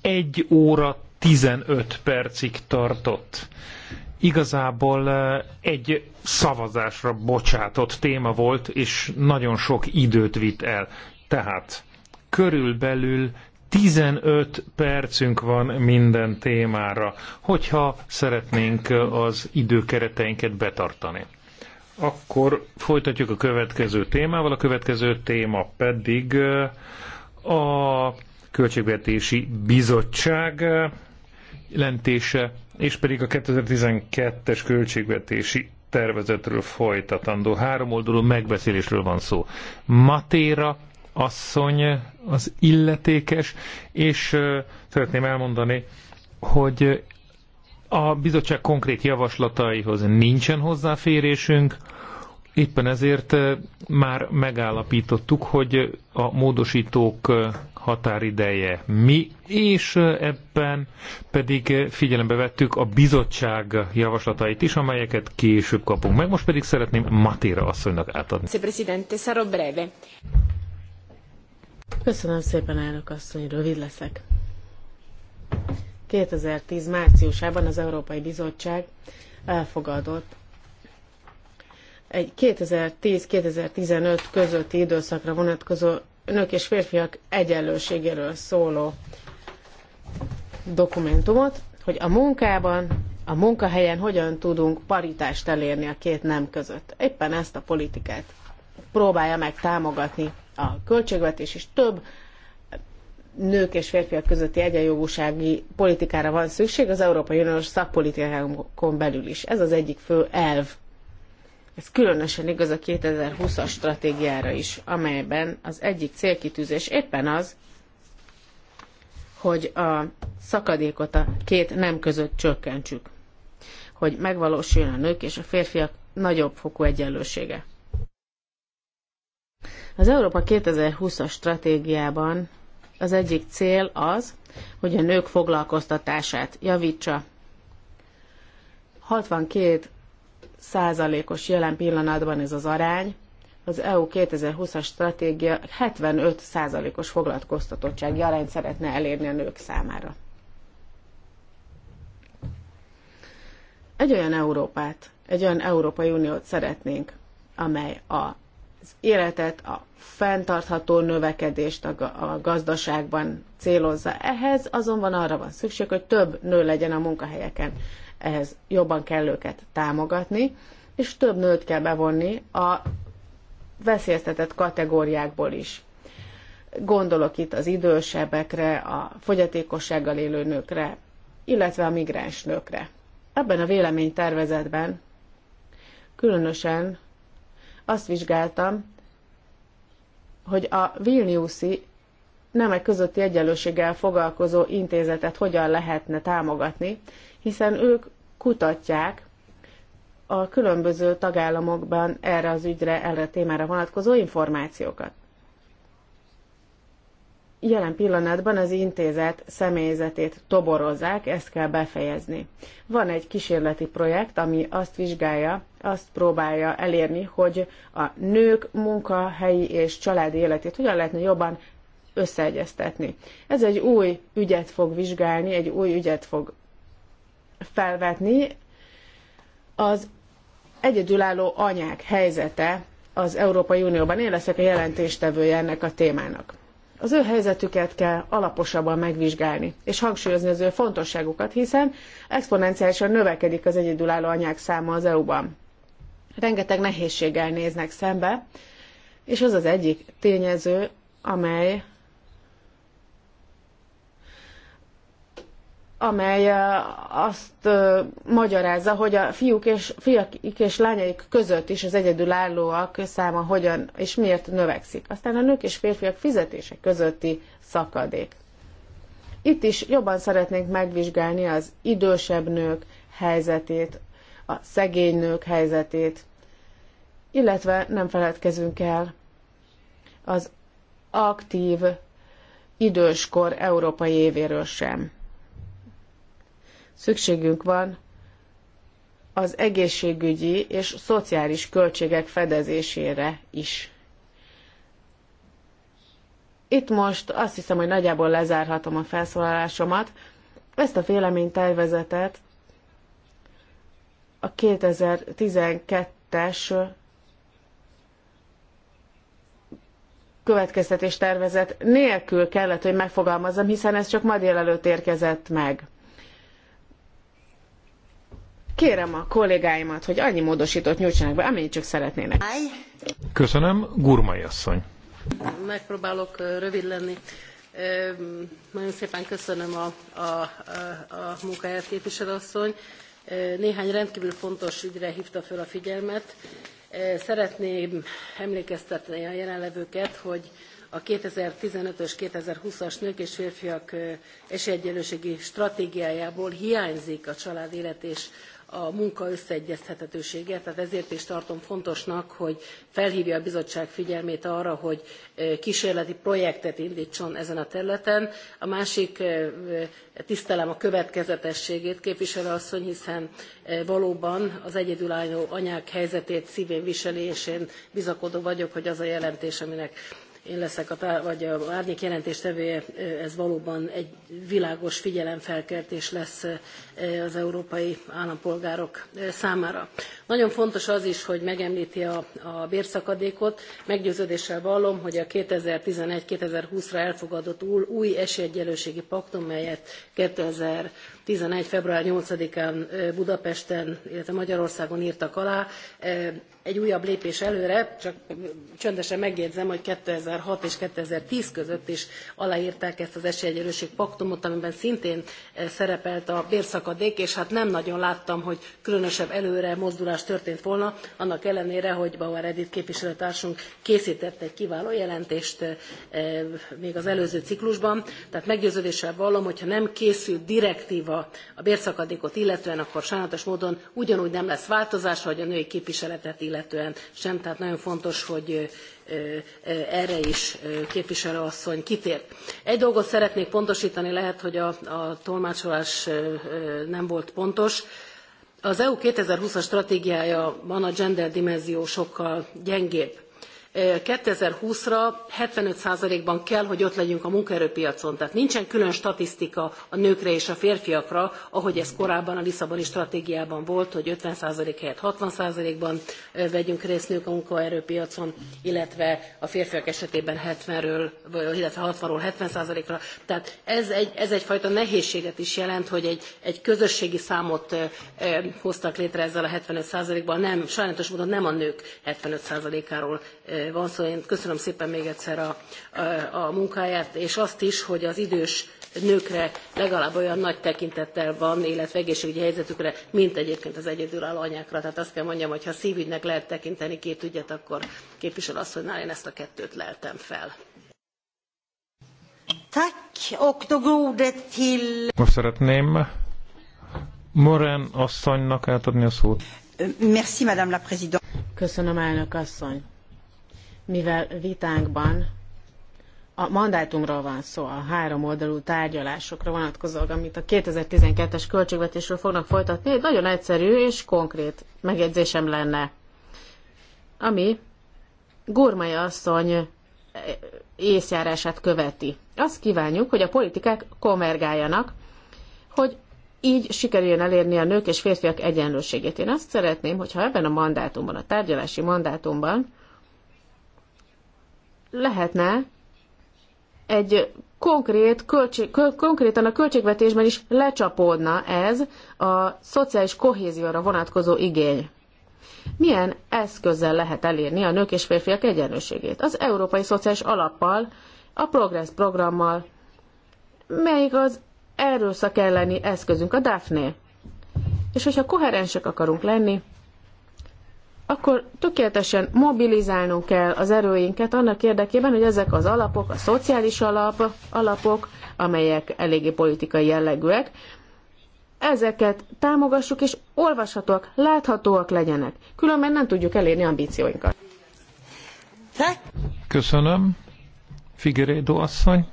egy óra 15 percig tartott. Igazából eh, egy szavazásra bocsátott téma volt, és nagyon sok időt vitt el. Tehát körülbelül 15 percünk van minden témára, hogyha szeretnénk eh, az időkereteinket betartani. Akkor folytatjuk a következő témával, a következő téma pedig eh, a Költségvetési Bizottság jelentése, és pedig a 2012-es költségvetési tervezetről folytatandó háromoldalú megbeszélésről van szó. Matéra asszony az illetékes, és szeretném elmondani, hogy a bizottság konkrét javaslataihoz nincsen hozzáférésünk, Éppen ezért eh, már megállapítottuk, hogy a módosítók eh, határideje mi, és eh, ebben pedig figyelembe vettük a bizottság javaslatait is, amelyeket később kapunk meg. Most pedig szeretném Matéra asszonynak átadni. Köszönöm szépen, elnök asszony, rövid leszek. 2010 márciusában az Európai Bizottság elfogadott egy 2010-2015 közötti időszakra vonatkozó nők és férfiak egyenlőségéről szóló dokumentumot, hogy a munkában, a munkahelyen hogyan tudunk paritást elérni a két nem között. Éppen ezt a politikát próbálja meg támogatni a költségvetés, és több nők és férfiak közötti egyenjogúsági politikára van szükség az Európai Uniós szakpolitikákon belül is. Ez az egyik fő elv ez különösen igaz a 2020-as stratégiára is, amelyben az egyik célkitűzés éppen az, hogy a szakadékot a két nem között csökkentsük, hogy megvalósuljon a nők és a férfiak nagyobb fokú egyenlősége. Az Európa 2020-as stratégiában az egyik cél az, hogy a nők foglalkoztatását javítsa. 62 százalékos jelen pillanatban ez az arány, az EU 2020-as stratégia 75 százalékos foglalkoztatottsági arányt szeretne elérni a nők számára. Egy olyan Európát, egy olyan Európai Uniót szeretnénk, amely az életet, a fenntartható növekedést a gazdaságban célozza. Ehhez azonban arra van szükség, hogy több nő legyen a munkahelyeken ehhez jobban kell őket támogatni, és több nőt kell bevonni a veszélyeztetett kategóriákból is. Gondolok itt az idősebbekre, a fogyatékossággal élő nőkre, illetve a migráns nőkre. Ebben a véleménytervezetben különösen azt vizsgáltam, hogy a Vilniuszi nemek közötti egyenlőséggel foglalkozó intézetet hogyan lehetne támogatni, hiszen ők kutatják a különböző tagállamokban erre az ügyre, erre a témára vonatkozó információkat. Jelen pillanatban az intézet személyzetét toborozzák, ezt kell befejezni. Van egy kísérleti projekt, ami azt vizsgálja, azt próbálja elérni, hogy a nők munkahelyi és családi életét hogyan lehetne jobban összeegyeztetni. Ez egy új ügyet fog vizsgálni, egy új ügyet fog felvetni, az egyedülálló anyák helyzete az Európai Unióban. Én leszek a jelentéstevője ennek a témának. Az ő helyzetüket kell alaposabban megvizsgálni, és hangsúlyozni az ő fontosságukat, hiszen exponenciálisan növekedik az egyedülálló anyák száma az EU-ban. Rengeteg nehézséggel néznek szembe, és az az egyik tényező, amely amely azt magyarázza, hogy a fiúk és, fiak és lányaik között is az egyedülállóak száma hogyan és miért növekszik. Aztán a nők és férfiak fizetése közötti szakadék. Itt is jobban szeretnénk megvizsgálni az idősebb nők helyzetét, a szegény nők helyzetét, illetve nem feledkezünk el az aktív időskor európai évéről sem. Szükségünk van az egészségügyi és szociális költségek fedezésére is. Itt most azt hiszem, hogy nagyjából lezárhatom a felszólalásomat. Ezt a véleménytervezetet a 2012-es következtetés tervezet nélkül kellett, hogy megfogalmazzam, hiszen ez csak ma délelőtt érkezett meg. Kérem a kollégáimat, hogy annyi módosítót nyújtsanak be, amennyit csak szeretnének. Köszönöm, Gurmai asszony. Megpróbálok rövid lenni. Nagyon szépen köszönöm a, a, a, a munkáját, képviselőasszony. Néhány rendkívül fontos ügyre hívta föl a figyelmet. Szeretném emlékeztetni a jelenlevőket, hogy a 2015-ös, 2020-as nők és férfiak esélyegyenlőségi stratégiájából hiányzik a család élet és a munka összeegyeztethetőségét. tehát ezért is tartom fontosnak, hogy felhívja a bizottság figyelmét arra, hogy kísérleti projektet indítson ezen a területen. A másik tisztelem a következetességét képviselő asszony, hiszen valóban az egyedülálló anyák helyzetét szívén viseli, és én bizakodó vagyok, hogy az a jelentés, aminek én leszek a, tár, vagy a árnyék jelentéstevője, ez valóban egy világos figyelemfelkeltés lesz e, az európai állampolgárok e, számára. Nagyon fontos az is, hogy megemlíti a, a bérszakadékot. Meggyőződéssel vallom, hogy a 2011-2020-ra elfogadott új esélyegyelőségi paktum, melyet 2000 11. február 8-án e, Budapesten, illetve Magyarországon írtak alá. Egy újabb lépés előre, csak csöndesen megjegyzem, hogy 2000 2006 és 2010 között is aláírták ezt az esélyegyenlőség paktumot, amiben szintén eh, szerepelt a bérszakadék, és hát nem nagyon láttam, hogy különösebb előre mozdulás történt volna, annak ellenére, hogy Bauer Edith képviselőtársunk készített egy kiváló jelentést eh, eh, még az előző ciklusban. Tehát meggyőződéssel vallom, hogyha nem készül direktíva a bérszakadékot illetően, akkor sajnálatos módon ugyanúgy nem lesz változás, hogy a női képviseletet illetően sem. Tehát nagyon fontos, hogy erre is képviselő asszony kitért. Egy dolgot szeretnék pontosítani, lehet, hogy a, a tolmácsolás nem volt pontos. Az EU 2020-as stratégiája van a gender dimenzió sokkal gyengébb 2020-ra 75%-ban kell, hogy ott legyünk a munkaerőpiacon. Tehát nincsen külön statisztika a nőkre és a férfiakra, ahogy ez korábban a Lisszaboni stratégiában volt, hogy 50% helyett 60%-ban vegyünk részt nők a munkaerőpiacon, illetve a férfiak esetében 70-ről, illetve 60-ról 70%-ra. Tehát ez, egy, ez egyfajta nehézséget is jelent, hogy egy, egy közösségi számot hoztak létre ezzel a 75%-ban, nem, sajnálatos módon nem a nők 75%-áról van szó. Én köszönöm szépen még egyszer a, a, a munkáját, és azt is, hogy az idős nőkre legalább olyan nagy tekintettel van, illetve egészségügyi helyzetükre, mint egyébként az egyedülálló anyákra. Tehát azt kell mondjam, hogy ha szívügynek lehet tekinteni két ügyet, akkor képviselő asszonynál én ezt a kettőt leltem fel. Most szeretném Moren asszonynak átadni a szót. Merci, Madame la Présidente. Köszönöm, elnök asszony mivel vitánkban a mandátumról van szó, a három oldalú tárgyalásokra vonatkozóan, amit a 2012-es költségvetésről fognak folytatni, egy nagyon egyszerű és konkrét megjegyzésem lenne, ami Gormai asszony eh, észjárását követi. Azt kívánjuk, hogy a politikák komergáljanak, hogy így sikerüljön elérni a nők és férfiak egyenlőségét. Én azt szeretném, hogyha ebben a mandátumban, a tárgyalási mandátumban lehetne egy konkrét, költség, konkrétan a költségvetésben is lecsapódna ez a szociális kohézióra vonatkozó igény. Milyen eszközzel lehet elérni a nők és férfiak egyenlőségét? Az Európai Szociális Alappal, a Progress programmal, melyik az erőszak elleni eszközünk, a DAFNE. És hogyha koherensek akarunk lenni, akkor tökéletesen mobilizálnunk kell az erőinket annak érdekében, hogy ezek az alapok, a szociális alap, alapok, amelyek eléggé politikai jellegűek, ezeket támogassuk, és olvashatóak, láthatóak legyenek. Különben nem tudjuk elérni ambícióinkat. Köszönöm. Figueredo asszony.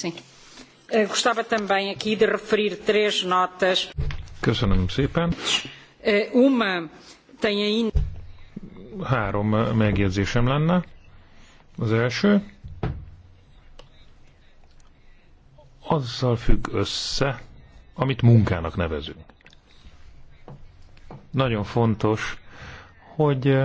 Thank Eh, gostava também aqui de referir três notas. Köszönöm szépen. Eh, uma tem ainda... Három eh, megjegyzésem lenne. Az első. Azzal függ össze, amit munkának nevezünk. Nagyon fontos, hogy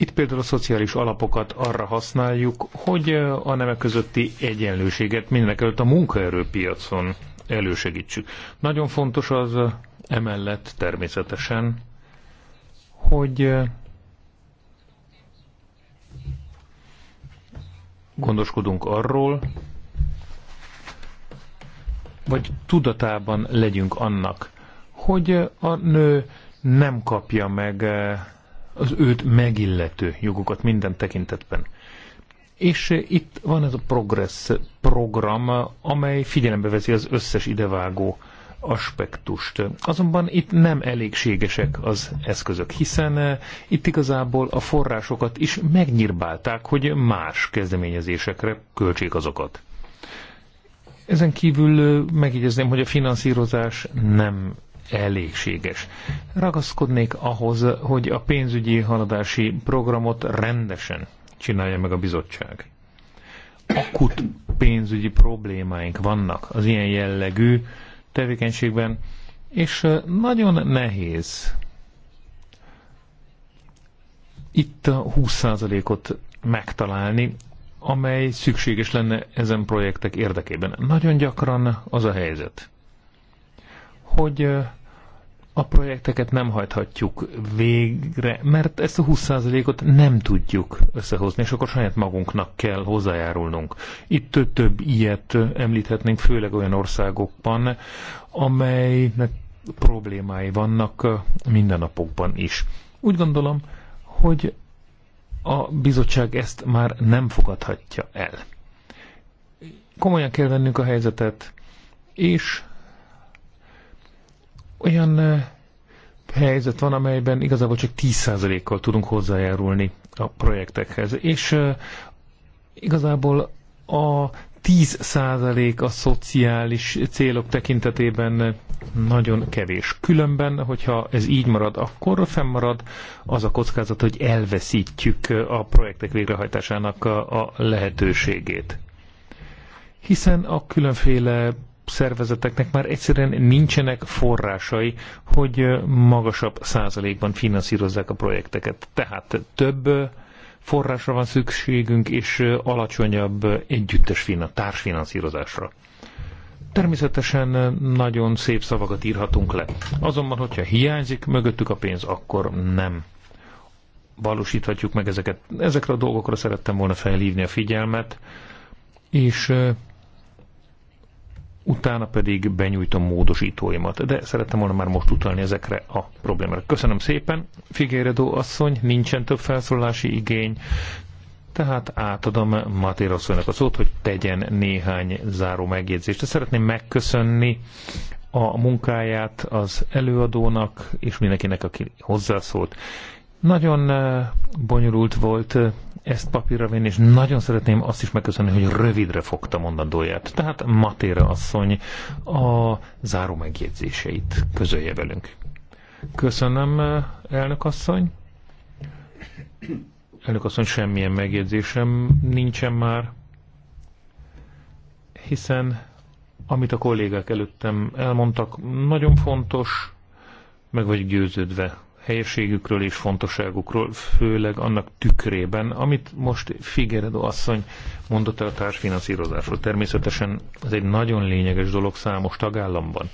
itt például a szociális alapokat arra használjuk, hogy a nemek közötti egyenlőséget mindenekelőtt a munkaerőpiacon elősegítsük. Nagyon fontos az emellett természetesen, hogy gondoskodunk arról, vagy tudatában legyünk annak, hogy a nő nem kapja meg az őt megillető jogokat minden tekintetben. És eh, itt van ez a Progress program, amely figyelembe veszi az összes idevágó aspektust. Azonban itt nem elégségesek az eszközök, hiszen eh, itt igazából a forrásokat is megnyírbálták, hogy más kezdeményezésekre költsék azokat. Ezen kívül eh, megjegyezném, hogy a finanszírozás nem elégséges. Ragaszkodnék ahhoz, hogy a pénzügyi haladási programot rendesen csinálja meg a bizottság. Akut pénzügyi problémáink vannak az ilyen jellegű tevékenységben, és nagyon nehéz itt a 20%-ot megtalálni, amely szükséges lenne ezen projektek érdekében. Nagyon gyakran az a helyzet, hogy a projekteket nem hajthatjuk végre, mert ezt a 20%-ot nem tudjuk összehozni, és akkor saját magunknak kell hozzájárulnunk. Itt több, több ilyet említhetnénk, főleg olyan országokban, amelynek problémái vannak mindennapokban is. Úgy gondolom, hogy a bizottság ezt már nem fogadhatja el. Komolyan kell vennünk a helyzetet, és olyan helyzet van, amelyben igazából csak 10%-kal tudunk hozzájárulni a projektekhez. És igazából a 10% a szociális célok tekintetében nagyon kevés. Különben, hogyha ez így marad, akkor fennmarad az a kockázat, hogy elveszítjük a projektek végrehajtásának a lehetőségét. Hiszen a különféle szervezeteknek már egyszerűen nincsenek forrásai, hogy magasabb százalékban finanszírozzák a projekteket. Tehát több forrásra van szükségünk, és alacsonyabb együttes társfinanszírozásra. Természetesen nagyon szép szavakat írhatunk le. Azonban, hogyha hiányzik mögöttük a pénz, akkor nem valósíthatjuk meg ezeket. Ezekre a dolgokra szerettem volna felhívni a figyelmet, és utána pedig benyújtom módosítóimat. De szerettem volna már most utalni ezekre a problémára. Köszönöm szépen, Figéredó asszony, nincsen több felszólási igény, tehát átadom Matér asszonynak a szót, hogy tegyen néhány záró megjegyzést. De szeretném megköszönni a munkáját az előadónak és mindenkinek, aki hozzászólt. Nagyon eh, bonyolult volt eh, ezt papírra venni, és nagyon szeretném azt is megköszönni, hogy rövidre fogta mondandóját. Tehát Matéra asszony a záró megjegyzéseit közölje velünk. Köszönöm, elnök asszony. Elnök asszony, semmilyen megjegyzésem nincsen már, hiszen amit a kollégák előttem elmondtak, nagyon fontos, meg vagy győződve helyességükről és fontosságukról, főleg annak tükrében, amit most Figueredo asszony mondott el a társfinanszírozásról. Természetesen ez egy nagyon lényeges dolog számos tagállamban.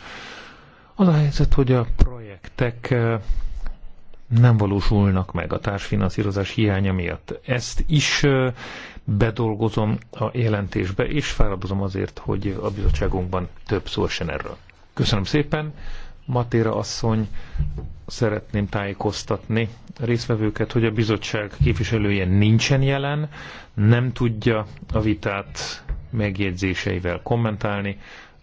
Az a helyzet, hogy a projektek eh, nem valósulnak meg a társfinanszírozás hiánya miatt. Ezt is eh, bedolgozom a jelentésbe, és fáradozom azért, hogy a bizottságunkban több szó erről. Köszönöm szépen! Matéra asszony, szeretném tájékoztatni a részvevőket, hogy a bizottság képviselője nincsen jelen, nem tudja a vitát megjegyzéseivel kommentálni.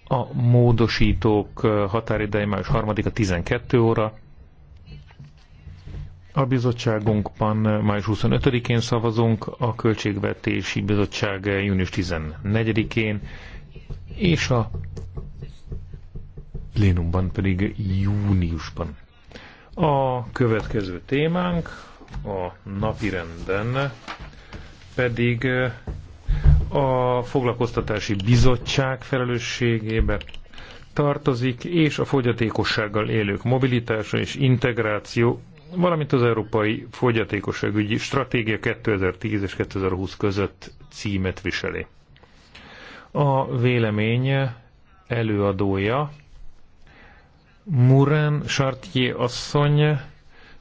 A módosítók határideje május 3-a 12 óra. A bizottságunkban május 25-én szavazunk, a Költségvetési Bizottság június 14-én, és a plénumban pedig júniusban. A következő témánk a napirenden pedig eh, a foglalkoztatási bizottság felelősségébe tartozik, és a fogyatékossággal élők mobilitása és integráció, valamint az Európai Fogyatékosságügyi Stratégia 2010 és 2020 között címet viseli. A vélemény előadója Murán Sartier asszony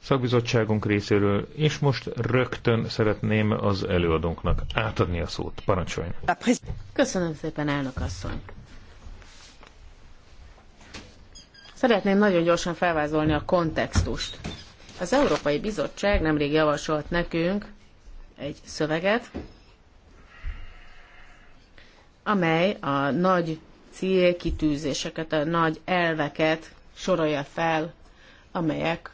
szakbizottságunk részéről, és most rögtön szeretném az előadónknak átadni a szót. Parancsoljon! Köszönöm szépen, elnök asszony! Szeretném nagyon gyorsan felvázolni a kontextust. Az Európai Bizottság nemrég javasolt nekünk egy szöveget, amely a nagy célkitűzéseket, a nagy elveket sorolja fel, amelyek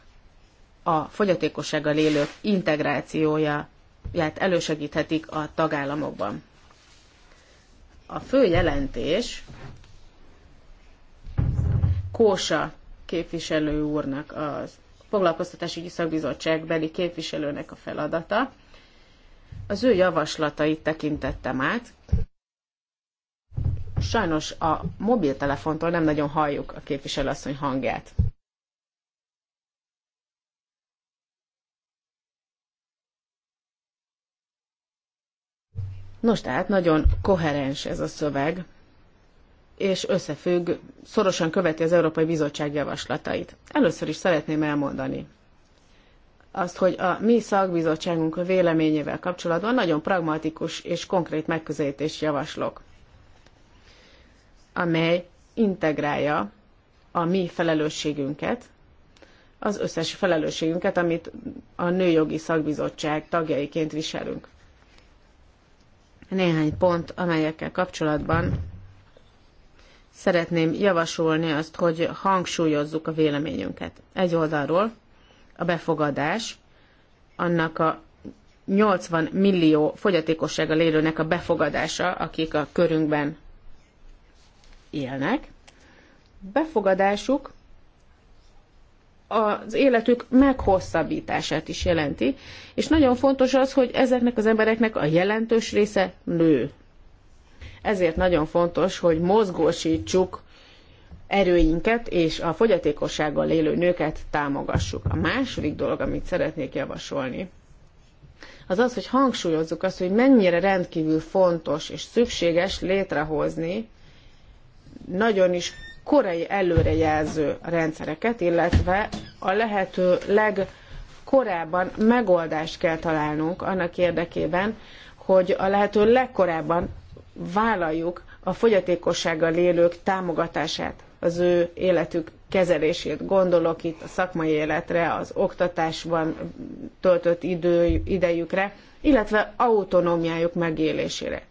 a fogyatékossággal élők integrációját elősegíthetik a tagállamokban. A fő jelentés Kósa képviselő úrnak, a foglalkoztatási szakbizottság beli képviselőnek a feladata. Az ő javaslatait tekintettem át, Sajnos a mobiltelefontól nem nagyon halljuk a képviselőasszony hangját. Nos, tehát nagyon koherens ez a szöveg, és összefügg, szorosan követi az Európai Bizottság javaslatait. Először is szeretném elmondani azt, hogy a mi szakbizottságunk véleményével kapcsolatban nagyon pragmatikus és konkrét megközelítés javaslok amely integrálja a mi felelősségünket, az összes felelősségünket, amit a Nőjogi Szakbizottság tagjaiként viselünk. Néhány pont, amelyekkel kapcsolatban szeretném javasolni azt, hogy hangsúlyozzuk a véleményünket. Egy oldalról a befogadás, annak a 80 millió fogyatékossága lérőnek a befogadása, akik a körünkben élnek, befogadásuk az életük meghosszabbítását is jelenti, és nagyon fontos az, hogy ezeknek az embereknek a jelentős része nő. Ezért nagyon fontos, hogy mozgósítsuk erőinket, és a fogyatékossággal élő nőket támogassuk. A második dolog, amit szeretnék javasolni, az az, hogy hangsúlyozzuk azt, hogy mennyire rendkívül fontos és szükséges létrehozni nagyon is korai előrejelző rendszereket, illetve a lehető legkorábban megoldást kell találnunk annak érdekében, hogy a lehető legkorábban vállaljuk a fogyatékossággal élők támogatását, az ő életük kezelését. Gondolok itt a szakmai életre, az oktatásban töltött idő, idejükre, illetve autonómiájuk megélésére.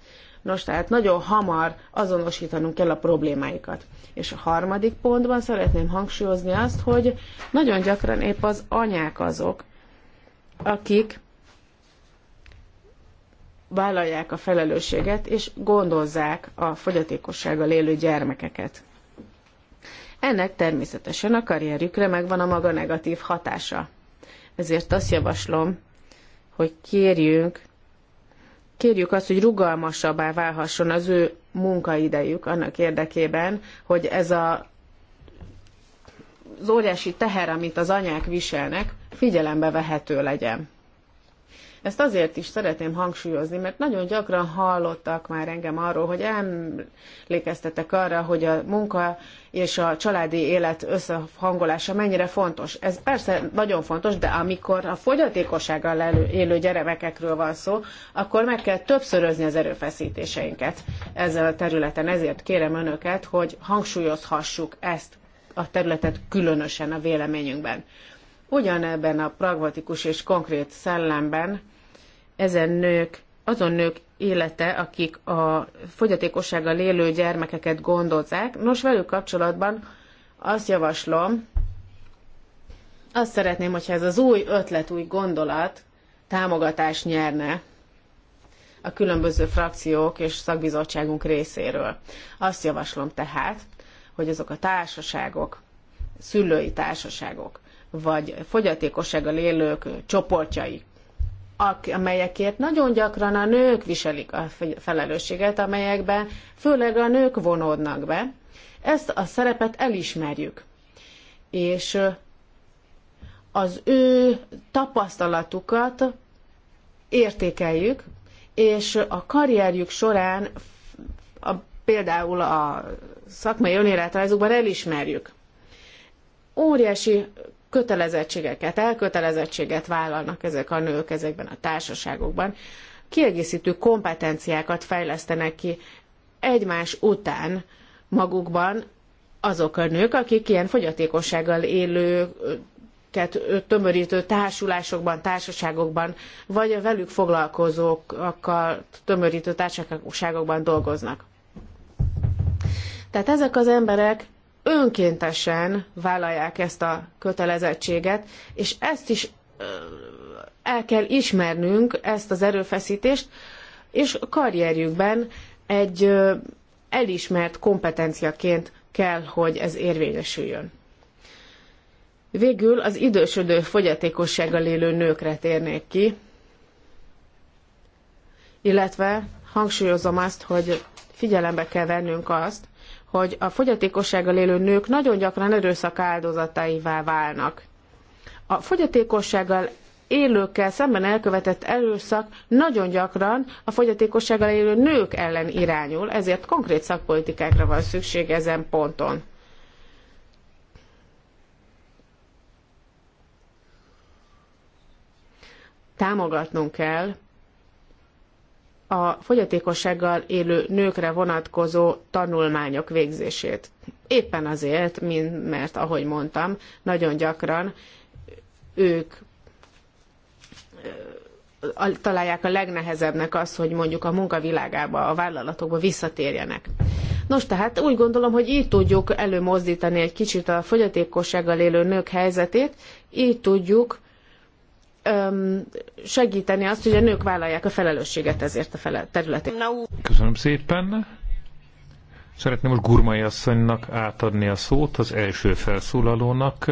Nos, tehát nagyon hamar azonosítanunk kell a problémáikat. És a harmadik pontban szeretném hangsúlyozni azt, hogy nagyon gyakran épp az anyák azok, akik vállalják a felelősséget, és gondozzák a fogyatékossággal élő gyermekeket. Ennek természetesen a karrierükre megvan a maga negatív hatása. Ezért azt javaslom, hogy kérjünk kérjük azt, hogy rugalmasabbá válhasson az ő munkaidejük annak érdekében, hogy ez a, az óriási teher, amit az anyák viselnek, figyelembe vehető legyen. Ezt azért is szeretném hangsúlyozni, mert nagyon gyakran hallottak már engem arról, hogy emlékeztetek arra, hogy a munka és a családi élet összehangolása mennyire fontos. Ez persze nagyon fontos, de amikor a fogyatékossággal élő gyermekekről van szó, akkor meg kell többszörözni az erőfeszítéseinket ezzel a területen. Ezért kérem önöket, hogy hangsúlyozhassuk ezt a területet különösen a véleményünkben. Ugyanebben a pragmatikus és konkrét szellemben ezen nők, azon nők élete, akik a fogyatékossággal élő gyermekeket gondozzák. Nos, velük kapcsolatban azt javaslom, azt szeretném, hogyha ez az új ötlet, új gondolat támogatást nyerne a különböző frakciók és szakbizottságunk részéről. Azt javaslom tehát, hogy azok a társaságok, szülői társaságok, vagy fogyatékossággal élők csoportjai, amelyekért nagyon gyakran a nők viselik a felelősséget, amelyekben főleg a nők vonódnak be. Ezt a szerepet elismerjük. És az ő tapasztalatukat értékeljük, és a karrierjük során a, például a szakmai önéletrajzukban elismerjük. Óriási kötelezettségeket, elkötelezettséget vállalnak ezek a nők ezekben a társaságokban, kiegészítő kompetenciákat fejlesztenek ki egymás után magukban azok a nők, akik ilyen fogyatékossággal élőket tömörítő társulásokban, társaságokban, vagy a velük foglalkozókkal tömörítő társaságokban dolgoznak. Tehát ezek az emberek önkéntesen vállalják ezt a kötelezettséget, és ezt is el kell ismernünk, ezt az erőfeszítést, és karrierjükben egy elismert kompetenciaként kell, hogy ez érvényesüljön. Végül az idősödő fogyatékossággal élő nőkre térnék ki, illetve hangsúlyozom azt, hogy figyelembe kell vennünk azt, hogy a fogyatékossággal élő nők nagyon gyakran erőszak áldozataivá válnak. A fogyatékossággal élőkkel szemben elkövetett erőszak nagyon gyakran a fogyatékossággal élő nők ellen irányul, ezért konkrét szakpolitikákra van szükség ezen ponton. Támogatnunk kell a fogyatékossággal élő nőkre vonatkozó tanulmányok végzését. Éppen azért, mint, mert ahogy mondtam, nagyon gyakran ők találják a legnehezebbnek azt, hogy mondjuk a munkavilágába, a vállalatokba visszatérjenek. Nos, tehát úgy gondolom, hogy így tudjuk előmozdítani egy kicsit a fogyatékossággal élő nők helyzetét, így tudjuk segíteni azt, hogy a nők vállalják a felelősséget ezért a fele- területért. Köszönöm szépen. Szeretném most Gurmai asszonynak átadni a szót, az első felszólalónak,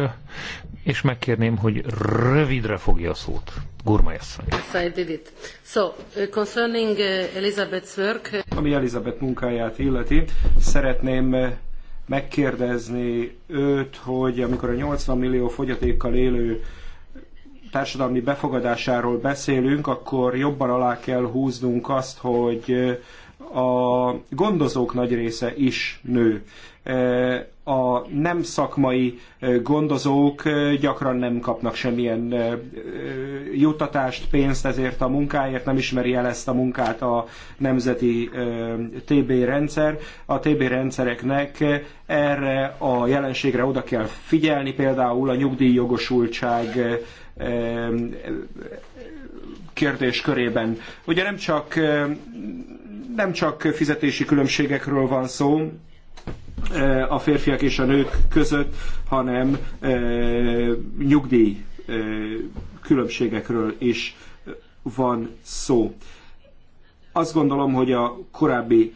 és megkérném, hogy rövidre fogja a szót. Gurmai asszony. Yes, I did it. So, uh, concerning uh, Elizabeth's work... Uh, Ami Elizabeth munkáját illeti, szeretném megkérdezni őt, hogy amikor a 80 millió fogyatékkal élő társadalmi befogadásáról beszélünk, akkor jobban alá kell húznunk azt, hogy a gondozók nagy része is nő. A nem szakmai gondozók gyakran nem kapnak semmilyen juttatást, pénzt ezért a munkáért, nem ismeri el ezt a munkát a nemzeti TB rendszer. A TB rendszereknek erre a jelenségre oda kell figyelni, például a nyugdíjjogosultság kérdés körében. Ugye nem csak, nem csak fizetési különbségekről van szó, eh, a férfiak és a nők között, hanem eh, nyugdíj eh, különbségekről is van szó. Azt gondolom, hogy a korábbi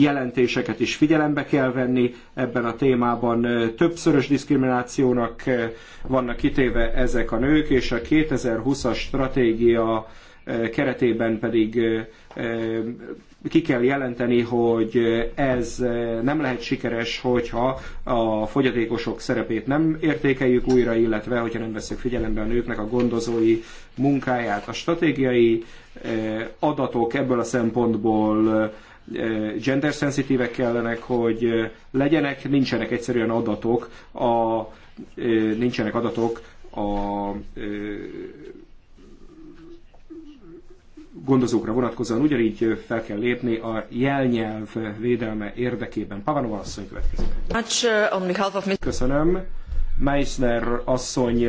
jelentéseket is figyelembe kell venni. Ebben a témában többszörös diszkriminációnak eh, vannak kitéve ezek a nők, és a 2020-as stratégia eh, keretében pedig eh, ki kell jelenteni, hogy ez nem lehet sikeres, hogyha a fogyatékosok szerepét nem értékeljük újra, illetve hogyha nem veszük figyelembe a nőknek a gondozói munkáját. A stratégiai adatok ebből a szempontból gender szenzitívek kellenek, hogy legyenek, nincsenek egyszerűen adatok, a, nincsenek adatok a gondozókra vonatkozóan ugyanígy fel kell lépni a jelnyelv védelme érdekében. Pavanova asszony következik. Köszönöm. Meissner asszony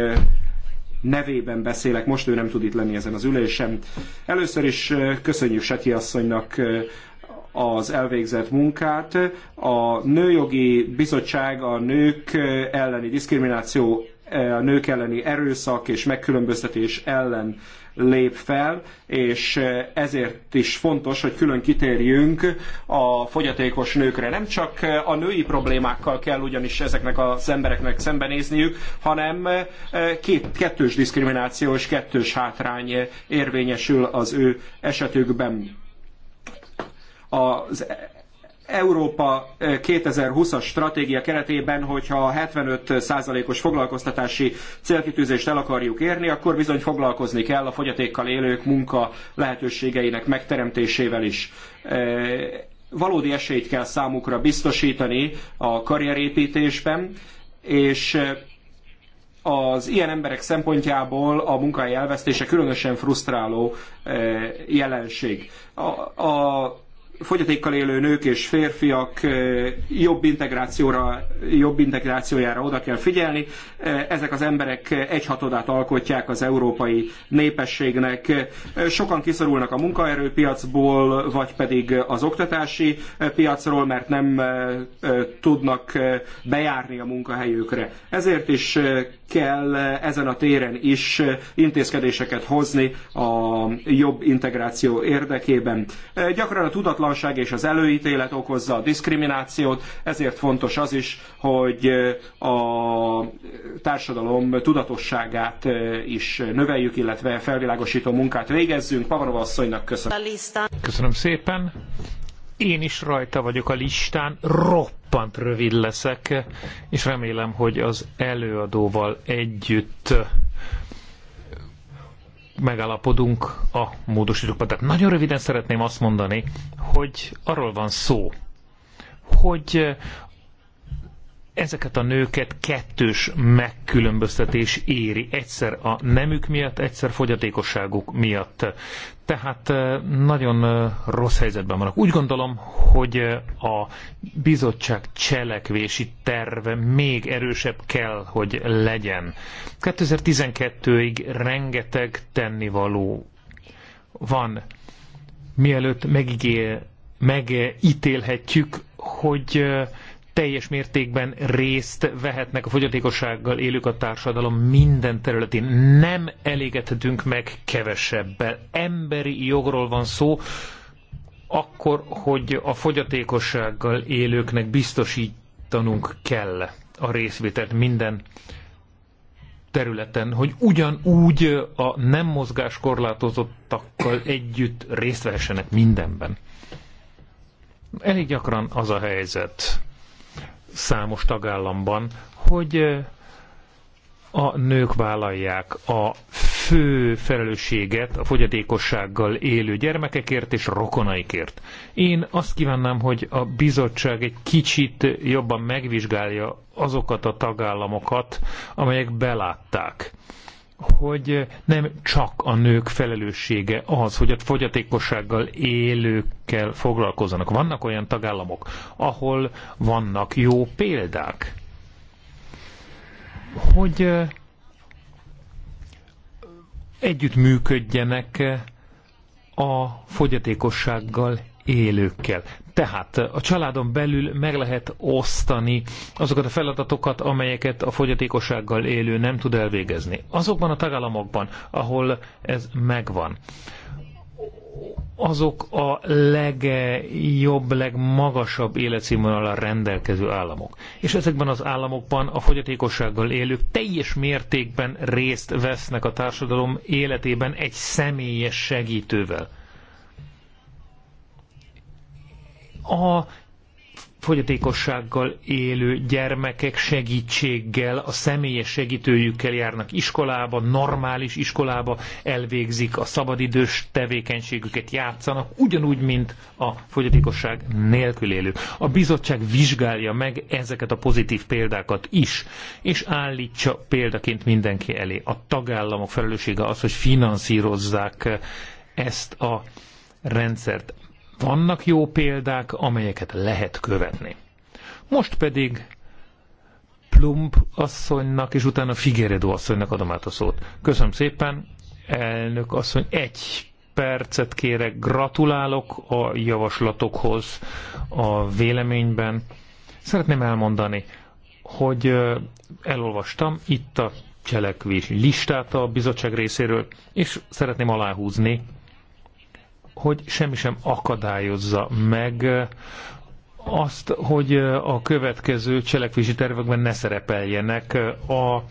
nevében beszélek, most ő nem tud itt lenni ezen az ülésen. Először is köszönjük Seti asszonynak az elvégzett munkát. A Nőjogi Bizottság a nők elleni diszkrimináció, eh, a nők elleni erőszak és megkülönböztetés ellen lép fel, és eh, ezért is fontos, hogy külön kitérjünk a fogyatékos nőkre. Nem csak eh, a női problémákkal kell ugyanis ezeknek az embereknek szembenézniük, hanem két, kettős diszkrimináció és kettős hátrány érvényesül az ő esetükben az Európa 2020-as eh, stratégia keretében, hogyha a 75%-os foglalkoztatási célkitűzést el akarjuk érni, akkor bizony foglalkozni kell a fogyatékkal élők munka lehetőségeinek megteremtésével is. Eh, valódi esélyt kell számukra biztosítani a karrierépítésben, és eh, az ilyen emberek szempontjából a munkahely elvesztése különösen frusztráló jelenség. A, a fogyatékkal élő nők és férfiak eh, jobb integrációra, jobb integrációjára oda kell figyelni. Eh, ezek az emberek egyhatodát alkotják az európai népességnek. Eh, sokan kiszorulnak a munkaerőpiacból, vagy pedig az oktatási piacról, mert nem tudnak bejárni a munkahelyükre. Ezért is kell ezen a téren is intézkedéseket hozni a jobb integráció érdekében. Gyakran a tudatlan bizonytalanság és az előítélet okozza a diszkriminációt, ezért fontos az is, hogy a társadalom tudatosságát is növeljük, illetve felvilágosító munkát végezzünk. Pavarova asszonynak köszönöm. Köszönöm szépen. Én is rajta vagyok a listán, roppant rövid leszek, és remélem, hogy az előadóval együtt megállapodunk a módosítókban. Tehát nagyon röviden szeretném azt mondani, hogy arról van szó, hogy ezeket a nőket kettős megkülönböztetés éri, egyszer a nemük miatt, egyszer fogyatékosságuk miatt. Tehát eh, nagyon eh, rossz helyzetben vannak. Úgy gondolom, hogy eh, a bizottság cselekvési terve még erősebb kell, hogy legyen. 2012-ig rengeteg tennivaló van. Mielőtt megítélhetjük, hogy teljes mértékben részt vehetnek a fogyatékossággal élők a társadalom minden területén. Nem elégedhetünk meg kevesebbel. Emberi jogról van szó, akkor, hogy a fogyatékossággal élőknek biztosítanunk kell a részvételt minden területen, hogy ugyanúgy a nem mozgáskorlátozottakkal együtt részt vehessenek mindenben. Elég gyakran az a helyzet, számos tagállamban, hogy a nők vállalják a fő felelősséget a fogyatékossággal élő gyermekekért és rokonaikért. Én azt kívánnám, hogy a bizottság egy kicsit jobban megvizsgálja azokat a tagállamokat, amelyek belátták, hogy nem csak a nők felelőssége az, hogy a fogyatékossággal élőkkel foglalkozzanak. Vannak olyan tagállamok, ahol vannak jó példák, hogy eh, együtt működjenek a fogyatékossággal élőkkel. Tehát a családon belül meg lehet osztani azokat a feladatokat, amelyeket a fogyatékossággal élő nem tud elvégezni. Azokban a tagállamokban, ahol ez megvan, azok a legjobb, legmagasabb életszínvonalra rendelkező államok. És ezekben az államokban a fogyatékossággal élők teljes mértékben részt vesznek a társadalom életében egy személyes segítővel. a fogyatékossággal élő gyermekek segítséggel, a személyes segítőjükkel járnak iskolába, normális iskolába, elvégzik a szabadidős tevékenységüket, játszanak, ugyanúgy, mint a fogyatékosság nélkül élő. A bizottság vizsgálja meg ezeket a pozitív példákat is, és állítsa példaként mindenki elé. A tagállamok felelőssége az, hogy finanszírozzák ezt a rendszert. Vannak jó példák, amelyeket lehet követni. Most pedig Plump asszonynak, és utána Figueredo asszonynak adom át a szót. Köszönöm szépen, elnök asszony, egy percet kérek, gratulálok a javaslatokhoz a véleményben. Szeretném elmondani, hogy elolvastam itt a cselekvés listát a bizottság részéről, és szeretném aláhúzni, hogy semmi sem akadályozza meg azt, hogy a következő cselekvési tervekben ne szerepeljenek a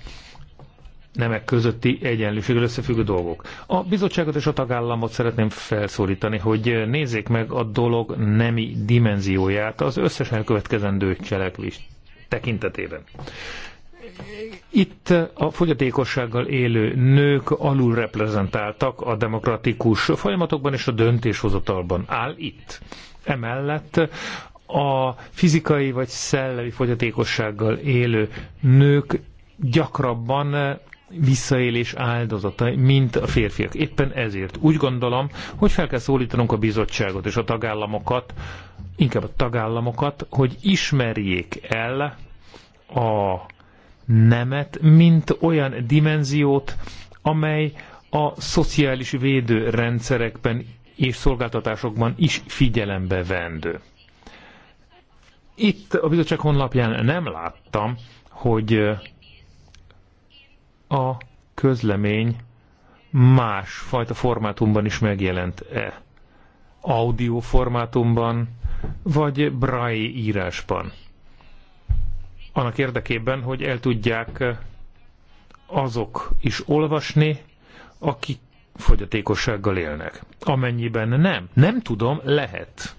nemek közötti egyenlőséggel összefüggő dolgok. A bizottságot és a tagállamot szeretném felszólítani, hogy nézzék meg a dolog nemi dimenzióját az összes elkövetkezendő cselekvés tekintetében itt a fogyatékossággal élő nők alulreprezentáltak a demokratikus folyamatokban és a döntéshozatalban. Áll itt. Emellett a fizikai vagy szellemi fogyatékossággal élő nők gyakrabban visszaélés áldozatai, mint a férfiak. Éppen ezért úgy gondolom, hogy fel kell szólítanunk a bizottságot és a tagállamokat, inkább a tagállamokat, hogy ismerjék el a nemet, mint olyan dimenziót, amely a szociális védőrendszerekben és szolgáltatásokban is figyelembe vendő. Itt a bizottság honlapján nem láttam, hogy eh, a közlemény más fajta formátumban is megjelent-e. Audio formátumban, vagy braille írásban annak érdekében, hogy el tudják eh, azok is olvasni, akik fogyatékossággal élnek. Amennyiben nem, nem tudom, lehet.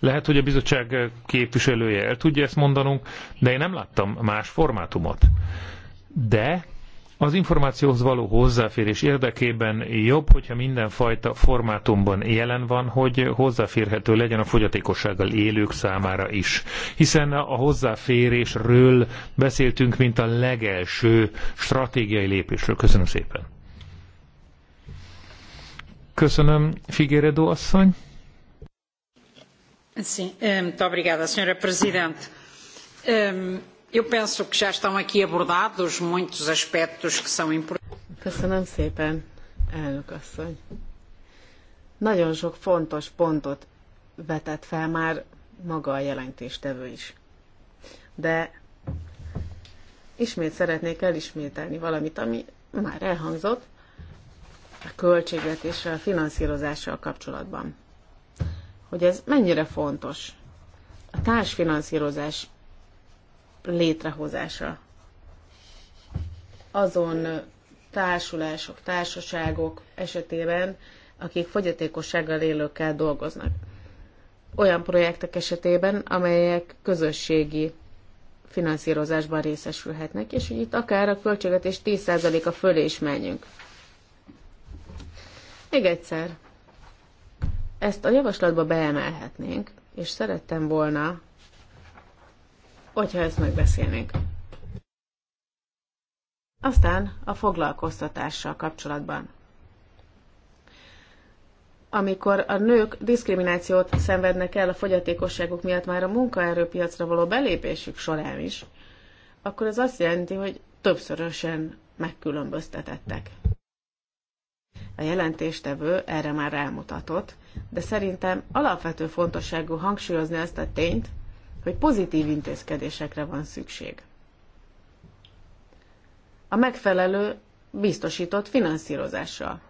Lehet, hogy a bizottság képviselője el tudja ezt mondanunk, de én nem láttam más formátumot. De az információhoz való hozzáférés érdekében jobb, hogyha mindenfajta formátumban jelen van, hogy hozzáférhető legyen a fogyatékossággal élők számára is. Hiszen a hozzáférésről beszéltünk, mint a legelső stratégiai lépésről. Köszönöm szépen. Köszönöm, Figueredo asszony. Sim, muito obrigada, Sra. Presidente. Eu penso que já estão aqui abordados muitos aspectos que são importantes. Köszönöm szépen, elnök asszony. Nagyon sok fontos pontot vetett fel már maga a jelentéstevő is. De ismét szeretnék elismételni valamit, ami már elhangzott, a költségvetéssel, a finanszírozással kapcsolatban. Hogy ez mennyire fontos. A társfinanszírozás létrehozása. Azon társulások, társaságok esetében, akik fogyatékossággal élőkkel dolgoznak. Olyan projektek esetében, amelyek közösségi finanszírozásban részesülhetnek, és hogy itt akár a költségvetés 10%-a fölé is menjünk. Még egyszer, ezt a javaslatba beemelhetnénk, és szerettem volna hogyha ezt megbeszélnénk. Aztán a foglalkoztatással kapcsolatban. Amikor a nők diszkriminációt szenvednek el a fogyatékosságuk miatt már a munkaerőpiacra való belépésük során is, akkor ez azt jelenti, hogy többszörösen megkülönböztetettek. A jelentéstevő erre már rámutatott, de szerintem alapvető fontosságú hangsúlyozni ezt a tényt, hogy pozitív intézkedésekre van szükség. A megfelelő biztosított finanszírozással.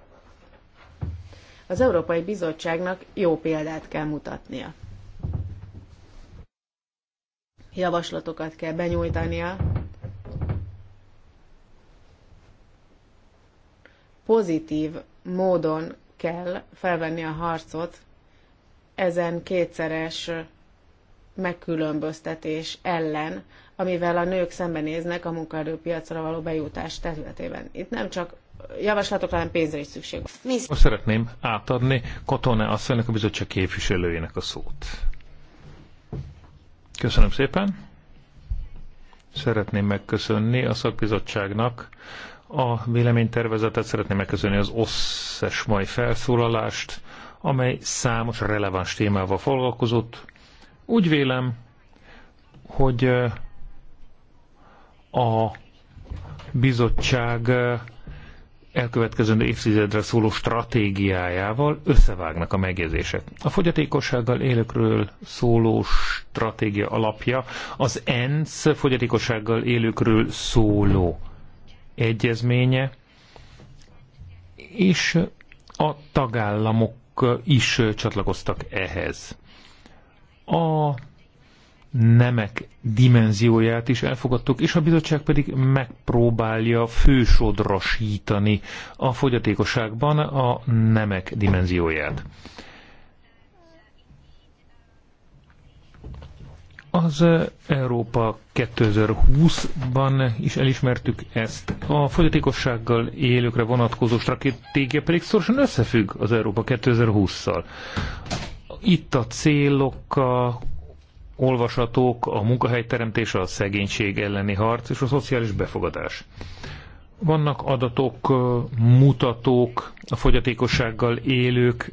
Az Európai Bizottságnak jó példát kell mutatnia. Javaslatokat kell benyújtania, pozitív módon kell felvenni a harcot ezen kétszeres megkülönböztetés ellen, amivel a nők szembenéznek a munkaerőpiacra való bejutás területében. Itt nem csak javaslatokra, hanem pénzre is szükség van. Most szeretném átadni Katone asszonynak a bizottság képviselőjének a szót. Köszönöm szépen. Szeretném megköszönni a szakbizottságnak a véleménytervezetet, szeretném megköszönni az összes mai felszólalást, amely számos releváns témával foglalkozott, úgy vélem, hogy a bizottság elkövetkezendő évtizedre szóló stratégiájával összevágnak a megjegyzések. A fogyatékossággal élőkről szóló stratégia alapja az ENSZ fogyatékossággal élőkről szóló egyezménye, és a tagállamok is csatlakoztak ehhez a nemek dimenzióját is elfogadtuk, és a bizottság pedig megpróbálja fősodrasítani a fogyatékosságban a nemek dimenzióját. Az Európa 2020-ban is elismertük ezt. A fogyatékossággal élőkre vonatkozó stratégia pedig szorosan összefügg az Európa 2020-szal. Itt a célok a olvasatók, a munkahelyteremtés, a szegénység elleni harc és a szociális befogadás. Vannak adatok, mutatók a fogyatékossággal élők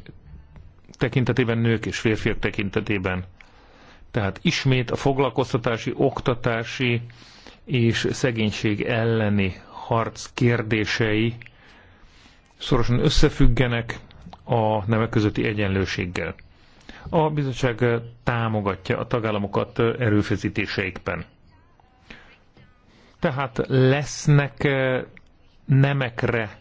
tekintetében, nők és férfiak tekintetében. Tehát ismét a foglalkoztatási, oktatási és szegénység elleni harc kérdései szorosan összefüggenek a nemek közötti egyenlőséggel. A bizottság támogatja a tagállamokat erőfeszítéseikben. Tehát lesznek eh, nemekre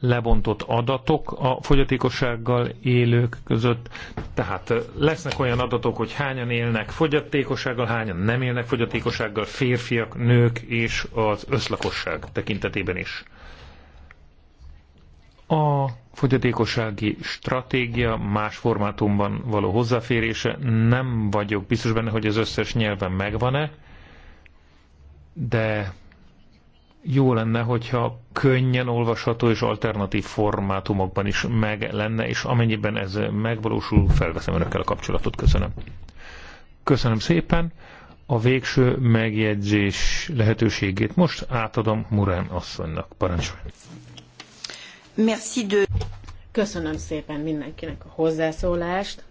lebontott adatok a fogyatékossággal élők között. Tehát eh, lesznek olyan adatok, hogy hányan élnek fogyatékossággal, hányan nem élnek fogyatékossággal, férfiak, nők és az összlakosság tekintetében is. A fogyatékossági stratégia más formátumban való hozzáférése, nem vagyok biztos benne, hogy az összes nyelven megvan-e, de jó lenne, hogyha könnyen olvasható és alternatív formátumokban is meg lenne, és amennyiben ez megvalósul, felveszem önökkel a kapcsolatot. Köszönöm. Köszönöm szépen. A végső megjegyzés lehetőségét most átadom Murán asszonynak. Parancsolj! Merci de... Köszönöm szépen mindenkinek a hozzászólást.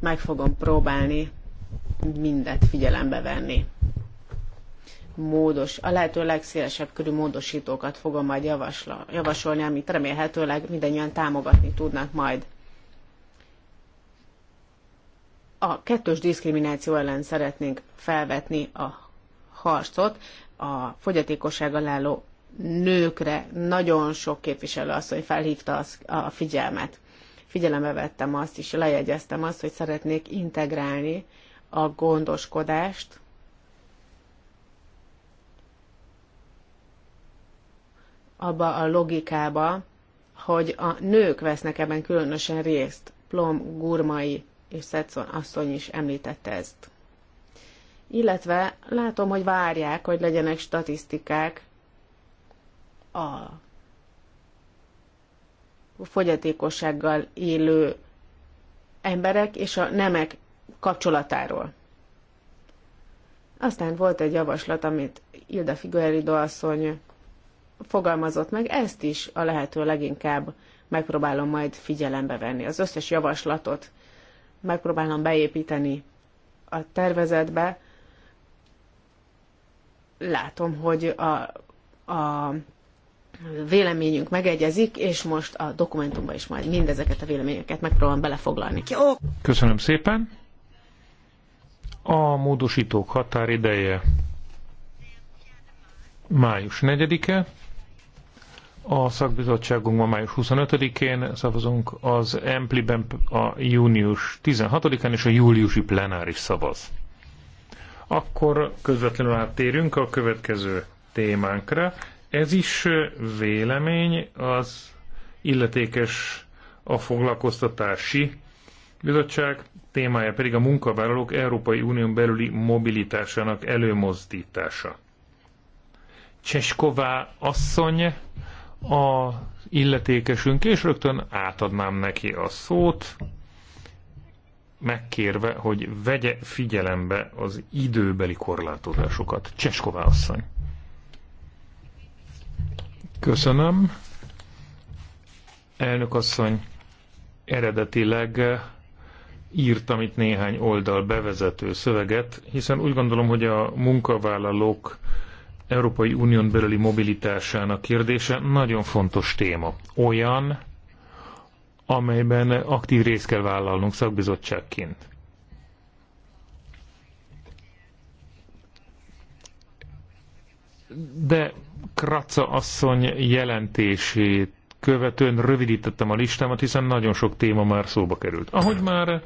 Meg fogom próbálni mindet figyelembe venni. Módos, a lehető legszélesebb körű módosítókat fogom majd javasla, javasolni, amit remélhetőleg mindannyian támogatni tudnak majd. A kettős diszkrimináció ellen szeretnénk felvetni a harcot, a fogyatékossággal álló nőkre nagyon sok képviselő asszony felhívta az, a figyelmet. Figyelembe vettem azt is, lejegyeztem azt, hogy szeretnék integrálni a gondoskodást abba a logikába, hogy a nők vesznek ebben különösen részt. Plom Gurmai és Szetszon asszony is említette ezt. Illetve látom, hogy várják, hogy legyenek statisztikák a fogyatékossággal élő emberek és a nemek kapcsolatáról. Aztán volt egy javaslat, amit Ilda Figueredo asszony fogalmazott meg, ezt is a lehető leginkább megpróbálom majd figyelembe venni. Az összes javaslatot megpróbálom beépíteni a tervezetbe. Látom, hogy a, a véleményünk megegyezik, és most a dokumentumban is majd mindezeket a véleményeket megpróbálom belefoglalni. Köszönöm szépen. A módosítók határideje május 4-e, a szakbizottságunkban május 25-én szavazunk, az Empliben a június 16-án és a júliusi plenáris szavaz. Akkor közvetlenül áttérünk a következő témánkra. Ez is vélemény az illetékes a foglalkoztatási bizottság, témája pedig a munkavállalók Európai Unión belüli mobilitásának előmozdítása. Cseskova asszony a illetékesünk, és rögtön átadnám neki a szót, megkérve, hogy vegye figyelembe az időbeli korlátozásokat. Cseskova asszony. Köszönöm. Elnök asszony, eredetileg írtam itt néhány oldal bevezető szöveget, hiszen úgy gondolom, hogy a munkavállalók Európai Unión belüli mobilitásának kérdése nagyon fontos téma. Olyan, amelyben aktív részt kell vállalnunk szakbizottságként. De Kratza asszony jelentését követően rövidítettem a listámat, hiszen nagyon sok téma már szóba került. Ahogy már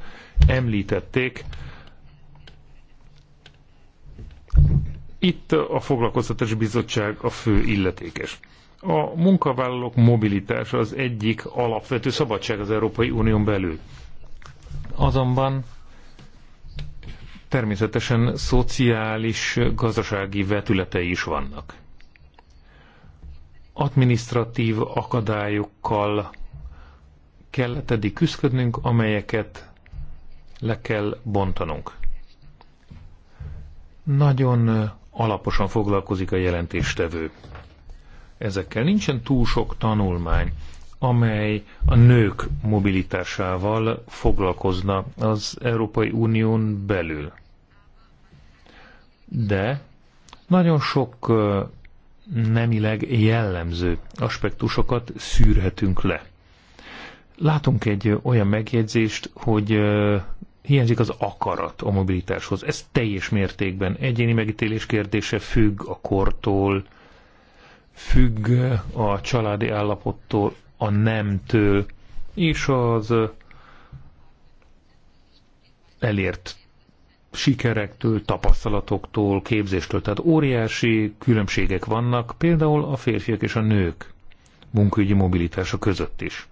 említették, itt a Foglalkoztatás Bizottság a fő illetékes. A munkavállalók mobilitása az egyik alapvető szabadság az Európai Unión belül. Azonban természetesen szociális, gazdasági vetületei is vannak administratív akadályokkal kellett eddig küzdködnünk, amelyeket le kell bontanunk. Nagyon alaposan foglalkozik a jelentéstevő. Ezekkel nincsen túl sok tanulmány, amely a nők mobilitásával foglalkozna az Európai Unión belül. De nagyon sok nemileg jellemző aspektusokat szűrhetünk le. Látunk egy olyan megjegyzést, hogy hiányzik az akarat a mobilitáshoz. Ez teljes mértékben egyéni megítélés kérdése függ a kortól, függ a családi állapottól, a nemtől és az elért sikerektől, tapasztalatoktól, képzéstől. Tehát óriási különbségek vannak például a férfiak és a nők munkaügyi mobilitása között is.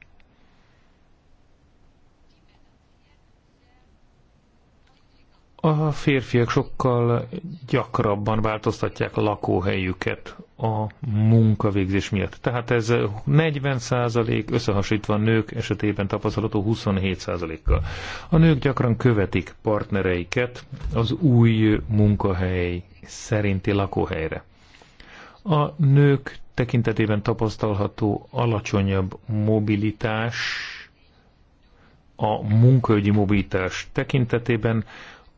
a férfiak sokkal gyakrabban változtatják lakóhelyüket a munkavégzés miatt. Tehát ez 40 százalék, összehasonlítva a nők esetében tapasztalható 27 százalékkal. A nők gyakran követik partnereiket az új munkahely szerinti lakóhelyre. A nők tekintetében tapasztalható alacsonyabb mobilitás a munkaügyi mobilitás tekintetében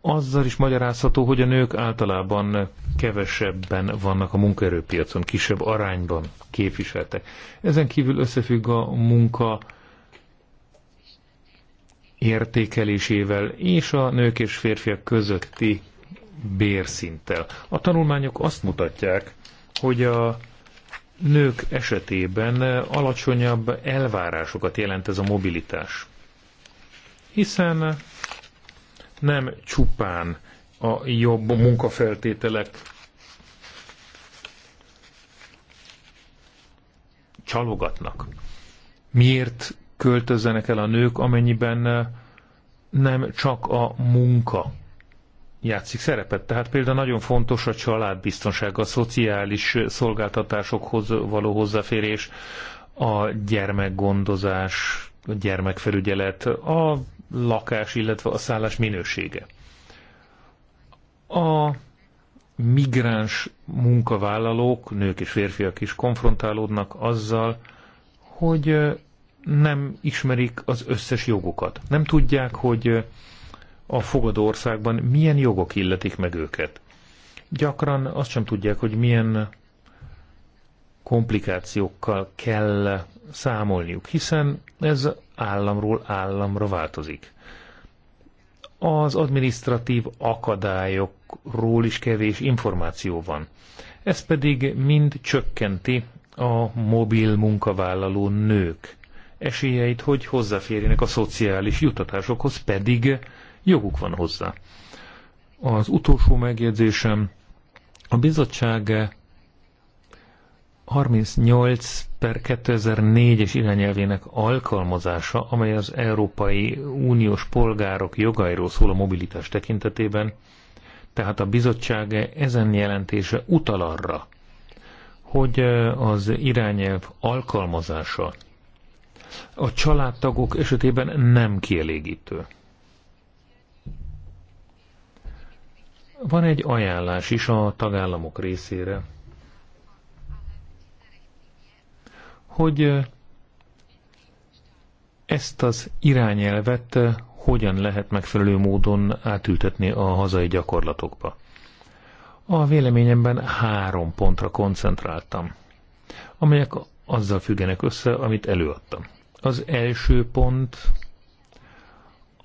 azzal is magyarázható, hogy a nők általában kevesebben vannak a munkaerőpiacon, kisebb arányban képviseltek. Ezen kívül összefügg a munka értékelésével és a nők és férfiak közötti bérszinttel. A tanulmányok azt mutatják, hogy a nők esetében alacsonyabb elvárásokat jelent ez a mobilitás. Hiszen nem csupán a jobb munkafeltételek csalogatnak. Miért költözzenek el a nők, amennyiben nem csak a munka játszik szerepet. Tehát például nagyon fontos a családbiztonság, a szociális szolgáltatásokhoz való hozzáférés, a gyermekgondozás a gyermekfelügyelet, a lakás, illetve a szállás minősége. A migráns munkavállalók, nők és férfiak is konfrontálódnak azzal, hogy nem ismerik az összes jogokat. Nem tudják, hogy a fogadó országban milyen jogok illetik meg őket. Gyakran azt sem tudják, hogy milyen komplikációkkal kell számolniuk, hiszen ez államról államra változik. Az administratív akadályokról is kevés információ van. Ez pedig mind csökkenti a mobil munkavállaló nők esélyeit, hogy hozzáférjenek a szociális juttatásokhoz, pedig joguk van hozzá. Az utolsó megjegyzésem, a bizottság 38 per 2004-es irányelvének alkalmazása, amely az Európai Uniós polgárok jogairól szól a mobilitás tekintetében, tehát a bizottság ezen jelentése utal arra, hogy az irányelv alkalmazása a családtagok esetében nem kielégítő. Van egy ajánlás is a tagállamok részére, hogy ezt az irányelvet hogyan lehet megfelelő módon átültetni a hazai gyakorlatokba. A véleményemben három pontra koncentráltam, amelyek azzal függenek össze, amit előadtam. Az első pont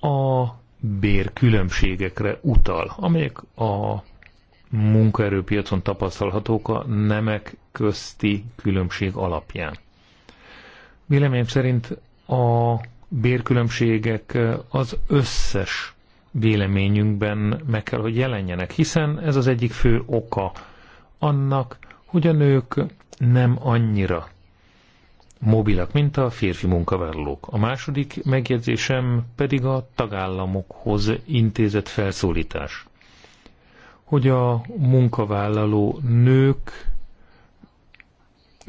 a bérkülönbségekre utal, amelyek a munkaerőpiacon tapasztalhatók a nemek közti különbség alapján. Véleményem szerint a bérkülönbségek az összes véleményünkben meg kell, hogy jelenjenek, hiszen ez az egyik fő oka annak, hogy a nők nem annyira mobilak, mint a férfi munkavállalók. A második megjegyzésem pedig a tagállamokhoz intézett felszólítás, hogy a munkavállaló nők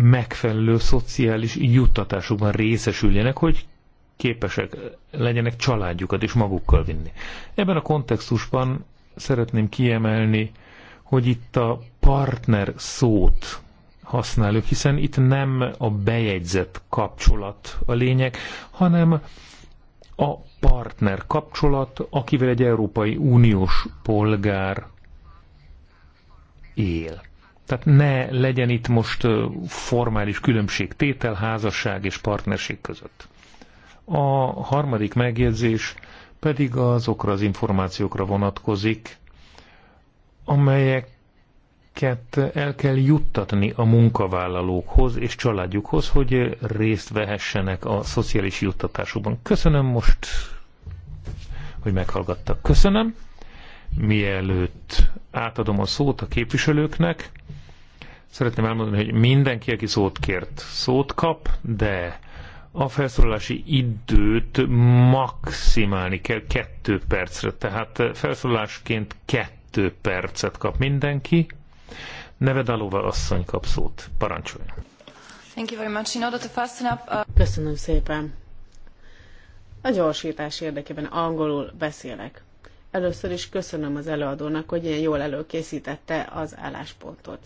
megfelelő szociális juttatásokban részesüljenek, hogy képesek legyenek családjukat is magukkal vinni. Ebben a kontextusban szeretném kiemelni, hogy itt a partner szót használjuk, hiszen itt nem a bejegyzett kapcsolat a lényeg, hanem a partner kapcsolat, akivel egy Európai Uniós polgár él. Tehát ne legyen itt most formális különbség tétel, házasság és partnerség között. A harmadik megjegyzés pedig azokra az információkra vonatkozik, amelyeket el kell juttatni a munkavállalókhoz és családjukhoz, hogy részt vehessenek a szociális juttatásukban. Köszönöm most, hogy meghallgattak. Köszönöm. Mielőtt átadom a szót a képviselőknek, Szeretném elmondani, hogy mindenki, aki szót kért, szót kap, de a felszólalási időt maximálni kell kettő percre. Tehát felszólalásként kettő percet kap mindenki. Neved alóval asszony kap szót. Parancsolj! Thank you very much. In order to fasten up, uh, Köszönöm szépen. A gyorsítás érdekében angolul beszélek. Először is köszönöm az előadónak, hogy ilyen jól előkészítette az álláspontot.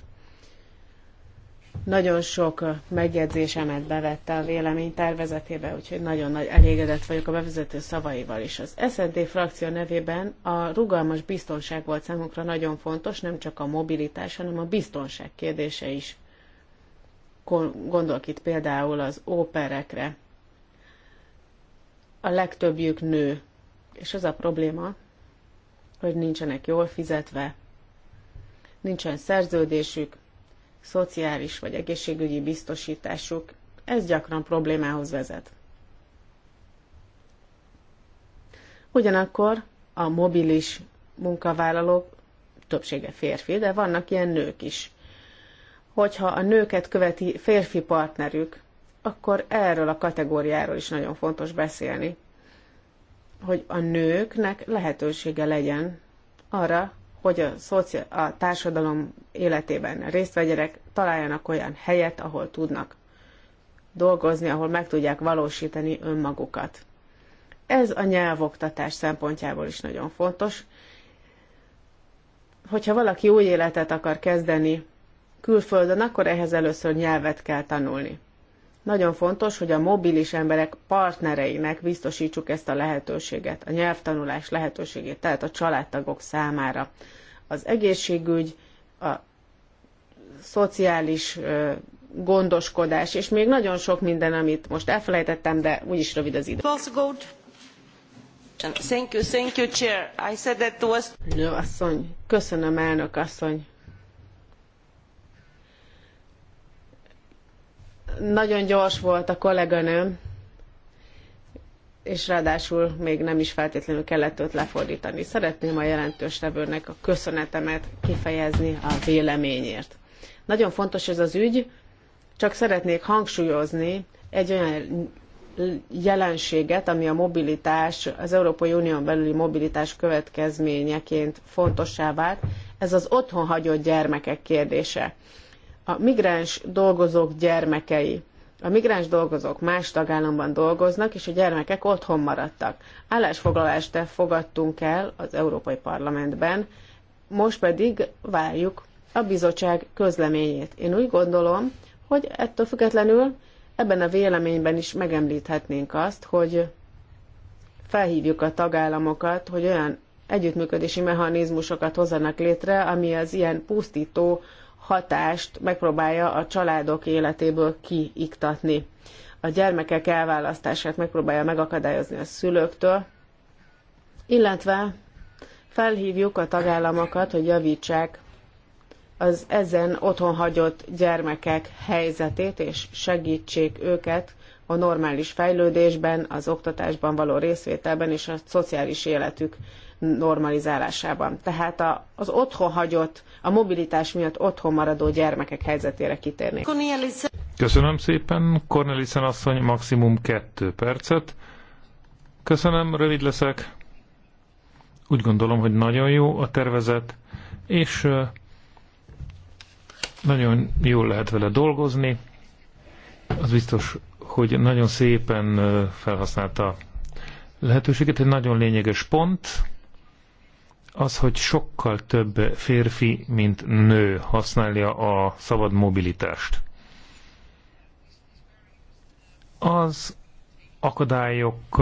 Nagyon sok megjegyzésemet bevette a vélemény tervezetébe, úgyhogy nagyon nagy elégedett vagyok a bevezető szavaival is. Az SZD frakció nevében a rugalmas biztonság volt számunkra nagyon fontos, nem csak a mobilitás, hanem a biztonság kérdése is. Gondolok itt például az óperekre. A legtöbbjük nő, és az a probléma, hogy nincsenek jól fizetve, nincsen szerződésük, szociális vagy egészségügyi biztosításuk, ez gyakran problémához vezet. Ugyanakkor a mobilis munkavállalók többsége férfi, de vannak ilyen nők is. Hogyha a nőket követi férfi partnerük, akkor erről a kategóriáról is nagyon fontos beszélni, hogy a nőknek lehetősége legyen arra, hogy a, szoci- a társadalom életében részt vegyenek, találjanak olyan helyet, ahol tudnak dolgozni, ahol meg tudják valósítani önmagukat. Ez a nyelvoktatás szempontjából is nagyon fontos. Hogyha valaki új életet akar kezdeni külföldön, akkor ehhez először nyelvet kell tanulni. Nagyon fontos, hogy a mobilis emberek partnereinek biztosítsuk ezt a lehetőséget, a nyelvtanulás lehetőségét, tehát a családtagok számára. Az egészségügy, a szociális gondoskodás, és még nagyon sok minden, amit most elfelejtettem, de úgyis rövid az idő. Thank you, thank you, chair. I said that was... Nő asszony, köszönöm elnök asszony. Nagyon gyors volt a kolléganőm, és ráadásul még nem is feltétlenül kellett őt lefordítani. Szeretném a jelentős levőnek a köszönetemet kifejezni a véleményért. Nagyon fontos ez az ügy, csak szeretnék hangsúlyozni egy olyan jelenséget, ami a mobilitás, az Európai Unión belüli mobilitás következményeként fontossá vált, ez az otthon hagyott gyermekek kérdése a migráns dolgozók gyermekei. A migráns dolgozók más tagállamban dolgoznak, és a gyermekek otthon maradtak. Állásfoglalást fogadtunk el az Európai Parlamentben, most pedig várjuk a bizottság közleményét. Én úgy gondolom, hogy ettől függetlenül ebben a véleményben is megemlíthetnénk azt, hogy felhívjuk a tagállamokat, hogy olyan együttműködési mechanizmusokat hozzanak létre, ami az ilyen pusztító hatást megpróbálja a családok életéből kiiktatni. A gyermekek elválasztását megpróbálja megakadályozni a szülőktől, illetve felhívjuk a tagállamokat, hogy javítsák az ezen otthon hagyott gyermekek helyzetét, és segítsék őket a normális fejlődésben, az oktatásban való részvételben és a szociális életük normalizálásában. Tehát a, az otthon hagyott, a mobilitás miatt otthon maradó gyermekek helyzetére kitérnék. Köszönöm szépen, Cornelissen asszony, maximum kettő percet. Köszönöm, rövid leszek. Úgy gondolom, hogy nagyon jó a tervezet, és nagyon jól lehet vele dolgozni. Az biztos, hogy nagyon szépen felhasználta lehetőséget, egy nagyon lényeges pont, az, hogy sokkal több férfi, mint nő használja a szabad mobilitást. Az akadályok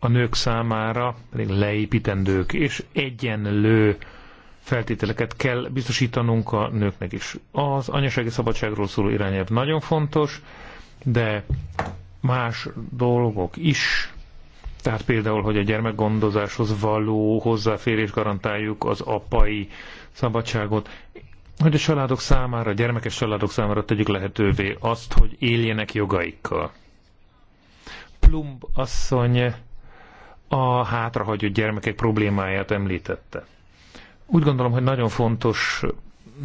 a nők számára pedig leépítendők, és egyenlő feltételeket kell biztosítanunk a nőknek is. Az anyasági szabadságról szóló irányelv nagyon fontos, de más dolgok is tehát például, hogy a gyermekgondozáshoz való hozzáférés garantáljuk az apai szabadságot, hogy a családok számára, a gyermekes családok számára tegyük lehetővé azt, hogy éljenek jogaikkal. Plumb asszony a hátrahagyott gyermekek problémáját említette. Úgy gondolom, hogy nagyon fontos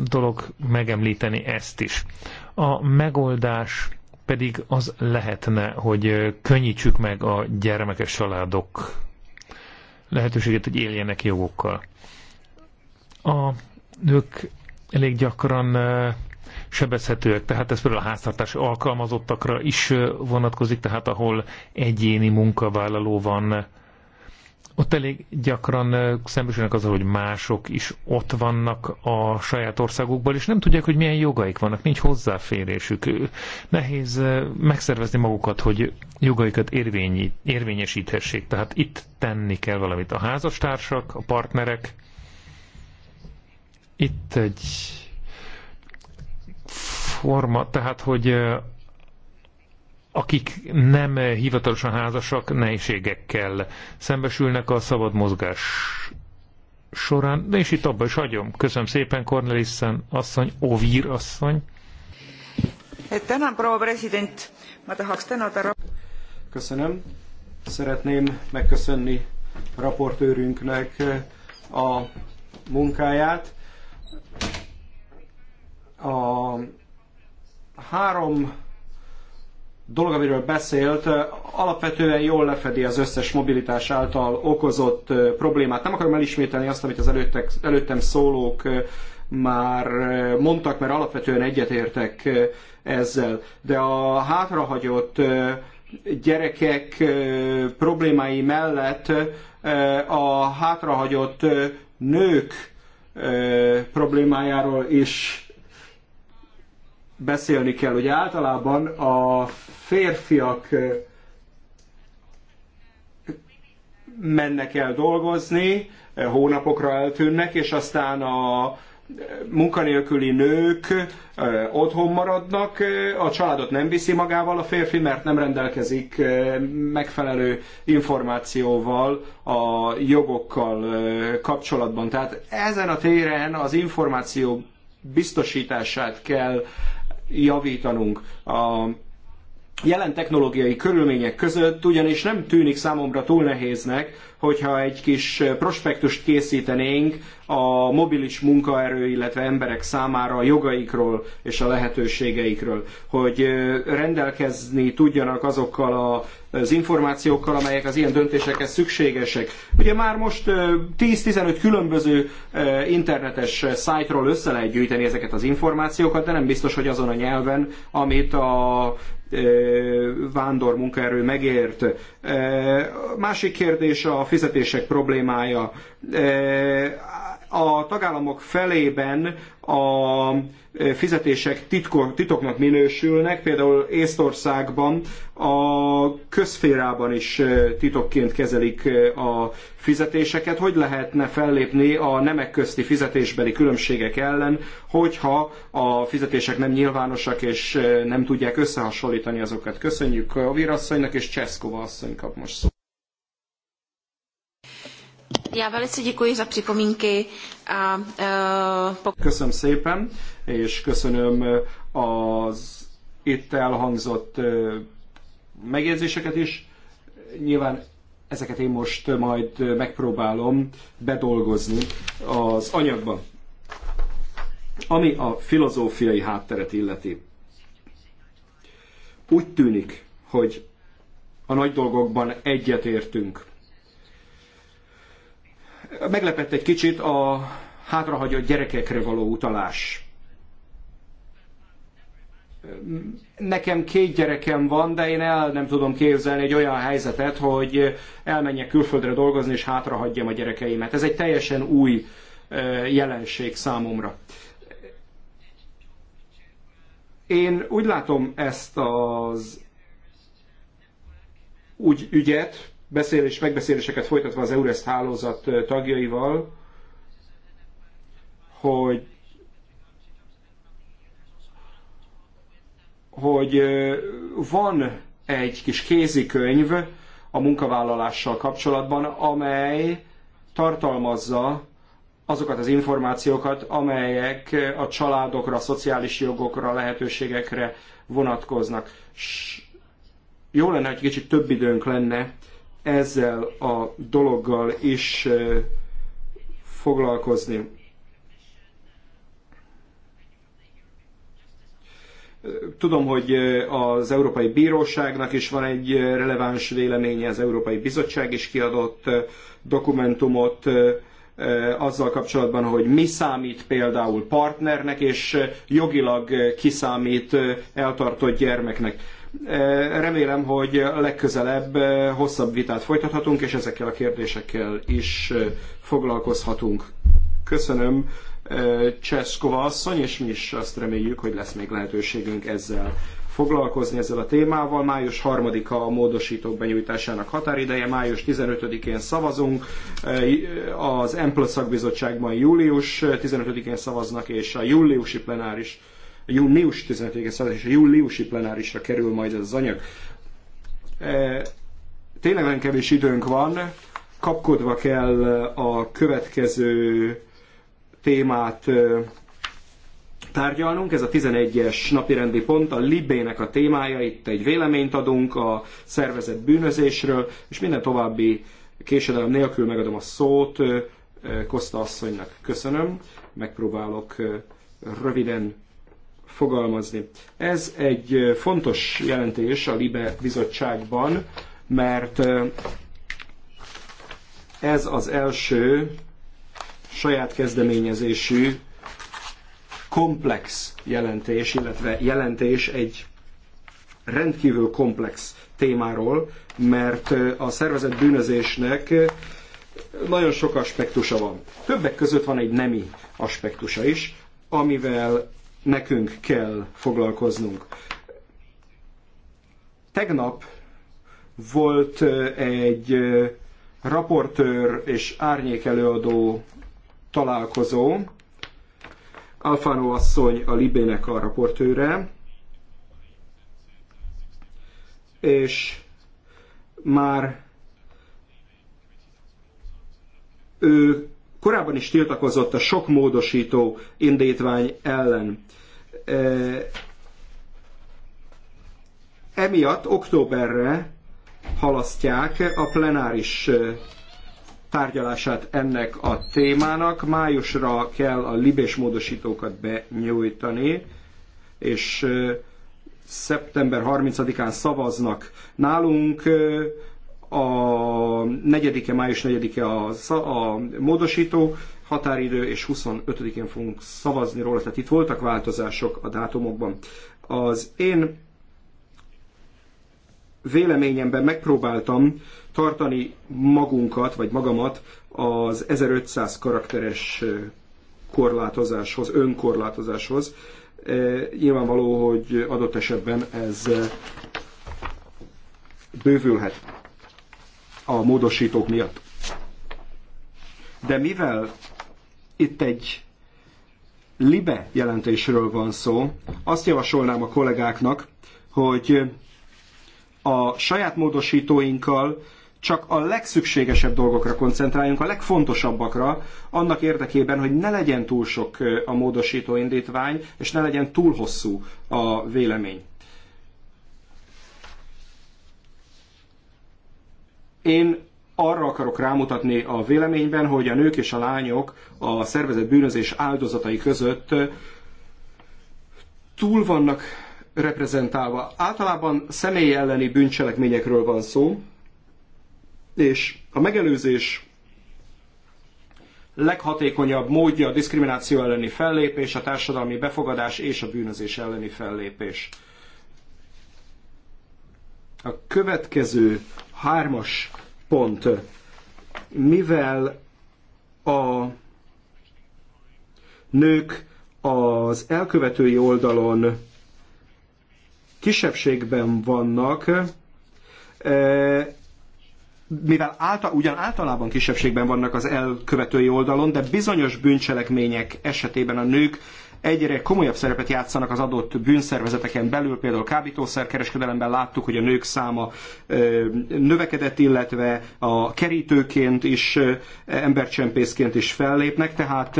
dolog megemlíteni ezt is. A megoldás pedig az lehetne, hogy könnyítsük meg a gyermekes családok lehetőséget, hogy éljenek jogokkal. A nők elég gyakran sebezhetőek, tehát ez például a háztartás alkalmazottakra is vonatkozik, tehát ahol egyéni munkavállaló van, ott elég gyakran szembesülnek azzal, hogy mások is ott vannak a saját országukból, és nem tudják, hogy milyen jogaik vannak, nincs hozzáférésük. Nehéz megszervezni magukat, hogy jogaikat érvényi, érvényesíthessék. Tehát itt tenni kell valamit a házastársak, a partnerek. Itt egy forma, tehát hogy akik nem hivatalosan házasak, nehézségekkel szembesülnek a szabad mozgás során, de és itt abban is hagyom. Köszönöm szépen, Cornelissen asszony, Ovír asszony. Köszönöm. Szeretném megköszönni a raportőrünknek a munkáját. A három dolog, amiről beszélt, alapvetően jól lefedi az összes mobilitás által okozott problémát. Nem akarom elismételni azt, amit az előttek, előttem szólók már mondtak, mert alapvetően egyetértek ezzel. De a hátrahagyott gyerekek problémái mellett a hátrahagyott nők problémájáról is beszélni kell. hogy általában a férfiak mennek el dolgozni, hónapokra eltűnnek, és aztán a munkanélküli nők otthon maradnak, a családot nem viszi magával a férfi, mert nem rendelkezik megfelelő információval a jogokkal kapcsolatban. Tehát ezen a téren az információ biztosítását kell javítanunk. A jelen technológiai körülmények között ugyanis nem tűnik számomra túl nehéznek, hogyha egy kis prospektust készítenénk a mobilis munkaerő, illetve emberek számára a jogaikról és a lehetőségeikről, hogy rendelkezni tudjanak azokkal a, az információkkal, amelyek az ilyen döntésekhez szükségesek. Ugye már most 10-15 különböző internetes szájtról össze lehet gyűjteni ezeket az információkat, de nem biztos, hogy azon a nyelven, amit a vándor munkaerő megért. Másik kérdés a fizetések problémája. A tagállamok felében a fizetések titko, titoknak minősülnek, például Észtországban a közférában is titokként kezelik a fizetéseket. Hogy lehetne fellépni a nemek közti fizetésbeli különbségek ellen, hogyha a fizetések nem nyilvánosak és nem tudják összehasonlítani azokat? Köszönjük a asszonynak és Cseszkova asszony kap most szó. Já velice děkuji za připomínky. A, uh, Köszönöm szépen, és köszönöm e, az itt elhangzott e, megjegyzéseket is. Nyilván ezeket én most majd megpróbálom bedolgozni az anyagba. Ami a filozófiai hátteret illeti. Úgy tűnik, hogy a nagy dolgokban egyetértünk. Meglepett egy kicsit a hátrahagyott gyerekekre való utalás. Nekem két gyerekem van, de én el nem tudom képzelni egy olyan helyzetet, hogy elmenjek külföldre dolgozni, és hátrahagyjam a gyerekeimet. Ez egy teljesen új jelenség számomra. Én úgy látom ezt az úgy ügyet, beszélés, megbeszéléseket folytatva az Eurest hálózat tagjaival, hogy hogy van egy kis kézikönyv a munkavállalással kapcsolatban, amely tartalmazza azokat az információkat, amelyek a családokra, a szociális jogokra, lehetőségekre vonatkoznak. S jó lenne, hogy kicsit több időnk lenne ezzel a dologgal is eh, foglalkozni. Tudom, hogy eh, az Európai Bíróságnak is van egy eh, releváns véleménye, az Európai Bizottság is kiadott dokumentumot azzal kapcsolatban, hogy mi számít például partnernek, és jogilag kiszámít eltartott gyermeknek. Remélem, hogy legközelebb hosszabb vitát folytathatunk, és ezekkel a kérdésekkel is foglalkozhatunk. Köszönöm Cseszkova asszony, és mi is azt reméljük, hogy lesz még lehetőségünk ezzel foglalkozni ezzel a témával. Május 3-a a módosítók benyújtásának határideje, május 15-én szavazunk, az M szakbizottságban július 15-én szavaznak, és a júliusi plenáris június 15 és a júliusi plenárisra kerül majd ez az anyag. E, tényleg nagyon kevés időnk van, kapkodva kell a következő témát e, tárgyalnunk. Ez a 11-es napirendi pont, a Libének a témája, itt egy véleményt adunk a szervezett bűnözésről, és minden további késedelem nélkül megadom a szót e, Kosta asszonynak. Köszönöm, megpróbálok röviden fogalmazni. Ez egy fontos jelentés a Libe bizottságban, mert ez az első saját kezdeményezésű komplex jelentés, illetve jelentés egy rendkívül komplex témáról, mert a szervezet bűnözésnek nagyon sok aspektusa van. Többek között van egy nemi aspektusa is, amivel nekünk kell foglalkoznunk. Tegnap volt egy raportőr és árnyékelőadó találkozó. Alfano asszony a Libének a raportőre, és már ő Korábban is tiltakozott a sok módosító indítvány ellen. E, emiatt októberre halasztják a plenáris e, tárgyalását ennek a témának. Májusra kell a libés módosítókat benyújtani, és e, szeptember 30-án szavaznak nálunk a 4 -e, május 4-e a, a módosító határidő, és 25-én fogunk szavazni róla, tehát itt voltak változások a dátumokban. Az én véleményemben megpróbáltam tartani magunkat, vagy magamat az 1500 karakteres korlátozáshoz, önkorlátozáshoz. Nyilvánvaló, hogy adott esetben ez bővülhet a módosítók miatt. De mivel itt egy libe jelentésről van szó, azt javasolnám a kollégáknak, hogy a saját módosítóinkkal csak a legszükségesebb dolgokra koncentráljunk, a legfontosabbakra, annak érdekében, hogy ne legyen túl sok a módosító indítvány, és ne legyen túl hosszú a vélemény. Én arra akarok rámutatni a véleményben, hogy a nők és a lányok a szervezett bűnözés áldozatai között túl vannak reprezentálva. Általában személy elleni bűncselekményekről van szó, és a megelőzés leghatékonyabb módja a diszkrimináció elleni fellépés, a társadalmi befogadás és a bűnözés elleni fellépés. A következő Hármas pont. Mivel a nők az elkövetői oldalon kisebbségben vannak, e, mivel által, ugyan általában kisebbségben vannak az elkövetői oldalon, de bizonyos bűncselekmények esetében a nők egyre komolyabb szerepet játszanak az adott bűnszervezeteken belül, például kábítószerkereskedelemben láttuk, hogy a nők száma növekedett, illetve a kerítőként is, embercsempészként is fellépnek, tehát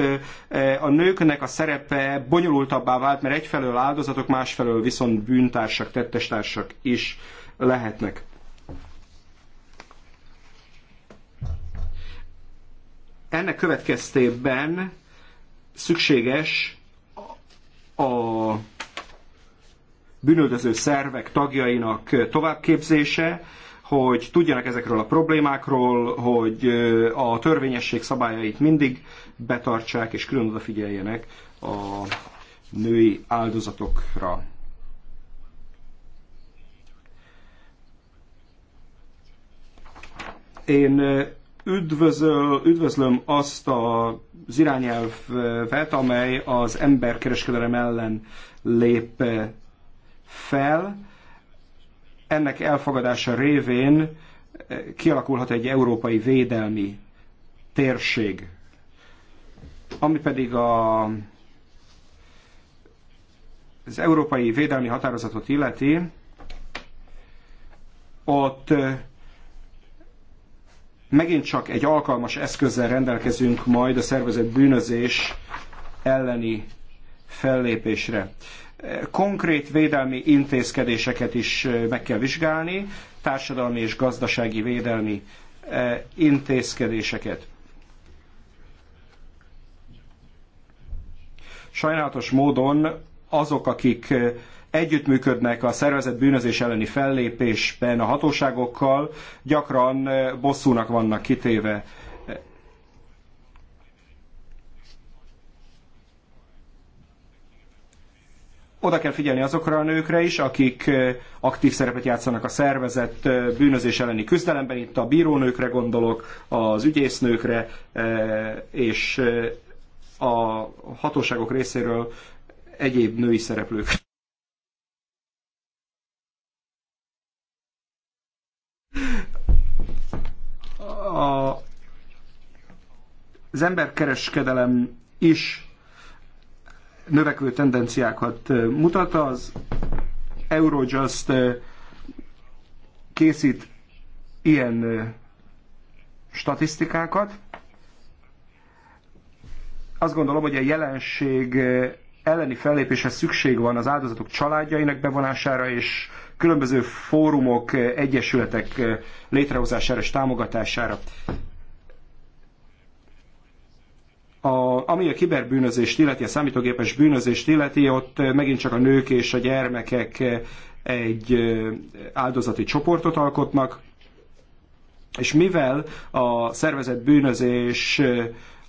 a nőknek a szerepe bonyolultabbá vált, mert egyfelől áldozatok, másfelől viszont bűntársak, tettestársak is lehetnek. Ennek következtében szükséges a bűnöldöző szervek tagjainak továbbképzése, hogy tudjanak ezekről a problémákról, hogy a törvényesség szabályait mindig betartsák és külön odafigyeljenek a női áldozatokra. Én Üdvözöl, üdvözlöm azt az irányelvet, amely az emberkereskedelem ellen lép fel. Ennek elfogadása révén eh, kialakulhat egy európai védelmi térség, ami pedig a, az európai védelmi határozatot illeti, ott eh, megint csak egy alkalmas eszközzel rendelkezünk majd a szervezett bűnözés elleni fellépésre. Konkrét védelmi intézkedéseket is meg kell vizsgálni, társadalmi és gazdasági védelmi intézkedéseket. Sajnálatos módon azok, akik együttműködnek a szervezett bűnözés elleni fellépésben a hatóságokkal, gyakran eh, bosszúnak vannak kitéve. oda kell figyelni azokra a nőkre is, akik eh, aktív szerepet játszanak a szervezet eh, bűnözés elleni küzdelemben. Itt a bírónőkre gondolok, az ügyésznőkre, és a hatóságok részéről egyéb női szereplők. a, az emberkereskedelem is növekvő tendenciákat mutat. Az Eurojust készít ilyen statisztikákat. Azt gondolom, hogy a jelenség elleni fellépéshez szükség van az áldozatok családjainak bevonására és különböző fórumok, egyesületek létrehozására és támogatására. A, ami a kiberbűnözést illeti, a számítógépes bűnözést illeti, ott megint csak a nők és a gyermekek egy áldozati csoportot alkotnak, és mivel a szervezett bűnözés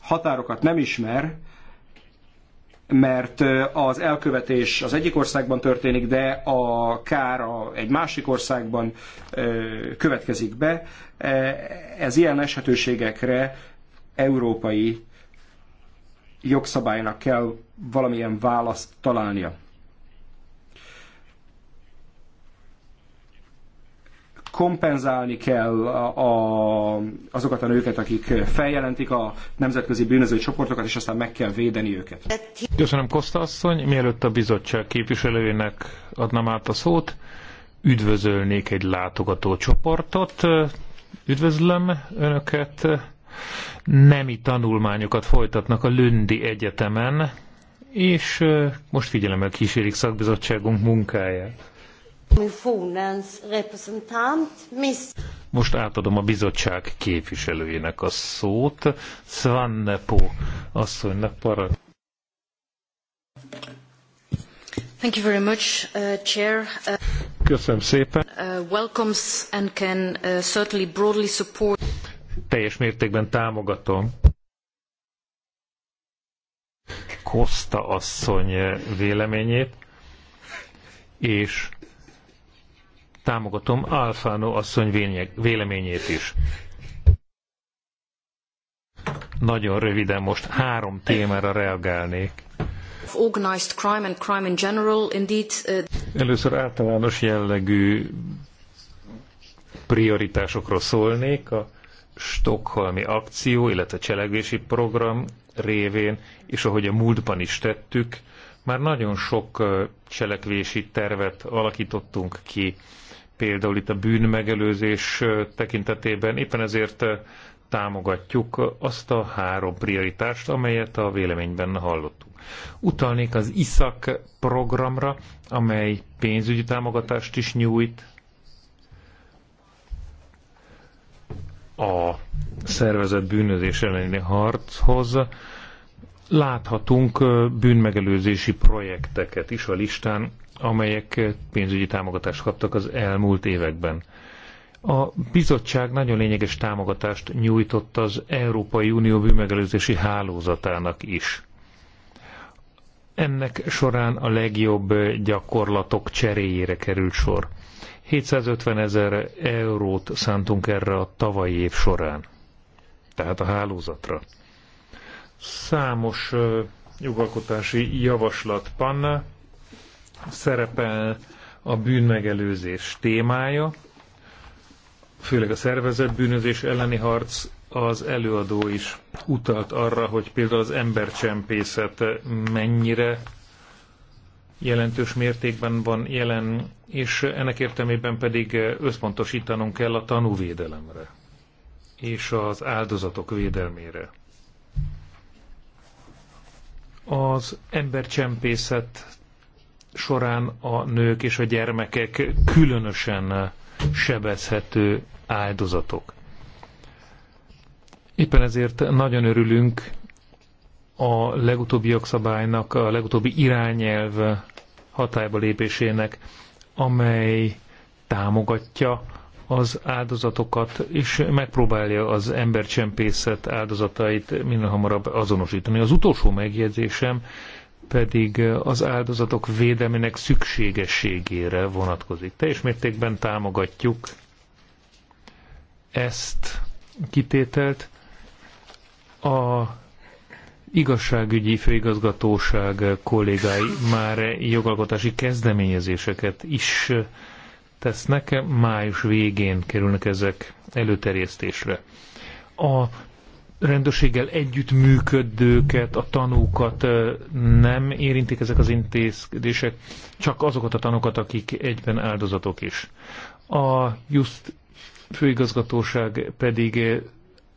határokat nem ismer, mert az elkövetés az egyik országban történik, de a kár a, egy másik országban következik be. Ez ilyen esetőségekre európai jogszabálynak kell valamilyen választ találnia. kompenzálni kell a, azokat a nőket, akik feljelentik a nemzetközi bűnözői csoportokat, és aztán meg kell védeni őket. Köszönöm, Koszta asszony. Mielőtt a bizottság képviselőjének adnám át a szót, üdvözölnék egy látogató csoportot. Üdvözlöm Önöket. Nemi tanulmányokat folytatnak a Lündi Egyetemen, és most figyelemmel kísérik szakbizottságunk munkáját. Most átadom a bizottság képviselőjének a szót, Svannepo asszonynak para. Thank you very much, uh, Chair. Uh, Köszönöm szépen. Uh, welcomes and can uh, certainly broadly support. Teljes mértékben támogatom. Kosta asszony uh, véleményét, és támogatom Alfano asszony véleményét is. Nagyon röviden most három témára reagálnék. Uh, Először általános jellegű prioritásokról szólnék a Stockholmi akció, illetve cselekvési program révén, és ahogy a múltban is tettük, már nagyon sok uh, cselekvési tervet alakítottunk ki például itt a bűnmegelőzés tekintetében. Éppen ezért támogatjuk azt a három prioritást, amelyet a véleményben hallottunk. Utalnék az ISAK programra, amely pénzügyi támogatást is nyújt a szervezett bűnözés elleni harchoz. Láthatunk bűnmegelőzési projekteket is a listán, amelyek eh, pénzügyi támogatást kaptak az elmúlt években. A bizottság nagyon lényeges támogatást nyújtott az Európai Unió bűnmegelőzési hálózatának is. Ennek során a legjobb eh, gyakorlatok cseréjére került sor. 750 ezer eurót szántunk erre a tavalyi év során, tehát a hálózatra. Számos eh, jogalkotási javaslat panna szerepel a bűnmegelőzés témája, főleg a szervezett bűnözés elleni harc, az előadó is utalt arra, hogy például az embercsempészet mennyire jelentős mértékben van jelen, és ennek értelmében pedig összpontosítanunk kell a tanúvédelemre és az áldozatok védelmére. Az embercsempészet során a nők és a gyermekek különösen sebezhető áldozatok. Éppen ezért nagyon örülünk a legutóbbi jogszabálynak, a legutóbbi irányelv hatályba lépésének, amely támogatja az áldozatokat, és megpróbálja az embercsempészet áldozatait minél hamarabb azonosítani. Az utolsó megjegyzésem pedig az áldozatok védelmének szükségességére vonatkozik. Teljes mértékben támogatjuk ezt kitételt. A igazságügyi főigazgatóság kollégái már jogalkotási kezdeményezéseket is tesznek, május végén kerülnek ezek előterjesztésre. A rendőrséggel együttműködőket, a tanúkat nem érintik ezek az intézkedések, csak azokat a tanúkat, akik egyben áldozatok is. A Just főigazgatóság pedig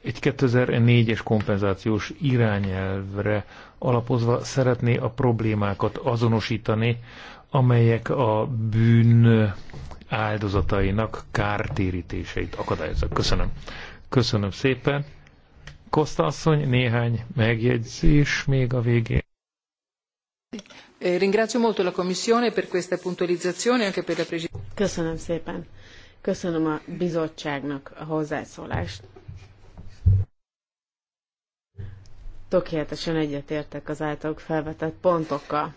egy 2004-es kompenzációs irányelvre alapozva szeretné a problémákat azonosítani, amelyek a bűn áldozatainak kártérítéseit akadályozzák. Köszönöm. Köszönöm szépen. Kosta asszony, néhány megjegyzés még a végén. Eh, ringrazio molto la Commissione per questa puntualizzazione anche per la Köszönöm szépen. Köszönöm a bizottságnak a hozzászólást. Tökéletesen egyetértek az általuk felvetett pontokkal.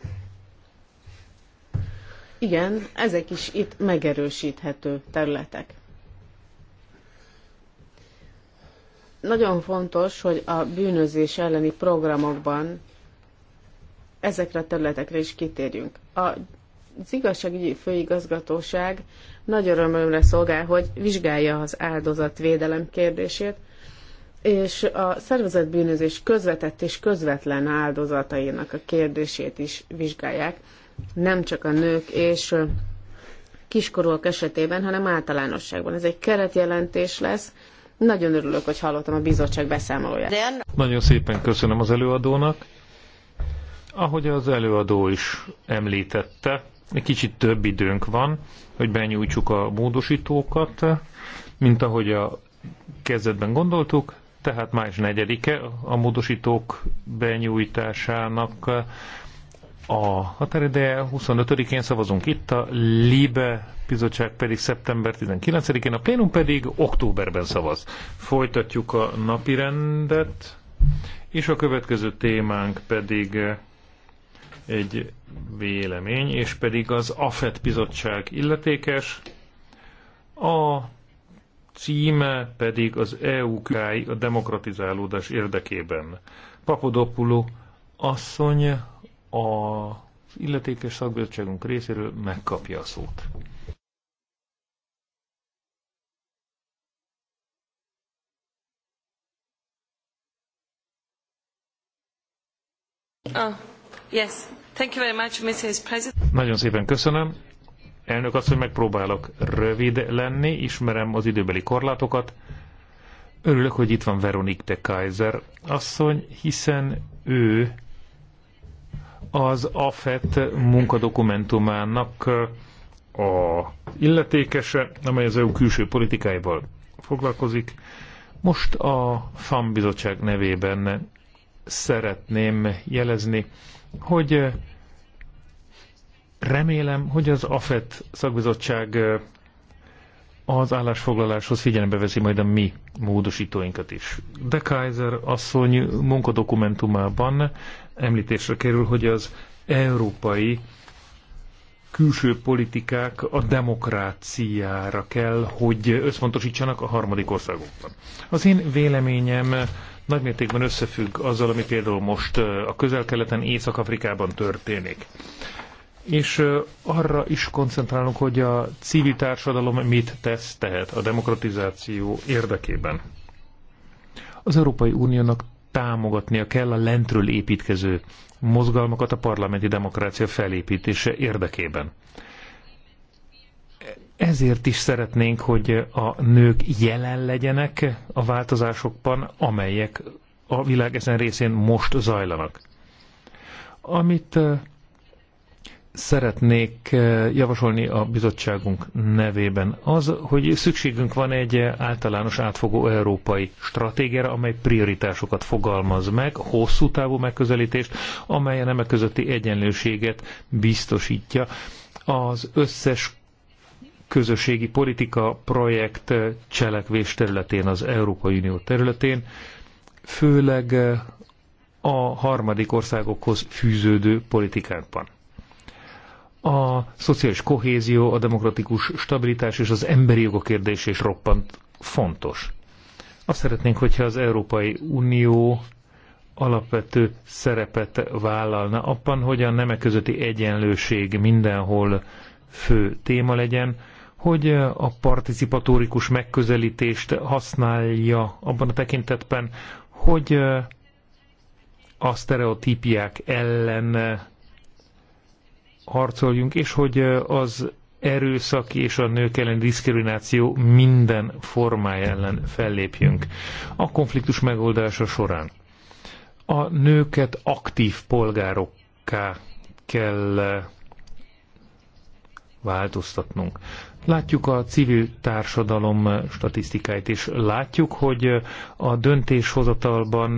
Igen, ezek is itt megerősíthető területek. Nagyon fontos, hogy a bűnözés elleni programokban ezekre a területekre is kitérjünk. A az igazságügyi főigazgatóság nagy örömömre szolgál, hogy vizsgálja az áldozatvédelem kérdését, és a szervezetbűnözés közvetett és közvetlen áldozatainak a kérdését is vizsgálják, nem csak a nők és kiskorúak esetében, hanem általánosságban. Ez egy keretjelentés lesz, nagyon örülök, hogy hallottam a bizottság beszámolóját. Nagyon szépen köszönöm az előadónak. Ahogy az előadó is említette, egy kicsit több időnk van, hogy benyújtsuk a módosítókat, mint ahogy a kezdetben gondoltuk, tehát május 4-e a módosítók benyújtásának a határideje 25-én szavazunk itt, a LIBE bizottság pedig szeptember 19-én, a plénum pedig októberben szavaz. Folytatjuk a napi rendet, és a következő témánk pedig egy vélemény, és pedig az AFET bizottság illetékes, a címe pedig az EU a demokratizálódás érdekében. Papadopoulou asszony a illetékes szakbizottságunk részéről megkapja a szót. Oh, yes. Thank you very much, Mrs. President. Nagyon szépen köszönöm. Elnök azt, hogy megpróbálok rövid lenni, ismerem az időbeli korlátokat. Örülök, hogy itt van Veronique de Kaiser asszony, hiszen ő az AFET munkadokumentumának a illetékese, amely az EU külső politikáival foglalkozik. Most a FAM bizottság nevében szeretném jelezni, hogy remélem, hogy az AFET szakbizottság az állásfoglaláshoz figyelembe veszi majd a mi módosítóinkat is. De Kaiser asszony munkadokumentumában említésre kerül, hogy az európai külső politikák a demokráciára kell, hogy összpontosítsanak a harmadik országokban. Az én véleményem nagymértékben összefügg azzal, ami például most eh, a közel-keleten, Észak-Afrikában történik. És eh, arra is koncentrálunk, hogy a civil társadalom mit tesz, tehet a demokratizáció érdekében. Az Európai Uniónak támogatnia kell a lentről építkező mozgalmakat a parlamenti demokrácia felépítése érdekében. Ezért is szeretnénk, hogy a nők jelen legyenek a változásokban, amelyek a világ ezen részén most zajlanak. Amit szeretnék eh, javasolni a bizottságunk nevében az, hogy szükségünk van egy általános átfogó európai stratégiára, amely prioritásokat fogalmaz meg, hosszú távú megközelítést, amely a nemek közötti egyenlőséget biztosítja. Az összes közösségi politika projekt cselekvés területén, az Európai Unió területén, főleg a harmadik országokhoz fűződő politikákban. A szociális kohézió, a demokratikus stabilitás és az emberi jogok kérdése is roppant fontos. Azt szeretnénk, hogyha az Európai Unió alapvető szerepet vállalna abban, hogy a nemek közötti egyenlőség mindenhol fő téma legyen, hogy a participatórikus megközelítést használja abban a tekintetben, hogy a sztereotípiák ellen harcoljunk, és hogy az erőszak és a nők ellen diszkrimináció minden formája ellen fellépjünk a konfliktus megoldása során. A nőket aktív polgárokká kell változtatnunk. Látjuk a civil társadalom statisztikáit, és látjuk, hogy a döntéshozatalban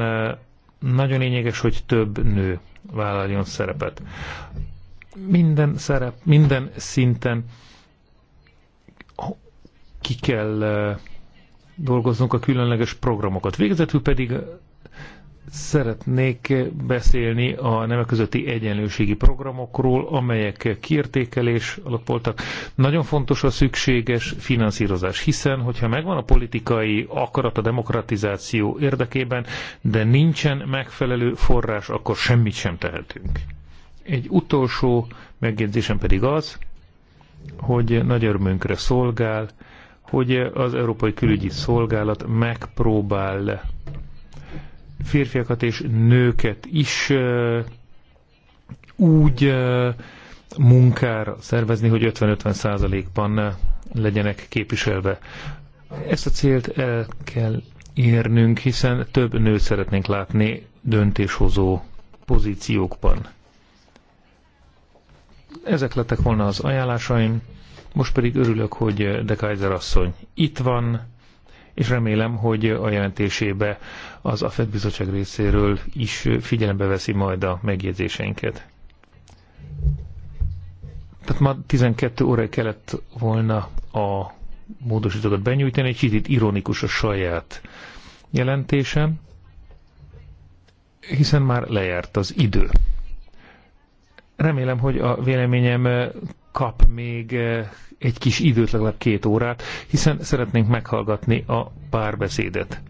nagyon lényeges, hogy több nő vállaljon szerepet minden szerep, minden szinten ki kell eh, dolgoznunk a különleges programokat. Végezetül pedig eh, szeretnék beszélni a nemek közötti egyenlőségi programokról, amelyek kiértékelés alatt voltak. Nagyon fontos a szükséges finanszírozás, hiszen hogyha megvan a politikai akarat a demokratizáció érdekében, de nincsen megfelelő forrás, akkor semmit sem tehetünk. Egy utolsó megjegyzésem pedig az, hogy nagy örömünkre szolgál, hogy az Európai Külügyi Szolgálat megpróbál férfiakat és nőket is úgy munkára szervezni, hogy 50-50 százalékban legyenek képviselve. Ezt a célt el kell érnünk, hiszen több nőt szeretnénk látni döntéshozó pozíciókban. Ezek lettek volna az ajánlásaim, most pedig örülök, hogy de Kaiser asszony itt van, és remélem, hogy a jelentésébe az AFED bizottság részéről is figyelembe veszi majd a megjegyzéseinket. Tehát ma 12 óra kellett volna a módosítókat benyújtani, egy kicsit ironikus a saját jelentésem, hiszen már lejárt az idő. Remélem, hogy a véleményem kap még egy kis időt, legalább két órát, hiszen szeretnénk meghallgatni a párbeszédet.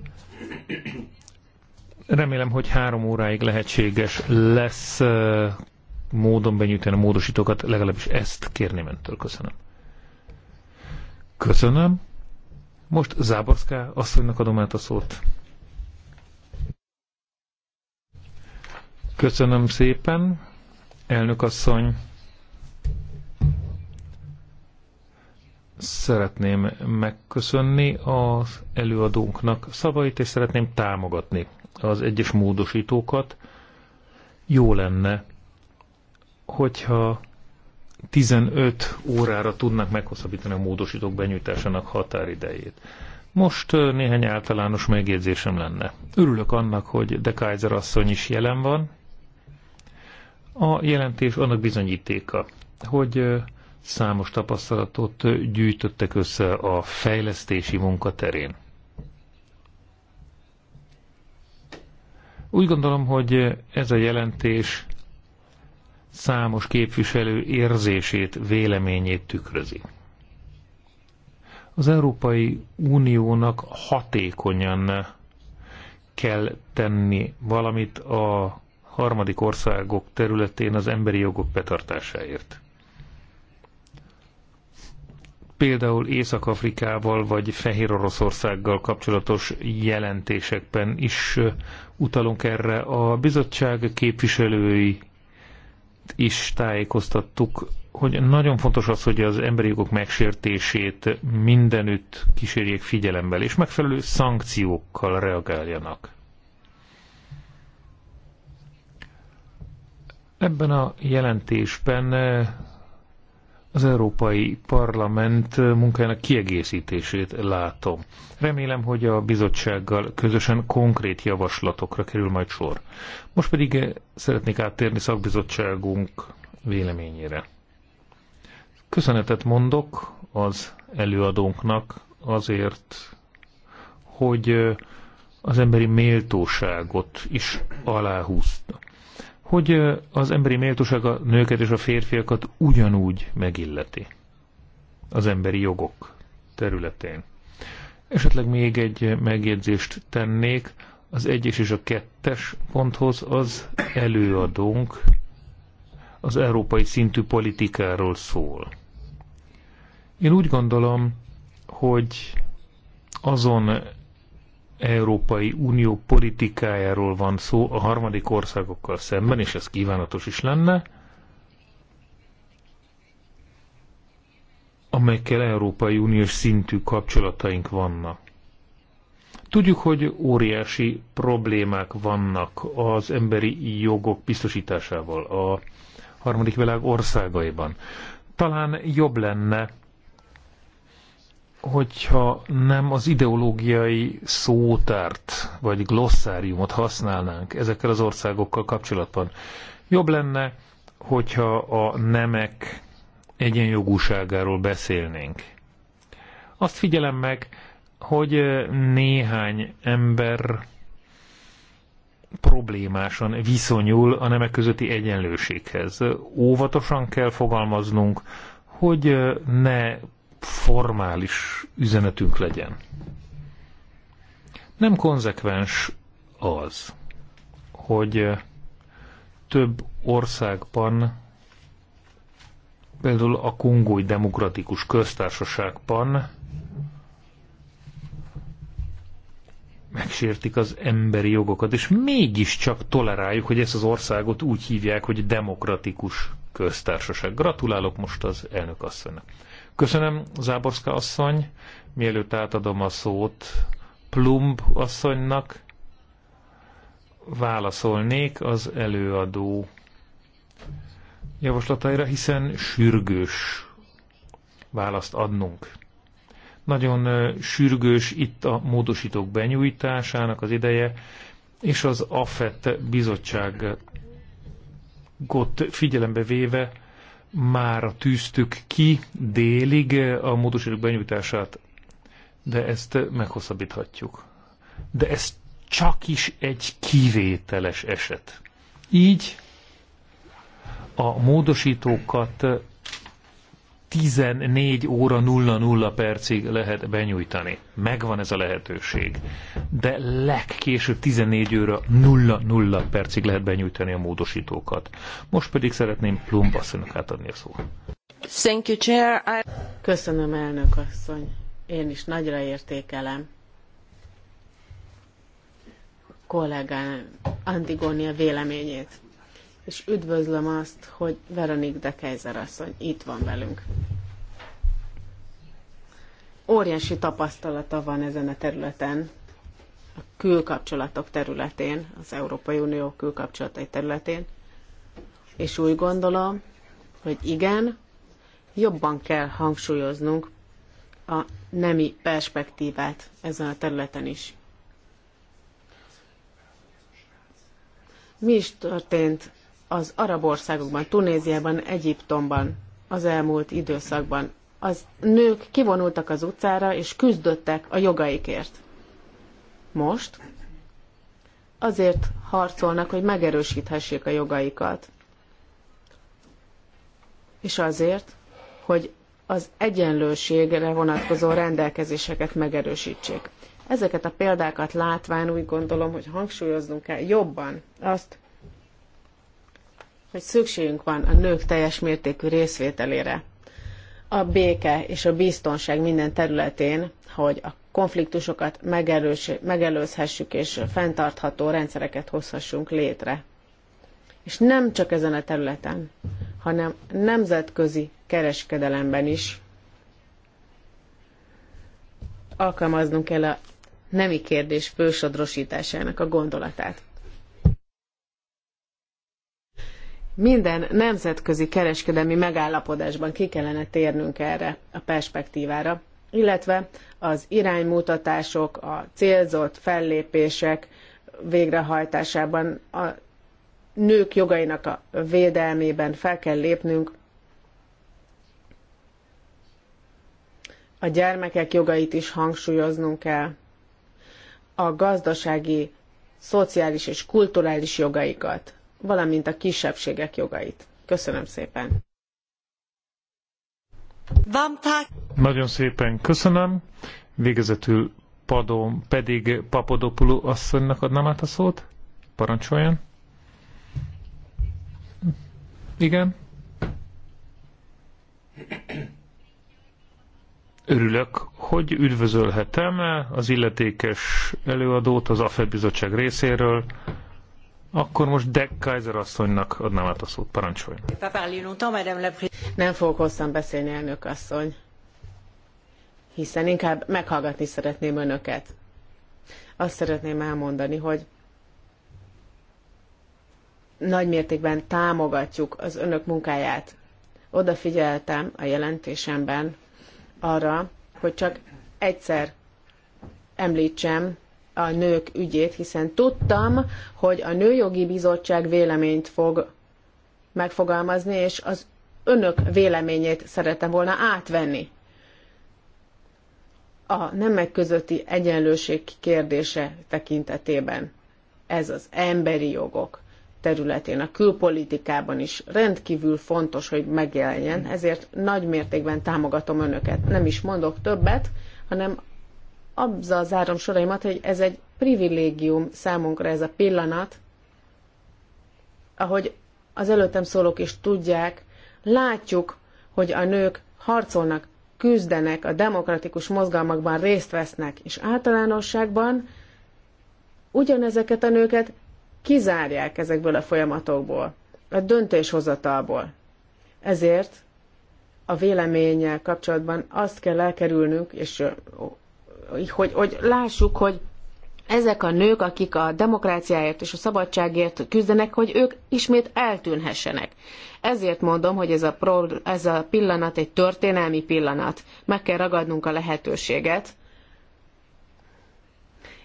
Remélem, hogy három óráig lehetséges lesz módon benyújtani a módosítókat, legalábbis ezt kérném öntől. Köszönöm. Köszönöm. Most Záborská asszonynak adom át a szót. Köszönöm szépen. Elnök asszony, szeretném megköszönni az előadónknak szavait, és szeretném támogatni az egyes módosítókat. Jó lenne, hogyha 15 órára tudnak meghosszabbítani a módosítók benyújtásának határidejét. Most néhány általános megjegyzésem lenne. Örülök annak, hogy De Kaiser asszony is jelen van, a jelentés annak bizonyítéka, hogy számos tapasztalatot gyűjtöttek össze a fejlesztési munkaterén. Úgy gondolom, hogy ez a jelentés számos képviselő érzését, véleményét tükrözi. Az Európai Uniónak hatékonyan kell tenni valamit a harmadik országok területén az emberi jogok betartásáért. Például Észak-Afrikával vagy Fehér Oroszországgal kapcsolatos jelentésekben is utalunk erre. A bizottság képviselői is tájékoztattuk, hogy nagyon fontos az, hogy az emberi jogok megsértését mindenütt kísérjék figyelemmel, és megfelelő szankciókkal reagáljanak. Ebben a jelentésben eh, az Európai Parlament eh, munkájának kiegészítését látom. Remélem, hogy a bizottsággal közösen konkrét javaslatokra kerül majd sor. Most pedig eh, szeretnék áttérni szakbizottságunk véleményére. Köszönetet mondok az előadónknak azért, hogy az emberi méltóságot is aláhúzta hogy az emberi méltóság a nőket és a férfiakat ugyanúgy megilleti az emberi jogok területén. Esetleg még egy megjegyzést tennék az egyes és a kettes ponthoz az előadónk az európai szintű politikáról szól. Én úgy gondolom, hogy azon Európai Unió politikájáról van szó a harmadik országokkal szemben, és ez kívánatos is lenne, amelyekkel Európai Uniós szintű kapcsolataink vannak. Tudjuk, hogy óriási problémák vannak az emberi jogok biztosításával a harmadik világ országaiban. Talán jobb lenne hogyha nem az ideológiai szótárt vagy glossáriumot használnánk ezekkel az országokkal kapcsolatban. Jobb lenne, hogyha a nemek egyenjogúságáról beszélnénk. Azt figyelem meg, hogy néhány ember problémásan viszonyul a nemek közötti egyenlőséghez. Óvatosan kell fogalmaznunk, hogy ne formális üzenetünk legyen. Nem konzekvens az, hogy eh, több országban, például a Kongói Demokratikus Köztársaságban megsértik az emberi jogokat, és mégiscsak toleráljuk, hogy ezt az országot úgy hívják, hogy demokratikus köztársaság. Gratulálok most az elnök asszonynak. Köszönöm, Záborska asszony. Mielőtt átadom a szót Plumb asszonynak, válaszolnék az előadó javaslataira, hiszen sürgős választ adnunk. Nagyon sürgős itt a módosítók benyújtásának az ideje, és az AFET bizottság figyelembe véve már tűztük ki délig a módosítók benyújtását, de ezt meghosszabbíthatjuk. De ez csak is egy kivételes eset. Így a módosítókat 14 óra 00 percig lehet benyújtani. Megvan ez a lehetőség. De legkésőbb 14 óra 00 percig lehet benyújtani a módosítókat. Most pedig szeretném Plumbasszonynak átadni a szót. Thank you, Chair. I... Köszönöm, elnök asszony. Én is nagyra értékelem kollégám Antigónia véleményét és üdvözlöm azt, hogy Veronik de Kaiser asszony itt van velünk. Óriási tapasztalata van ezen a területen, a külkapcsolatok területén, az Európai Unió külkapcsolatai területén, és úgy gondolom, hogy igen, jobban kell hangsúlyoznunk a nemi perspektívát ezen a területen is. Mi is történt az arab országokban, Tunéziában, Egyiptomban az elmúlt időszakban. Az nők kivonultak az utcára és küzdöttek a jogaikért. Most azért harcolnak, hogy megerősíthessék a jogaikat. És azért, hogy az egyenlőségre vonatkozó rendelkezéseket megerősítsék. Ezeket a példákat látván úgy gondolom, hogy hangsúlyoznunk kell jobban azt, hogy szükségünk van a nők teljes mértékű részvételére a béke és a biztonság minden területén, hogy a konfliktusokat megelős, megelőzhessük és fenntartható rendszereket hozhassunk létre. És nem csak ezen a területen, hanem nemzetközi kereskedelemben is alkalmaznunk kell a nemi kérdés fősodrosításának a gondolatát. minden nemzetközi kereskedelmi megállapodásban ki kellene térnünk erre a perspektívára, illetve az iránymutatások, a célzott fellépések végrehajtásában, a nők jogainak a védelmében fel kell lépnünk, a gyermekek jogait is hangsúlyoznunk kell, a gazdasági, szociális és kulturális jogaikat, valamint a kisebbségek jogait. Köszönöm szépen! Nagyon szépen köszönöm. Végezetül padom, pedig Papadopoulou asszonynak adnám át a szót. Parancsoljon. Igen. Örülök, hogy üdvözölhetem az illetékes előadót az AFE bizottság részéről, akkor most De Kaiser asszonynak adnám át a szót. Parancsoljon. Nem fogok hosszan beszélni, elnök asszony, hiszen inkább meghallgatni szeretném önöket. Azt szeretném elmondani, hogy nagy mértékben támogatjuk az önök munkáját. Odafigyeltem a jelentésemben arra, hogy csak egyszer említsem a nők ügyét, hiszen tudtam, hogy a Nőjogi Bizottság véleményt fog megfogalmazni, és az önök véleményét szerettem volna átvenni. A nemek közötti egyenlőség kérdése tekintetében ez az emberi jogok területén, a külpolitikában is rendkívül fontos, hogy megjelenjen, ezért nagy mértékben támogatom önöket. Nem is mondok többet, hanem azzal zárom soraimat, hogy ez egy privilégium számunkra ez a pillanat, ahogy az előttem szólók is tudják, látjuk, hogy a nők harcolnak, küzdenek, a demokratikus mozgalmakban részt vesznek, és általánosságban ugyanezeket a nőket kizárják ezekből a folyamatokból, a döntéshozatalból. Ezért a véleménye kapcsolatban azt kell elkerülnünk, és hogy, hogy lássuk, hogy ezek a nők, akik a demokráciáért és a szabadságért küzdenek, hogy ők ismét eltűnhessenek. Ezért mondom, hogy ez a, pro, ez a pillanat egy történelmi pillanat. Meg kell ragadnunk a lehetőséget,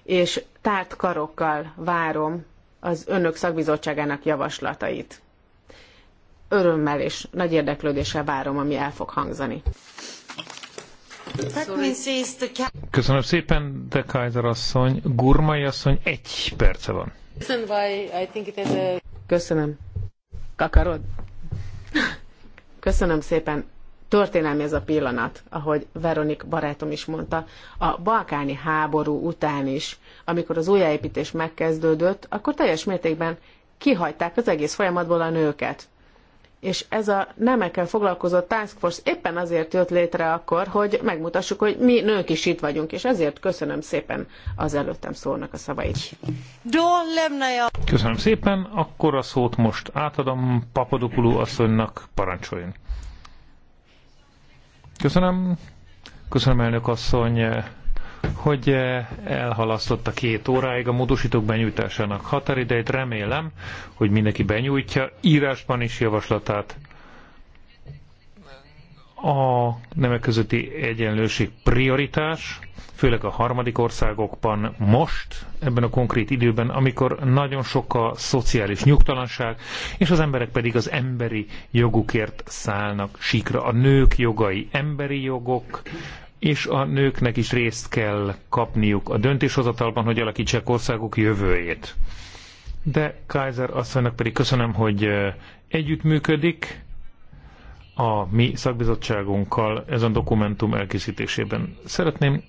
és tárt karokkal várom az önök szakbizottságának javaslatait. Örömmel és nagy érdeklődéssel várom, ami el fog hangzani. Köszönöm szépen, de Kaiser asszony, Gurmai asszony, egy perce van. Köszönöm. Kakarod? Köszönöm szépen. Történelmi ez a pillanat, ahogy Veronik barátom is mondta, a balkáni háború után is, amikor az újjáépítés megkezdődött, akkor teljes mértékben kihagyták az egész folyamatból a nőket és ez a nemekkel foglalkozó Task Force éppen azért jött létre akkor, hogy megmutassuk, hogy mi nők is itt vagyunk, és ezért köszönöm szépen az előttem szólnak a szavait. Köszönöm szépen, akkor a szót most átadom Papadopoulou asszonynak, parancsoljon. Köszönöm, köszönöm elnök asszony, hogy eh, elhalasztotta két óráig a módosítók benyújtásának határidejét. Remélem, hogy mindenki benyújtja írásban is javaslatát. A nemek közötti egyenlőség prioritás, főleg a harmadik országokban most, ebben a konkrét időben, amikor nagyon sok a szociális nyugtalanság, és az emberek pedig az emberi jogukért szállnak síkra. A nők jogai, emberi jogok, és a nőknek is részt kell kapniuk a döntéshozatalban, hogy alakítsák országuk jövőjét. De Kaiser asszonynak pedig köszönöm, hogy együttműködik a mi szakbizottságunkkal ezen dokumentum elkészítésében. Szeretném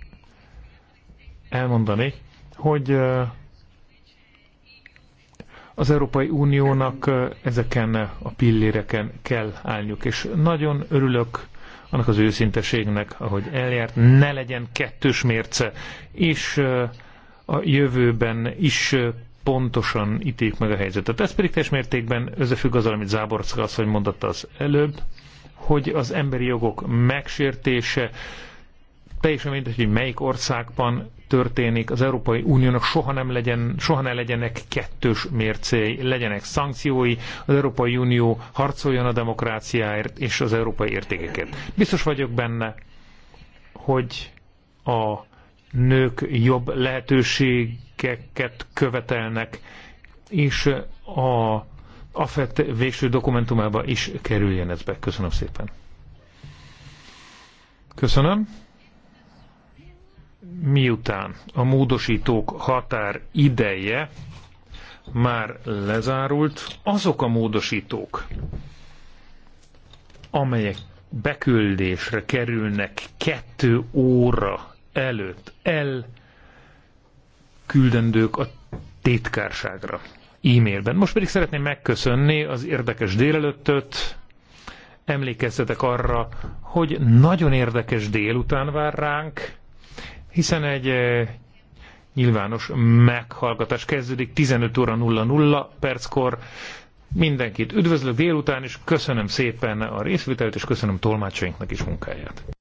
elmondani, hogy az Európai Uniónak ezeken a pilléreken kell állniuk, és nagyon örülök annak az őszinteségnek, ahogy eljárt, ne legyen kettős mérce, és a jövőben is pontosan ítéljük meg a helyzetet. Ez pedig teljes mértékben összefügg azzal, amit Záborszka asszony mondotta az előbb, hogy az emberi jogok megsértése teljesen mindegy, hogy melyik országban történik, az Európai Uniónak soha, nem legyen, soha ne legyenek kettős mércéi, legyenek szankciói, az Európai Unió harcoljon a demokráciáért és az európai értékekért. Biztos vagyok benne, hogy a nők jobb lehetőségeket követelnek, és a AFET végső dokumentumába is kerüljen ez be. Köszönöm szépen. Köszönöm miután a módosítók határ ideje már lezárult, azok a módosítók, amelyek beküldésre kerülnek kettő óra előtt el küldendők a titkárságra e-mailben. Most pedig szeretném megköszönni az érdekes délelőttöt, emlékeztetek arra, hogy nagyon érdekes délután vár ránk, hiszen egy eh, nyilvános meghallgatás kezdődik 15 óra 00 perckor. Mindenkit üdvözlök délután, és köszönöm szépen a részvételt, és köszönöm tolmácsainknak is munkáját.